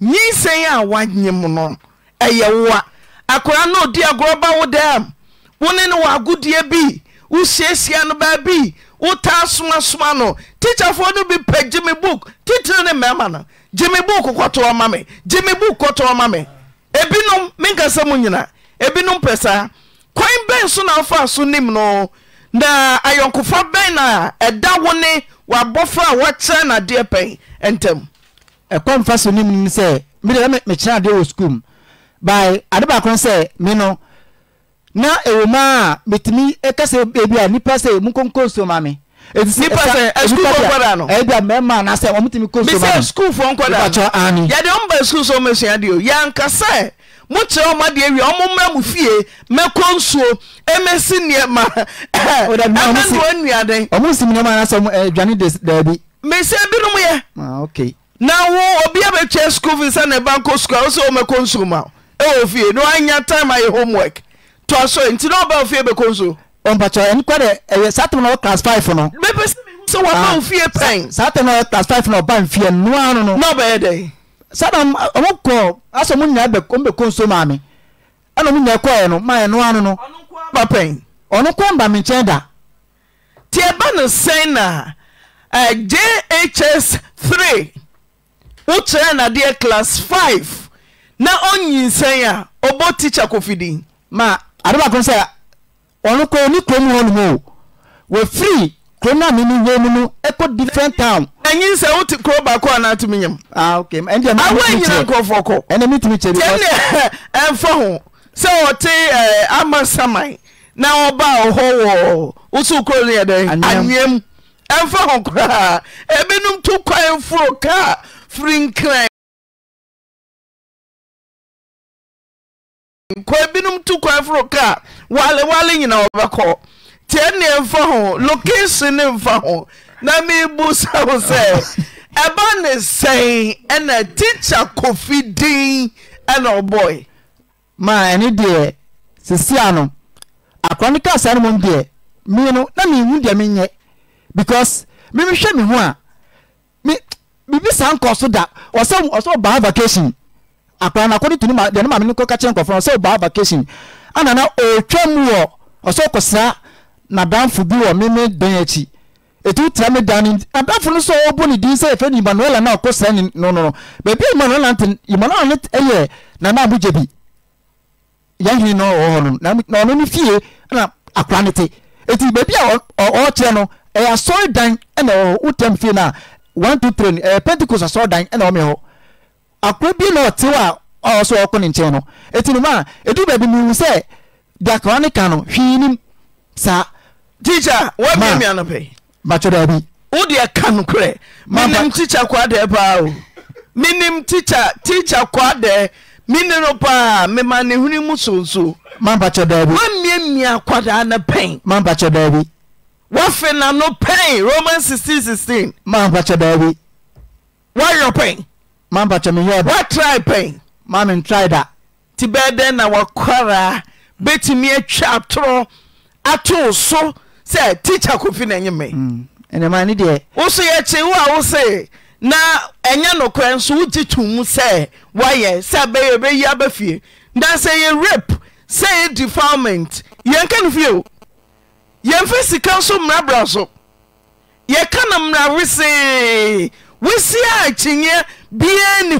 nyinsɛn a woanyem no ɛyɛ wo a akora na odi agorɔ ba wo dam wo ne ne wɔ agodie bi wosiesia no baabi wotaa somasoma no tikyafoɔ no bi pɛ gyeme book titiri ne mmarima no gyeme book kɔtɔ ɔma me gyeme book kɔtɔ ɔma me ebinom menkasa mu nyina ebinom pɛ saa kwan bɛn so na afa so nim no na ayɔnkofa bɛn na ɛda wo ne wabɔfra a wɔkyerɛ nadeɛ pɛn ntam ɛkɔ nfa so nim ni sɛ mi de ɛmɛ mekyerɛ adeɛ wɔ sukuu mu by ade baako sɛ mi no na ewu maa a metumi kasa ebi a nipa sɛ mu nkonko so ma mi. nipa sɛ sukuu fɔ nkɔda no ebi a mɛma anasɛ wɔn tumi ko so ma mi. bisɛ sukuu fɔ nkɔda no yɛde ɔmo ba ah, sukuu so ɔmo esua deɛ o yankasa mo kyerɛ ɔmo adeɛ wi ɔmo mmerɛ mo fie mɛkɔ nsuo emesi nneɛma ɛmɛ nua nuaden. ɔmo si nneɛma anasɛ ɔmo ɛdwane de daabi. mesia binom
yɛ.
n obia bɛkyeɛ sco feesanɛ bankso s osm wfe ya time homw sntinafa f snkoake da ti ba no se naj wokyerɛ nadeɛ class five na ɔnyinsɛn a ɔbɔ tikha kɔfidin ma adebako sɛ ɔno kɔ ne kurom hɔ nom o wɔfiri kurom no amene wei mu no ɛkɔ different town nanyinsɛ wote kuro baako anaatumi nyam ah, awo anyina nkɔfoɔ kɔ ɛnɛ metumi kyɛ tiɛne ɛmfa ho sɛ ɔte eh, ama saman na ɔba ɔhɔ wɔ wosow
kuro no yɛ dɛn anweam ɛmfa ho koraa ebinom to kwan furo kaa firi nkran nkwa binom tu kwan foro kaa wale wale nyina wɔbɛkɔ tiɛ ne mfa
ho location ne mfa ho na mebu sa ho sɛ ɛba ne sɛn ɛna tikya kofi din ɛna ɔbɔe ma ɛne deɛ sesia no akora ne kaa saa no mom deɛ me no na mehu deɛ menyɛ because memehwɛ me ho a me bibi saa nkɔ so da ɔsɛ ɔsɛ ɔbaa vacation akwaraa na akɔde tu ne ma deɛ ne maame ne kɔ kakyɛ nkɔfoɔ ɔsɛ ɔbaa vacation ana na ɔretwa mu wɔ ɔsɛ na n'adanfo bi wɔ mimi dan akyi etu tira mi dan ne adanfo no sɛ ɔbɔ ne din sɛ efe ne emmanuela na ɔkɔsra ne no no no beebi emmanuela nti emmanuela ne ɛyɛ nana abuja bi yahini na ɔwɔ hɔ no na ɔno ne fie ɛna akwaraa ne te etu beebi a ɔɔkyerɛ no ɛyɛ asɔredan ɛna ɔwɔ wotam na one two three ɛɛ eh, pentikos asɔɔdan ɛna wɔn hɔ akora bi na ɔte hɔ a ɔsɔ ɔkɔ ne nkyɛn no eti no mu a edu baabi mu sɛ deɛ ne ka no hwii nim saa. teacher wɔn mi mi anapɛ. matwa daabi. o deɛ ka no korɛ minim teacher kwa dɛ paa o minim teacher teacher kwa dɛ minim no paa mema ne huni mu sonso. mampatwa daabi. wɔn mi mi akwadaa na pɛn. mampatwa daabi wofe n'ano pɛn roman sixteen sixteen. maa mpakyɛ daabi. wayɔ pɛn. maa mpakyɛ mi yɛ da. watry pɛn. maa mi ntry da. ti bɛɛ dɛn na wakwaraa betumi atwa atorɔ ato so sɛ tikya kofi na ɛnyɛ mɛ. ɛnɛmaa ni deɛ. woso yɛ kye wo a wose na ɛnyɛ nokora nso wogye to mu sɛ wayɛ sɛ bɛyɛ bɛyi abɛfie na sɛ yɛ rape sɛ yɛ defilement yɛnka no fie yɛmfa sika so mmarabraso yɛka no mmaraese wosi a kyiea biarani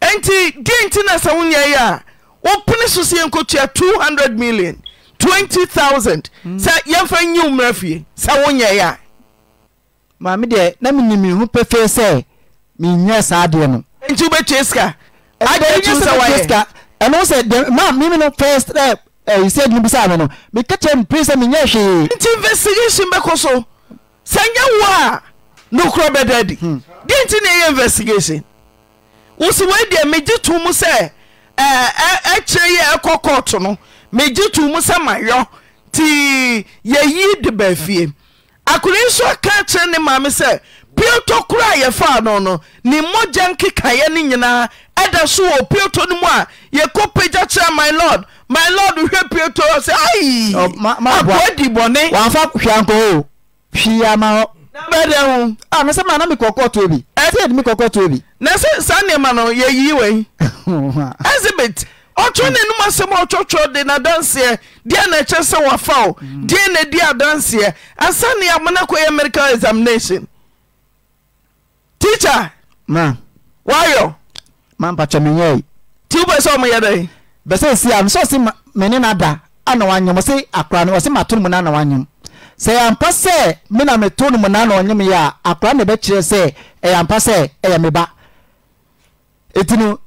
hntinti nsa woyɛ ɛ wopone so sɛyɛnkɔua00 million20000 s yɛmfa yɛw mmra fiesa woyɛɛ aɛ na menim ho pefe sɛ meyɛ saa deɛ nowos ɛyisɛ eh, dunu bisa ano no meka kyerɛ no pere sɛ menyɛ hwee. nti investigation bɛkɔ so sɛ nyɛ wo a nokorɔ bɛda adi deɛ hmm. nti na ɛyɛ investigation wo si wei deɛ megye to mu sɛ eh, ɛkyerɛ yɛ ɛkɔ kɔɔto no megye to mu sɛ mayɔ nti yɛyi de baafie akoni nso aka kyerɛ ne maame sɛ opioto koraa yɛfaa no no ne mmɔgya nkekaeɛ no nyinaa ɛda so wɔ n'ụmụ no mu a yɛkɔ pagya kyerɛ my lord my lord hwɛ pioto sɛ aiaboa oh, di bɔne wamfa hwea nkɔhɔo hwii ama hɔ bɛdɛ ho mesɛ mana mekɔkɔtoɔ bi ɛsɛde eh? mekɔkɔtoɔ bi na sɛ saa nneɛma no yɛyii wai ah. exhibit ɔtwe ne nom asɛm a ɔtwɔtwɔ de n'adanseɛ deɛ na ɛkyɛ sɛ wafaw deɛ na mm. di adanseɛ asanea mona kɔyɛ medical examination teacher ma wayɔ ma mpakyɛ menyɛe nti wopɛ sɛ ɔmoyɛ dɛn bɛsɛ si a mesɛ ɔse mene no da ana wanyem ɔse akora no ɔse mato no mu no ana wanyem sɛ yɛampa sɛ me na meto no mu no ana ɔnyem yɛ a akora na ɛbɛkyerɛ sɛ ɛyɛampa sɛ ɛyɛ me ba ɛti no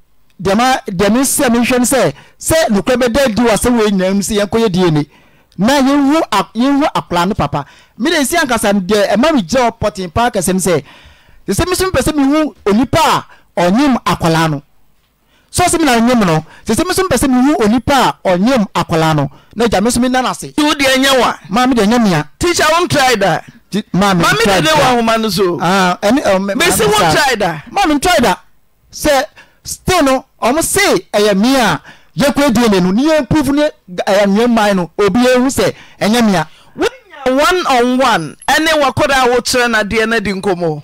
deɛma deɛme sɛ mehwɛ no sɛ sɛ nokora bɛda adi wɔ sɛ wei nyinaa mu sɛ yɛnkɔyɛ die ni na yɛnwu yɛnwu akora no papa mede si ankasa deɛ ɛma me gyina hɔ pɔten paa kɛsɛ no sɛ sɛ mi sɛ mipɛ mi hu onipa a ɔnyim akwadaa no so sɛ mi na ɔnyim no sɛ mi sɛ mipɛ mi hu onipa a ɔnyim akwadaa no na gya mi sɛ mi nan ase. iwu deɛ nyɛ wa. maame deɛ nyɛ mia. teacher won try da. maame n try da maame de de wa ahoma no so. aa ɛni ɔn mɛ maame sa bɛsi won try da. maame n try da sɛ still no ɔmo se ɛyɛ mia yɛkɔ edie ne no ni yɛn puufu ne ɛyɛ nua mmaa no obi ehu sɛ ɛnyɛ mia. wonya one on one ɛne wakɔda a wokyerɛ na deɛ na di nkɔmɔ.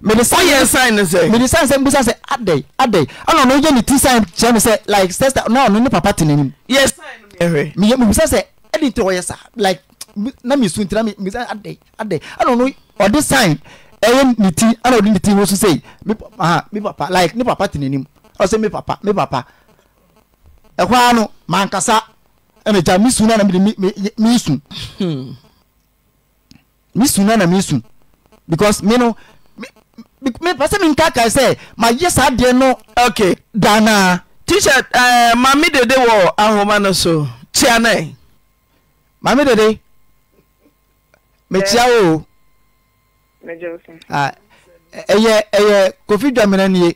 medecin sign sɛ medecin sɛ mbusa sɛ adai adai ɛna oh, ɔno yɛ ne ti sign kyerɛ mi sɛ like sister na ɔno ne papa te n'anim. yɛ sign mi yɛ mbusa sɛ ɛdi tɛ ɔyɛ sa like na mi sun tena mi mbusa adai adai ɛna ɔno ɔde sign ɛyɛ ne ti ɛna ɔde ne ti wosu sɛ mi papa mi papa like ne papa te n'anim ɔsɛ oh, mi papa mi papa ɛhɔ eh, ano mankasa ɛna eh, gya mi sun na hmm. na mi de mi mi mi sun mi sun na na mi sun because mi no mepɛ sɛ menkaka sɛ mayɛ saa deɛ no ok danaa t-shirt uh, mami dede wɔ ahoma no so kyia ne mami dede mekyia wo ɛyɛ ɛyɛ kofi dwamena nie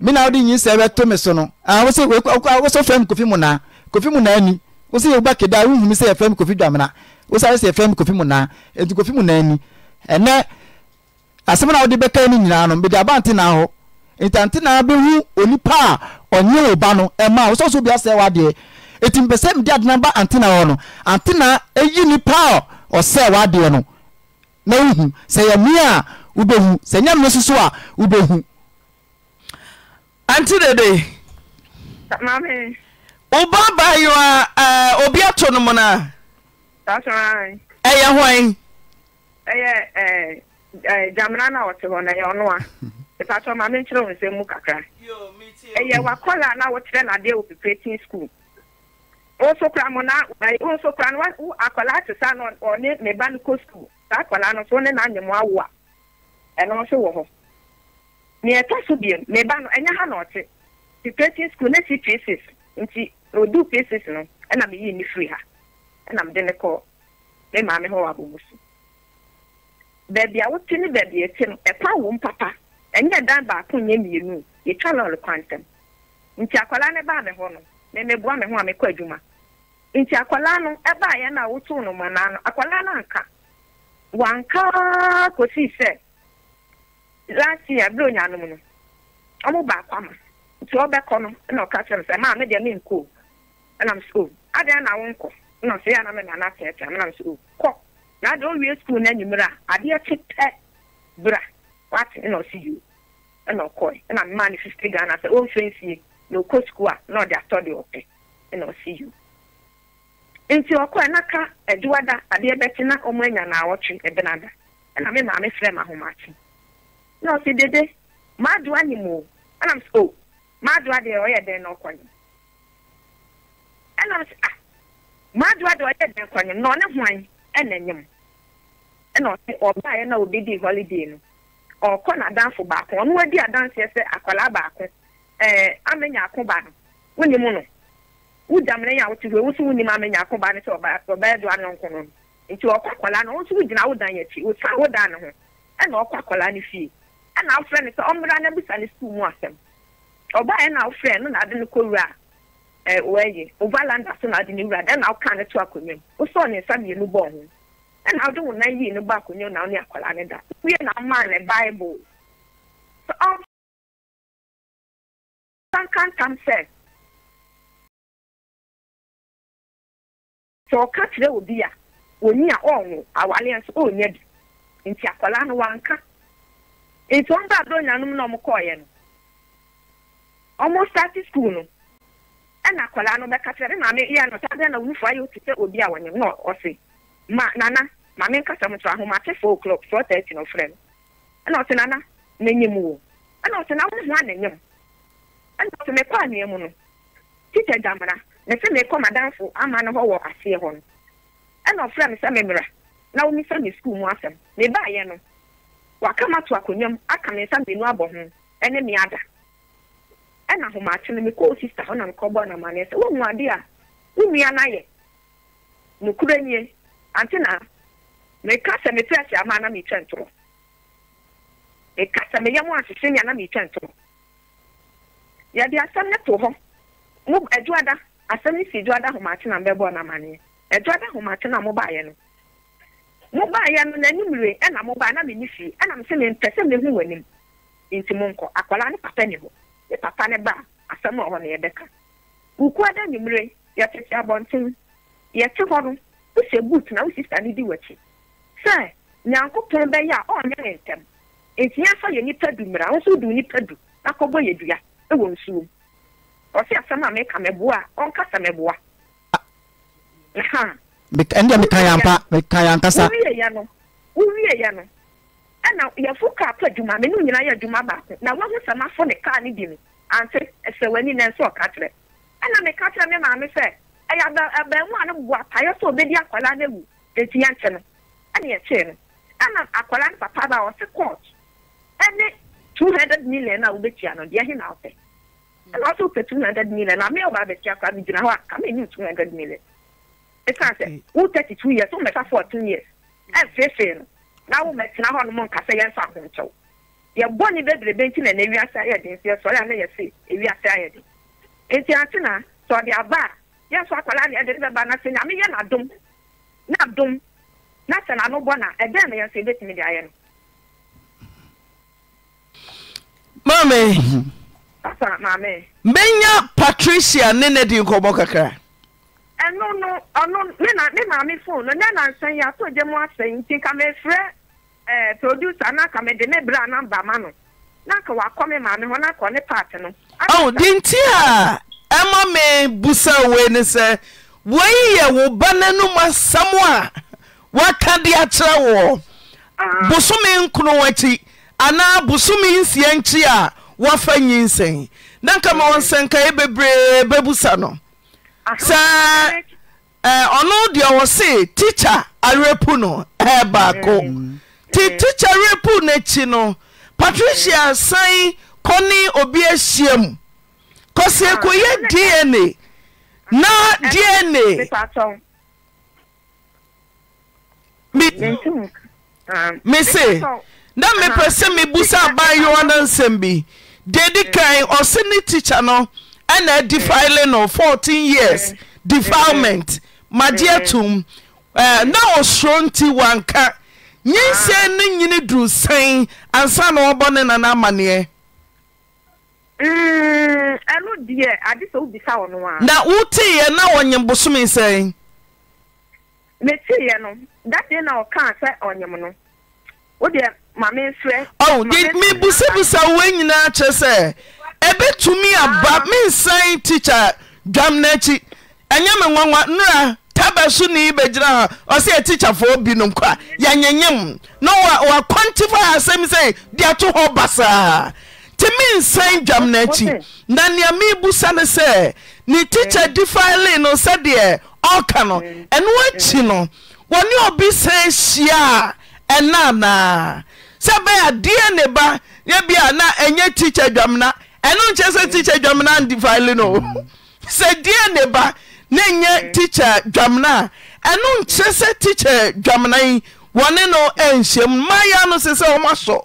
me na wode nyinsɛ bɛto me so no wosɛ fam kofi mu naa kofi mu naa ni wosɛ yɛwoba kedaa wohumi sɛ yɛfam kofi dwamena wosɛ wosɛ yɛfam kofi mu naa ɛnti kofi mu naa ni ɛnɛ asɛm na wode bɛka no nyinaa no mede abantena hɔ na bɛhu onipa a ɔnyɛ wo no ɛma wo sɛ so biasɛ wadeɛ ɛti mpɛ sɛ mede adena ba antena hɔ no antena ɛyi nipa a ɔsɛ wadeɛ no na wohu sɛ a a wobɛhu ante dede a eh, obi ato no mu no
a ɛyɛ Eh, jamanana wɔte hɔ na ɛyɛ ɔno a mepatɔ ma menkyerɛ wo nsɛm mu kakra ɛyɛ wakɔla na wokyerɛ nadeɛ wɔ pepretin school wo nso kora mo na eh, wo nso kora no wo akɔla te sa no ɔne ne ba no kɔ school saa akɔla no so wo ne nanye mo awo a ɛno nso wɔ hɔ nea ɛtɔ so biem ne ba no ɛnyɛ ha na ɔte pepretin school ne si pieces nti oduu pieces no ɛna meyii ne firi ha ɛna mede ne kɔ me maame hɔ wɔ abɔmu so beebi a wote ne beebi ete no ɛkwan wɔ mu papa ɛnyɛ dan baako nye mmienu yɛtwa lɔɔre kwan ntɛm nti akwadaa no baa me hɔ no mmemmeboa me ho a mekɔ adwuma nti akwadaa no ɛbaa yɛn a wotow no mmanaa no akwadaa no anka wanka kosii sɛ last year abiri onyanom no ɔmo baako ama nti ɔbɛkɔ no ɛna ɔka kyerɛ no sɛ maa mi deɛ mi nkɔ ɛna mi sɛ o oh. adeɛ na awo nkɔ ɛna ɔsɛ yɛ anam ɛna anatɛɛtɛɛ ɛna mi sɛ oh. kɔ. na adị owie skuul na enyimere a adịghị chete bra wati na ọsi yio na ọkọ na mmaa ni ga ghana o nfe na okọ skuul a na ọ dị atọ dị ọpị na ọsi nti ọkọ n'aka eduwada adịghị bete na ọmụ anya na awọtwe ebe na ada na maame frɛ na dede m o m m a anyị ɛna enyim na obedi holiday no ɔkɔ n'adanfo baako ɔno eh, adi sɛ akwadaa baako ɛɛ amenya no no a wote hɔ wosi wonim amenya ako no sɛ ɔbaa ɔbaa do anonko no nti ɔkɔ akwadaa no ɔnso gyina awodan yɛ akyi osan ho ɛna ɔkɔ akwadaa no fie ɛna afrɛ no sɛ ɔmmra na ne sukuu mu asɛm ɔbaa yɛ na afrɛ no na ade no kɔ wura a. Eh, wɛyɛ ovalanda so um, na ɔde ne wura ɛna ɔka ne to akonnwa mu wosɔɔ ne nsa mmienu bɔɔ ho ɛna ɔde wo nan yii ne bɔ akonnwa mu na ɔne akwadaa ne
da wie na ɔmaa ne baibul so ɔnka ntam sɛ sɛ ɔka kyerɛ obi a wɔnyi a ɔnwo awale nso ɔnyɛ bi nti
akwadaa no wanka nti wɔn baa do nyanom na ɔmo kɔɔyɛ no ɔmo start school no. ɛna akwadaa no bɛka kyerɛ maame yi ano ta na wufu ayɛ otu obi a wɔnyam na ɔse ma nana maame nkasa mu kyerɛ ahoma ate four o'clock four na ɔfrɛ no ɛna nana n'enyim wo ɛna na ahoho a ɛna mɛkɔ anwea mu no titɛ na mɛkɔ madanfo ama no hɔ wɔ aseɛ hɔ no ɛna ɔfrɛ sɛ mɛmira na wɔn nsa mu asɛm no wakama to akonnwa mu aka nsa mmienu abɔ ho ɛna ahomakye no mekɔɔ sister hɔ na mekɔbɔ na maneɛ sɛ wohu ade a wo nua no ayɛ nokora nie ante na meka sɛ metwa ahyɛ ama na metwa ntorɔ meka sɛ meyɛ mo ahyehye nea na ntorɔ yɛde asɛm to hɔ mo asɛm si na mbɛbɔ na maneɛ adwoada ahomakye na mobaeɛ no mobaeɛ no n'anim ɛna mobaeɛ na fie ɛna mempɛ sɛ mehu w'anim nti papa hɔ ne papa ne ba a yɛbɛka abɔnten hɔ no na wo sista no di w'akyi sɛ nyankopɔn bɛyɛ a ɔnyɛ ne ntɛm nti yɛfa yɛ nipa du du nipa du na yɛ dua wɔ nsuo ɔsi asɛm a meka mɛboa a ɔnkasa mɛboa
ɛndeɛ meka yɛ
no ɛna yɛfo kaa pa adwuma me ne nyinaa yɛ adwuma baako na wahu sɛ mafo ne kaa no bi no ante ɛsɛ w'ani na ɛsɛ ɔka kyerɛ ɛna meka kyerɛ me maame sɛ ɛyɛ abaamuwa no boa payɛ sɛ ɔbɛdi akwadaa no awu eti yɛnkyɛ no ɛna yɛkyɛɛ no ɛna akwadaa no papa ba ɔse court ɛne two hundred million a wobɛtua no deɛ he na ɔpɛ ɛna ɔsɛ wopɛ two hundred million na me ɔba abɛtua koraa me gyina hɔ a ka me two hundred million ɛsiane sɛ wo thirty two years wo mmɛka fourteen years ɛmfeefee no na wo mɛtena hɔ nom nkasa yɛnsa akonkyɛw yɛbɔ ne bebrebe nti na n'ewiase ayɛ den fiɛ sɔre a na yɛse ewiase ayɛ den nti ase na sɛ aba a yɛsɔ akwadaa na yɛde ne bɛba n'ase nyame yɛ na na sɛ n'ano bɔ na ɛdɛn na yɛn so ebetumi de ayɛ no.
maame.
papa maame.
patricia ne ne di nkɔmɔ kakra.
ne na ne maame na nsɛn yɛ ato gye mu asɛn nti ka eh, producer na aka mede ne bra namba ma no n'aka aka wakɔ me maame hɔ n'aka akɔ ne part no
oh di nti a ɛma me busa wei ne sɛ wei yɛ wo ba n'anom asɛm a waka de akyerɛ wɔ ah. bosome nkono akyi anaa bosome nsia nkyi a woafa nyinsɛn na nka ma wɔ mm. nsɛnkaeɛ bebree bɛbusa no ah. sɛ eh, ɔno deɛ wɔ se tikya awerɛpu no ɛɛ baako mm. nti tikha rɛ pu no akyi no patricia a sane kɔne obi ahyiam kɔse ah, kɔ yɛ dna na dna ah,
ah, me se na mepɛ sɛmebusa baa yea
nonsɛm bi dedi eh. kan ɔse ne teakhe no ɛna eh. difile no fu eh. years devolpment mage atom na ɔsoro nti waanka nyinsɛ ne nyini duru sɛn ansa na wɔbɔ ne nana amanneɛ mm, na woteeɛ na ɔnyem bosome sɛn mebusabusa woa nyinaa kyerɛ sɛ ɛbɛtumi aba ah. mensɛn tikya dwam no akyi ɛnyɛ me nwanwa nnera tabɛso nei bɛgyira ɔsɛɛtiafoɔ bino a yɛnenm nwɔakwantifaasɛm sɛ deato hɔ basaa ntimi nsan dwamena kyi na nneame busa ne sɛ ne tikhɛ eh. difile no sɛdeɛka no eh. ɛn kyi no wɔne ɔbisɛ hyia a ɛnanaa sɛ bɛa deɛ ne ba ɛbina ɛnyɛ tiha dwamenaɛnonkyɛ sɛ ta dwamenndile no hmm. sɛ deɛ ne ba ne nyɛ tikha dwamena a ɛno nkyerɛ sɛ tikha dwamena yi wɔne no anhyiam maya no sɛ sɛ ɔmasɔ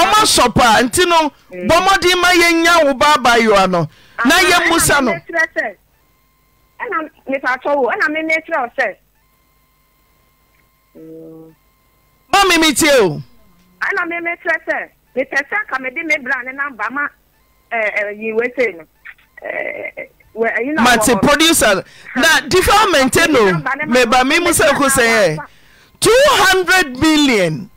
ɔma sɔ paa nti no eh. bɔ mmɔden ma yɛnya wo baaba yoa ah, no na yɛ mu sa no ma memetie o mate um, producar uh, mm. mm. mm. na difamɛnte no meba me mu sɛ kɔsɛe ɛ 200 million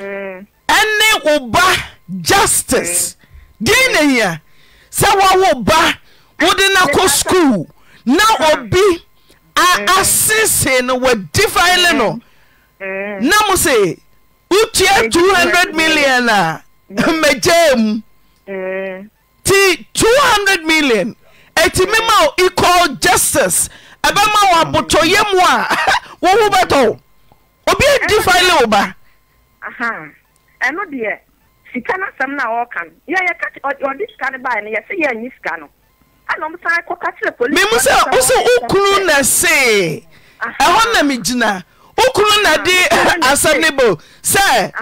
ɛne
wo ba justice dei nahia sɛ wɔwoba wode n'akɔ skuul na obi aasesee no wɔadifile no
na mo se
wotua 200 milion a magyaa mu ti 200 million ɛti mi ma equal justice ɛbɛ ma wɔ abotɔyɛ mu a wɔn ho bɛtɔ obi edi faile wo ba.
ɛno deɛ sika n'asɛm na ɔka no yɛyɛ kati ɔde sika no baa yɛ no yɛsɛ yɛnyi sika no ɛna ɔmo san kɔ kakyire
polisi. mímu sɛ wosɛ okunu na se
ɛhɔ na mi
gyina okunu na di asɛm ne bo sɛ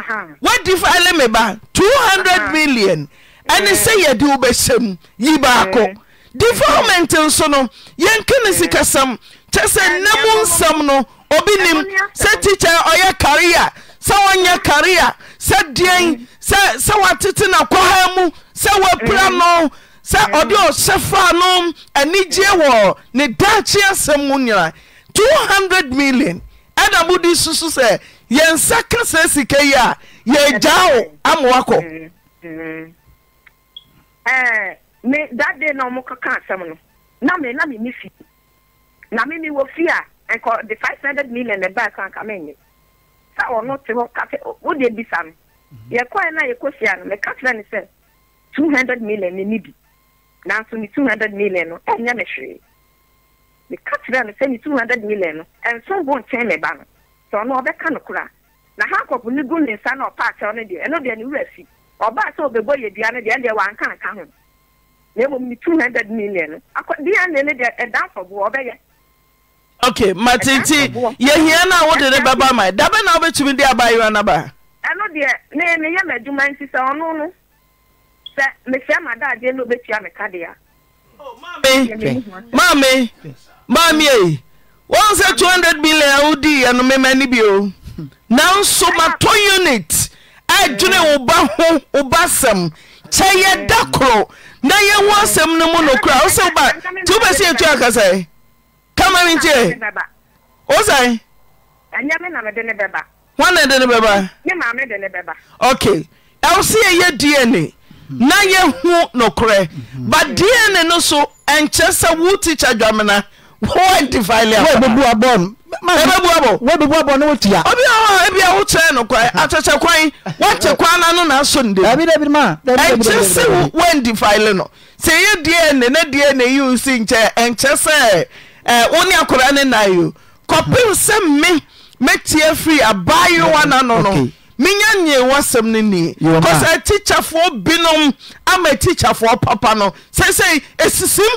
wadi faile mi ba two hundred million ɛne eh. sɛ yɛde wo bɛhyɛ mu yi baako. Eh. defelment nso no yɛnke ne sikɛsɛm kyɛrɛ sɛ nnɛmu nsɛm no obinim sɛ ti kyɛ ɔyɛ karia sɛ wɔnyɛ karia sɛ deɛn mm. ɛsɛ wɔatete na kɔ ha mu sɛ wɔapira mm. no sɛ mm. ɔde ɔsɛfano anigyee wɔ ne daa kye asɛm mu nyina 200 mi0i0n ɛna modi suso sɛ yɛnsɛ kasa sika yi a yɛagya wo amoakɔ
me that day na ọmụ kọka asem no na mme na fi na mme wọ fi a nkọ the five hundred million nye sa te hụ kafe mhm. na kọ fia ka kyerɛ ne two hundred million ni bi nanso ne two hundred million no ɛnyɛ me hwee two hundred million no ɛnso go nkyɛn me ba no no na hankɔp ne gu ne nsa na akyɛw no deɛ deɛ yɛ dua no na mmom ne two hundred million akɔ deɛ ne ne deɛ ɛda afɔboɔ ɔbɛyɛ.
ok matiti yɛhia no a wode ne bɛba ma da bɛ na wobɛtumi de abayewa no ba
ɛno deɛ ne meyɛ ma adwuma nti sɛ ɔno no sɛ mefia ma daadeɛ na obɛtua me ka deɛ
oh, maame maame ei wɔn sɛ 200 million a wodii ɛno memani bio nanso matɔ unit adwene wo ba ho wo ba sɛm kyɛ yɛ da na yɛwɔ asɛm no mu nokoraaosb tiwobɛsɛ yɛtukasae ka mantiɛ osaene
de ne
bɛbao ɛwo sɛɛyɛ dn na yɛhu nokorɛ but dn no so ɛnkyerɛ sɛ wo teacha dwamena ebia wokyerɛ no kwa akyɛkyɛ kwan woakyɛ kwan na no naaso ndemɛnkyɛ sɛ woandifile no sɛ ɛyɛ deɛ ne na deɛ ne yi si nkyɛ ɛnkyɛ sɛ wo ne akora o. Kọpi kɔpem sɛ me mɛtia firi abayewa na no no menya nyee w'asɛm no nii kɔ tikyafoɔ binom ama tikyafoɔ papa no sɛisei ɛsisim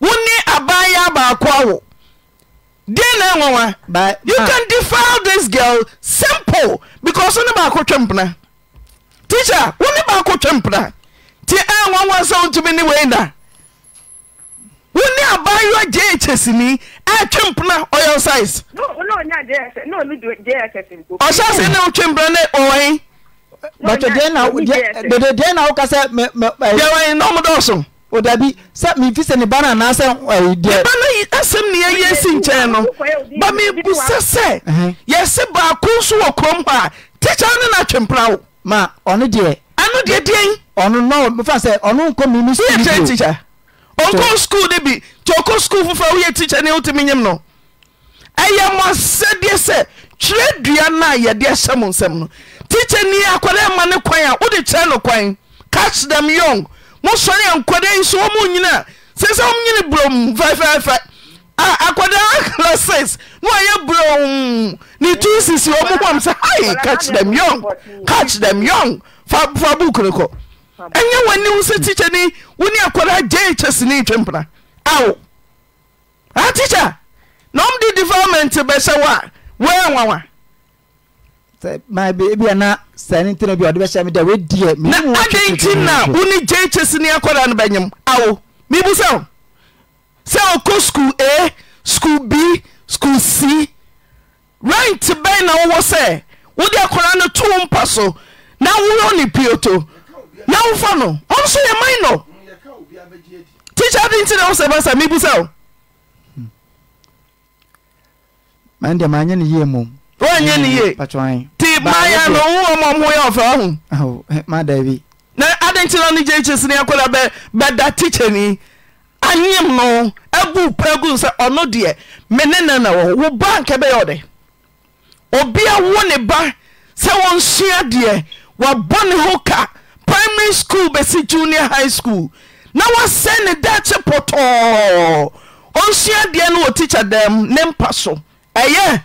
wo ne abaayaa baako awo deɛ na ɛwawa you can defile this girl simple because wo ne baako twempena teacher wo ne baako twempena nti ɛwawa sɛ wontumi ne wei na wo ne abaayewa jhsni ɛtwempena ɔyɛ size
ɔhyɛ sɛ ne wotwempena ne ɔwai
bɛtɛ deɛ na wokasɛ deɛ wɔi na ɔmodɔɔso odabi sɛ mefi sɛ neba no anaasɛ deɛba no asɛm ne yɛyɛ si nkyɛn no
ba mebu sɛ
sɛ yɛse baako nso wɔ kurom hɔ a tikya ne na atwempra wo ma ɔno deɛ ano deɛ deɛn ɔno nfa sɛ ɔno nkɔ mimi woyɛkyerɛ tikya ɔnkɔ skuul no bi nti ɔkɔ skuul foforɔ woyɛ tikya ne wotumi nyim no ɛyɛ mo asɛdeɛ sɛ twerɛ dua no a yɛde ahyɛ mo nsɛm no tikya ni akɔda ma ne kwan a wode kyerɛ no kwan catch them young mosɔre ankwɔda yi so wɔmɔnyinaa sei sɛ ɔmnyene borom fɛfɛfɛ akwda ss ne wayɛ brm ne to sisie ɔmohm sɛ i catch em catch em o fa bukokɔ ɛnyɛ wani wo sɛ tikɛ ne woniakwraagye khɛ senetwɛpena awo tika na ɔmde development bɛsɛ woa w wawa nadɛn nti na wo ne gyekhɛsene akɔda no bɛnyem awo mebusɛo sɛ ɔkɔ skul a skul bi skul s r te bɛn na wowɔ sɛ wode akɔraa no to wo mpa so na worɔ hmm. ne pi oto na wofa no ɔnso yɛman nɔ tikhɛ adɛ ntina wosɛ basa mebusɛo wonyɛ ne ye nti maya no wowɔmɔm woyɛ ɔfɛ ɔho na adɛn nti na ne gye kyi sene akɔda bɛ bɛda tikyɛni anyem ni abu no, gu sɛ ɔno deɛ me ne na na wɔ wo ba nkɛ bɛyɛ ɔdɛ obia wo ne ba sɛ wɔnsua deɛ wabɔ ne ho ka primary school bɛsi junior high school na wɔsɛ ne daakye pɔtɔɔ ɔnsua deɛ no wɔ tikya dɛm ne mpa so ɛyɛ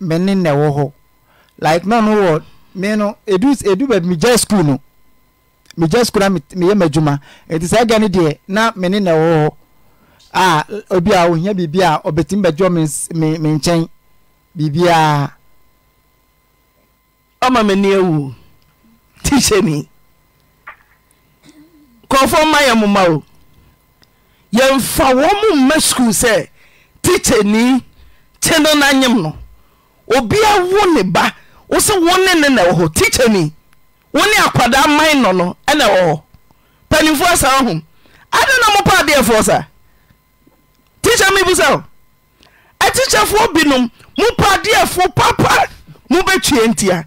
me na ɛwɔ hɔ like na no wɔ me no edu edu baabi me gya school no me gya school na me yɛ m'adwuma eti saa gya no deɛ na me na ɛwɔ hɔ a obi a ohia biribi a ɔbɛtumi bɛdwo me me me nkyɛn biribi a. ɔma m'ani awu tihyɛ ni kɔɔfoɔ mma yɛ moma o yɛmfa wɔn mu mma sukuu sɛ tikyɛ ni kye no n'anyem no. Obi wo ne ba wo wone wo ne ne na wɔ hɔ tikyani wo ne akwadaa man nɔ no ɛna wɔ hɔ panimfoɔ asa ho ade na mopɛ adeɛfoɔ sa tikya mebu sɛ o atikyafoɔ binom mopɛ adeɛfoɔ papa mobɛtwie ntia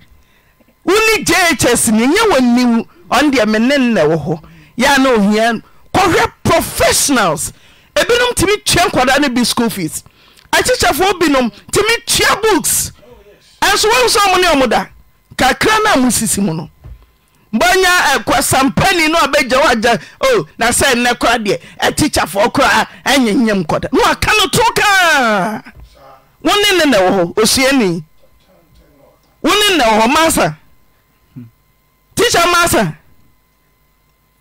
wone jhs ne ɛnyɛ wɔnniw ɔn deɛ me ne nnɛ wɔ hɔ yɛa na ohia kɔhwɛ professionals ebinom tumi tua nkwadaa no bi school fees akyikyafoɔ binom ntimi tua books ɛnso wohu so mo ne ɔmo da kakra no a musisi mu no bɔnya akwasampani no abɛgya woagya oh, na sɛ nnɛ kora deɛ atikyafoɔ koraa ɛnyenyam kɔda na waka no to kaa wo ne ne na wɔ hɔ osuani wo ne nnɛ wɔ hɔ masa tikya masa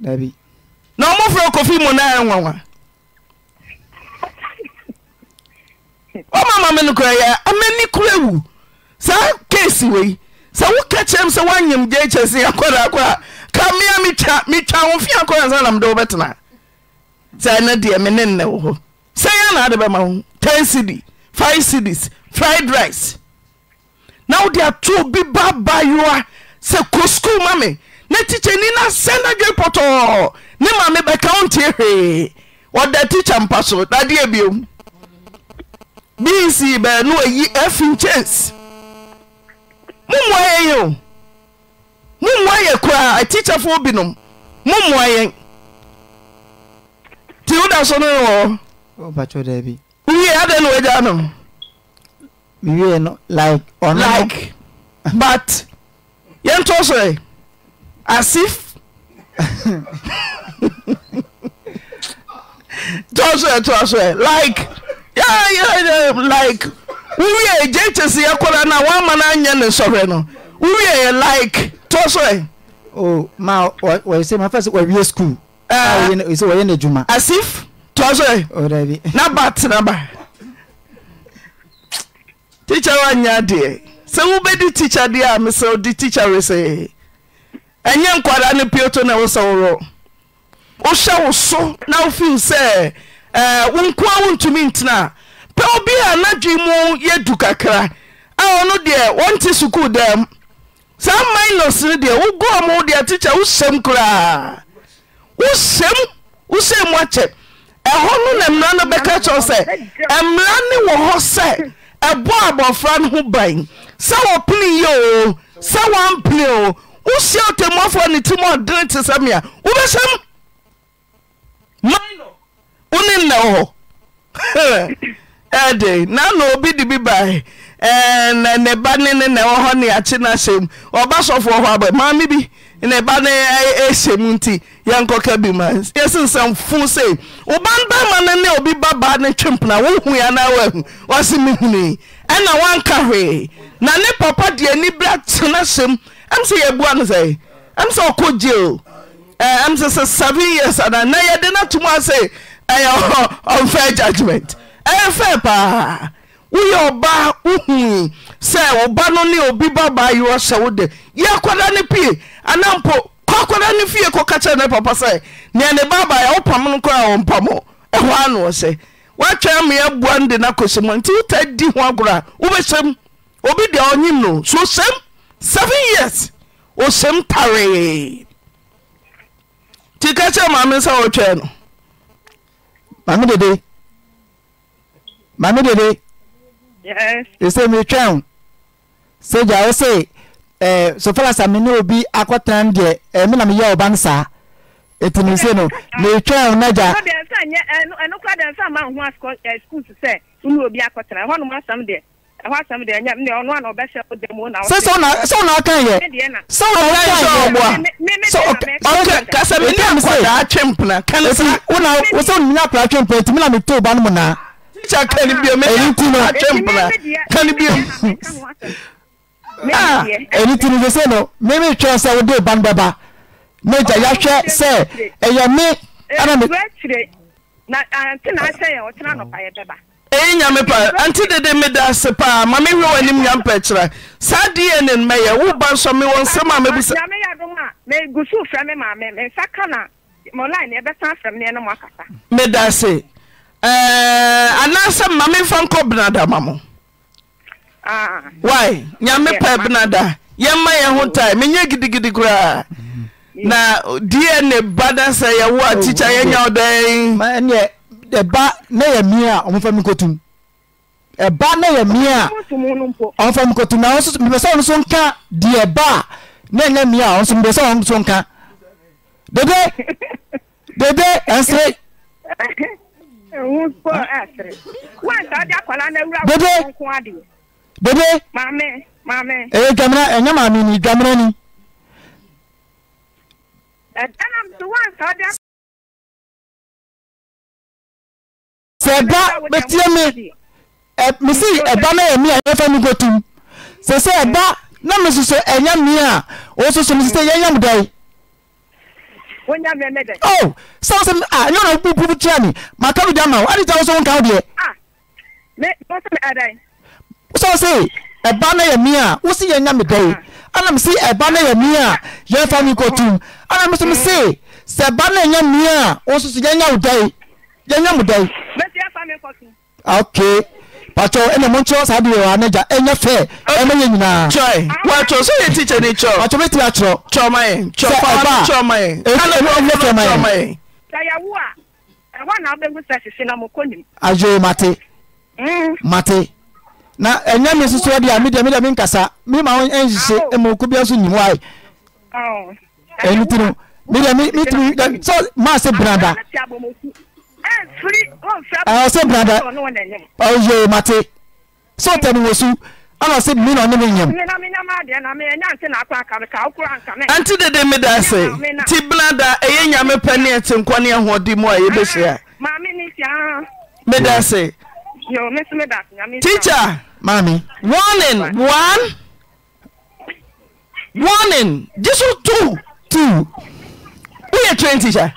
na ɔmofrɛ kɔfi mu no nwa. ọ ma me no kora ya amani kora wu saa kesi wei sɛ woka kyerɛ m sɛ woanyam gya kyɛ se a ka mea metwa metwa wo fia kora nsa nam de wobɛtena sɛ ɛno deɛ me ne nnɛ 10 cd 5 cds fried rice na wode atoo bi bayowa skul na beans baanu ayi efin chance mumu ayɛ yɛn o mumu ayɛ kura atikyafo binom mumu ayɛ ti o da so no wɔ. ɔbàtɔ dɛbi. wiye adé na wagya no. wiye no like ɔno. like but yɛn tó so yɛ as if. tó so yɛ tó so yɛ like. like uwie gye kyesi yɛ kora no a woama ya oh, anyɛ eh. ah, ne sɔhwɛ no uwie yɛ like tɔ sɔe ma sɛ mafa sɛ wawie school sɛ wɔyɛ no adwuma asif tɔ sɔe oh, na ba tena ba tikya woanyɛ adeɛ sɛ wobɛdi tikya deɛ a mesɛ wode tikya we sɛ ɛnyɛ nkwada no pioto na ọ. so na Eh, wo nkoa wo ntumi ntenaa pɛw bi a n'adwe mu yɛdu kakra a ɔno deɛ wɔnte sukuu dɛm saa minus no deɛ wogoa mo deɛ tikya wosɛm koraa wosɛm wosɛm mu akyɛ ɛhɔ no na mmara no bɛka kyɛw sɛ mmara ne wɔ hɔ sɛ ɛbɔ abɔfra no ho ban sɛ wɔpene yɛ o sɛ wɔampene o wosia otemmuafoɔ ne tim ɔdene te sɛ me a minus wonene hdenana eh, bi dei baneba i aoa bsu e papa nbena aoi sen yeasa ydeno tmse ɛyɛ ɔmfɛ oh, oh, judgment ɛyɛfɛ paa woyɛ ɔba wohui sɛ wo no ne obi babaa yewɔ hyɛ wo dɛ yɛ kɔda ne pie mpo kɔakɔda ne fie kɔka kyerɛ ne papa sɛ nea ne babaa yɛwopam no koraa wɔmpamɔ ɛhɔ de no nti wota di ho agorɔ a wobɛhyɛm obi ɔnyim no so seven years taree maame sɛ no Mami dede mami dede ɛsɛ mi twɛn sɛ gya ɔsɛ ɛɛ sofala eh, mi ne eh, obi akɔtɛn deɛ mi na mi yɛ ɔban saa ètò ní sẹ́nu lè twẹ́ ẹ̀hún
náà
ẹnu kura dẹ̀ nsá máa ń hún asukọ ẹ̀ skul ti sẹ́ nínú obi akọ̀tẹ̀rẹ̀ ẹ̀họ́n ni mo asam dẹ̀ sɛ wonawakan yɛ sɛ wonakabampnaasɛ
woniminya pra atwempena nti mina meto woba no munaaananane ti ah, no sese no memetweɛ sɛ wode ba no bɛba megya yahwɛ sɛ ɛyɛ me eh, ana ah, ɛyɛ nyame dede meda paa ma mehwɛ w'anim nya kyerɛ saa dn mɛyɛ woba nsɔ nsɛm a mɛbusa anaasɛ ma memfa nkɔ benada ma mo ah. wae nyame benada yɛ ho tae menyɛ gidigidi koraa
mhm. na
dn na sɛ yɛwo a oh, tikya dɛn ɛba ne yɛ mia a wɔn fɛn mi ko tum ɛba ne yɛ mia a
wɔn
fɛn mi ko tum na wɔn nso mbɛsɛ nso nka deɛ ba ne yɛ mia a wɔn nso mbɛsɛ wɔn nso nka dede dede ɛnsere.
dede dede. maame maame. ee
gamina ɛnyɛ maame ni gamina ni. sɛ ɛba bɛtie me mesi ɛba no yɛ me a yɛfa no gotum
sɛ sɛ ɛba na me soso ɛnya me a wo soso me sɛ yɛnya mo dɛn o sɛ wo sɛ a ɛnyɛ na wobubu kyerɛ me maka me gya ma wo ade gya wo so wo nka wo deɛ sɛ wo se ɛba no yɛ me o wo se yɛnya me dɛn ana me se ɛba na yɛ me a yɛmfa me gotum ana me so me se sɛ ɛba na yɛnya me a wo soso yɛnya wo dɛn yɛnya okay pàtó ẹnna mo ń kyerɛ saa de wa anagya ɛnyɛ fɛ ɛmɛ yɛ nyinaa. tɔɛ wàtò so yɛ teacher ni tɔ. wàtò bɛ ti atwerɛ. tɔɔma yɛ tɔɔma tɔɔma yɛ kálọ̀ ɛmɛ tɔɔma yɛ.
sɛyawo a ɛwɔ na abɛngu sɛ sisi na mo kɔ nim.
ajo mate. Mm. mate na ɛnyɛ mi soso ɛdi a mi deɛ mi deɛ mi nkasa mi ma wɔn ɛnhyehye ɛmɛ oku bi nso nim waayi. ɛnu tiri mi deɛ mi mi
sɛ bradaymate
sɛ ɔtamwɔ s anɔsɛ mina ɔne m nyam
ante dede medaasɛ ti beladaa ɛyɛ eh, nyame pɛ
ne ate nkane ahoɔde mu a yɛbɛhye a medasɛtecha maame nn gye so tot woyɛ tra teac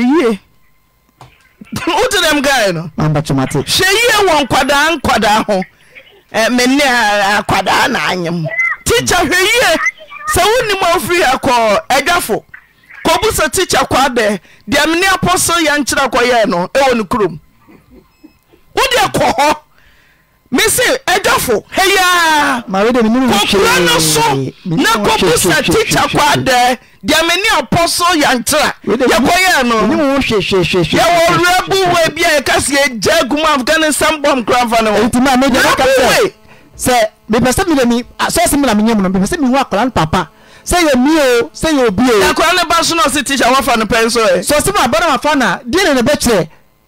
yie wote dɛm gae no hyɛ yie wɔ nkwadaa nkwadaa ho eh, menne akwadaa na anyem tikya hwɛ yie sɛ wonim afiri ha kɔɔ adwafo kɔbu sɛ tikya kwa dɛ deɛ mene apɔ so yɛ kɔyɛɛ no ɛwɔ eh, ne kurom wodeɛ kɔ hɔ mese ɛdɔfo heyaa kokura no so na kɔbusa tikya kɔ adɛ deɛ me ne apɔso yɛnkyera yɛkɔyɛɛ no yɛwɔ wura buwe bi a yɛka se yɛgya aguma afghanistan bɔm koramfa no hɔnabuwe sɛ mepɛ sɛ mede mi sɛsɛ mena menyɛ mu no mepɛ sɛ mehu akɔla no papa sɛ yɛ mi o sɛ yɛ obi o akɔla no ba so na ɔse tikya wɔfa no pɛn so ɛ sɛ ɔse ma abɔne wafa no a deɛ ne ne bɛkyerɛ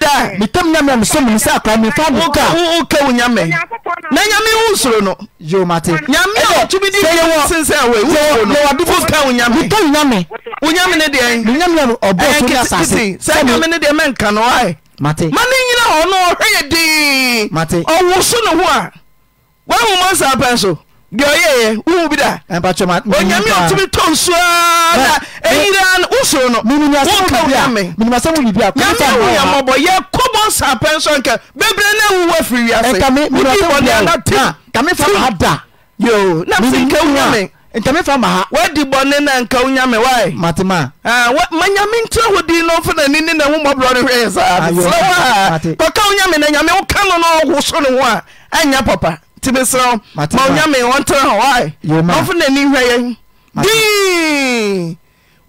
da mitam nyame me so me sa kwa me fa buka wo ka wo nyame na nyame wo soro no yo mate nyame a tumi di sense awe wo soro no wo ka wo nyame mitam nyame wo nyame ne de en nyame nyame obo so ni asase se nyame ne de men ka no ai mate ma ne nyina ho no hwe ye di mate owo so no ho a wa mo ma sa pa so yɛɛ womu bionyame otomi to sua yir wosuo noyamawyabyɛkbɔ sapɛsonka bebre ne awo wa friiaseka wadi bɔne n nkawyam ah, ma nyame ntiɛhɔdi nɔfnaneni na woɔb n hɛɛ saseɛka woyamena nyame wo ka no nhoso ne ho a aya papa nti mesrɛ ma ọ me wɔntera hɔ ɔfo n'ani hwɛ yɛn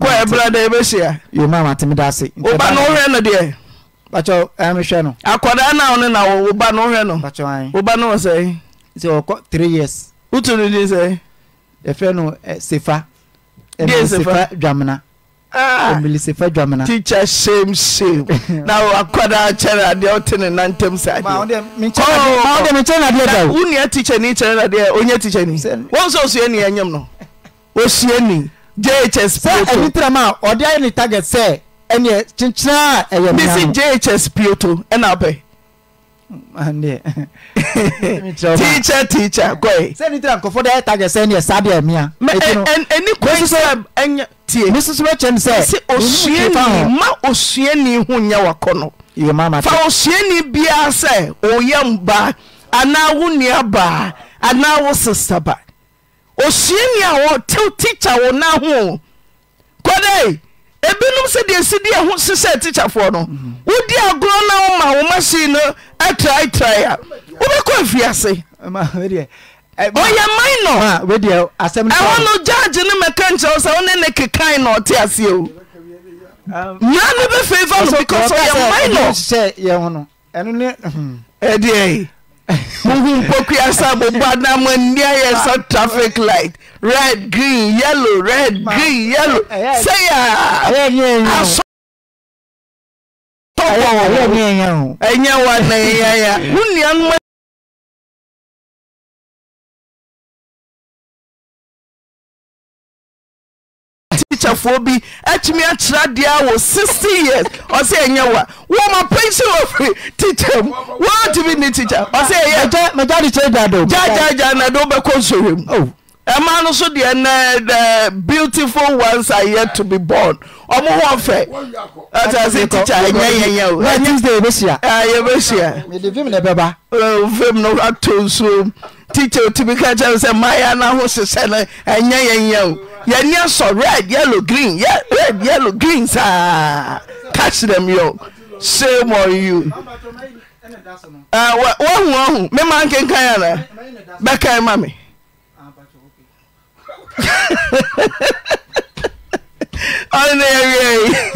kɔ ɛbrɛ da yɛbɛhyia woba no wohwɛ no deɛ eh, akɔdaa na wo ne na wo ba no wohwɛ no woba no wɔ sɛe wotu no din sɛ yɛfrɛ no sefa sefa dwamena Ah. teacher shame shame na akwadaa kyerɛ adeɛ ɔte ne nantam sɛ adeɛ wonia teacher ni kyerɛ no adeɛ ɔnya teacher ni wɔn sɛ ɔsua ni anyam no ɔsua ni jhs sɛ ɛnitrɛm a ɔde ayɛ ne target sɛ ɛneɛ kyenkyena a ɛyɛ mnabisi jhs pioto ɛna abɛ
te
teɛsnsɛ osuan ma osuani ho yɛ wakɔ nofa osuani biaa sɛ oya mba anaa wo nnua baa anaa wo systa ba osuani a wɔ t teacha wo na hokdɛ ebinom sɛ deɛ si deɛ ho sesɛ tikyafoɔ no wodi agorɔ na wo ma wo machine no atraetrae a wobɛkɔ afiase ɔyɛ minor ɛhɔ no gyagye ne mɛka nkyerɛ wo sɛ wo ne ne kekae na ɔte aseɛ
o nyina ne bɛfeiva no because
ɔyɛ minor ɛdeɛ muhu mpokua sa bobo anamu ni ayɛ sa traffic light red green yellow red
green yellow sɛyà asɔ tɔwɔ ɛnyɛ wa na ɛyɛ ya wúni anuma. teacherfoɔ bi atumi akyerɛ deɛ a wɔ 60 years ɔsɛ ɛnyɛ wa
wɔma pension ɔfiri teacher mu wɔatumi ne teacher ɔsɛ ɛyɛ gyagyagya na de wobɛkɔ nsɔhwɛ mu oh ɛma no so deɛ nɛ the beautiful ones are yet to be born ɔmo wɔn fɛ
ɛtase tikya ɛnyɛ yɛnyɛ o ɛnyɛ
tuesday yɛbɛhyia ah, yɛbɛhyia mede vim na ɛbɛba vim oh, no ato nsuo tikya otumi ka kyerɛ sɛ mmaayewa na ho hyehyɛ no ɛnyɛ yɛnyɛ o yɛni asɔ red yellow green ye red yellow green saa catch them young Same on you. Uh, ah, wahu wahu mema nkenkan ana
bɛkan ma me Olha aí, aí.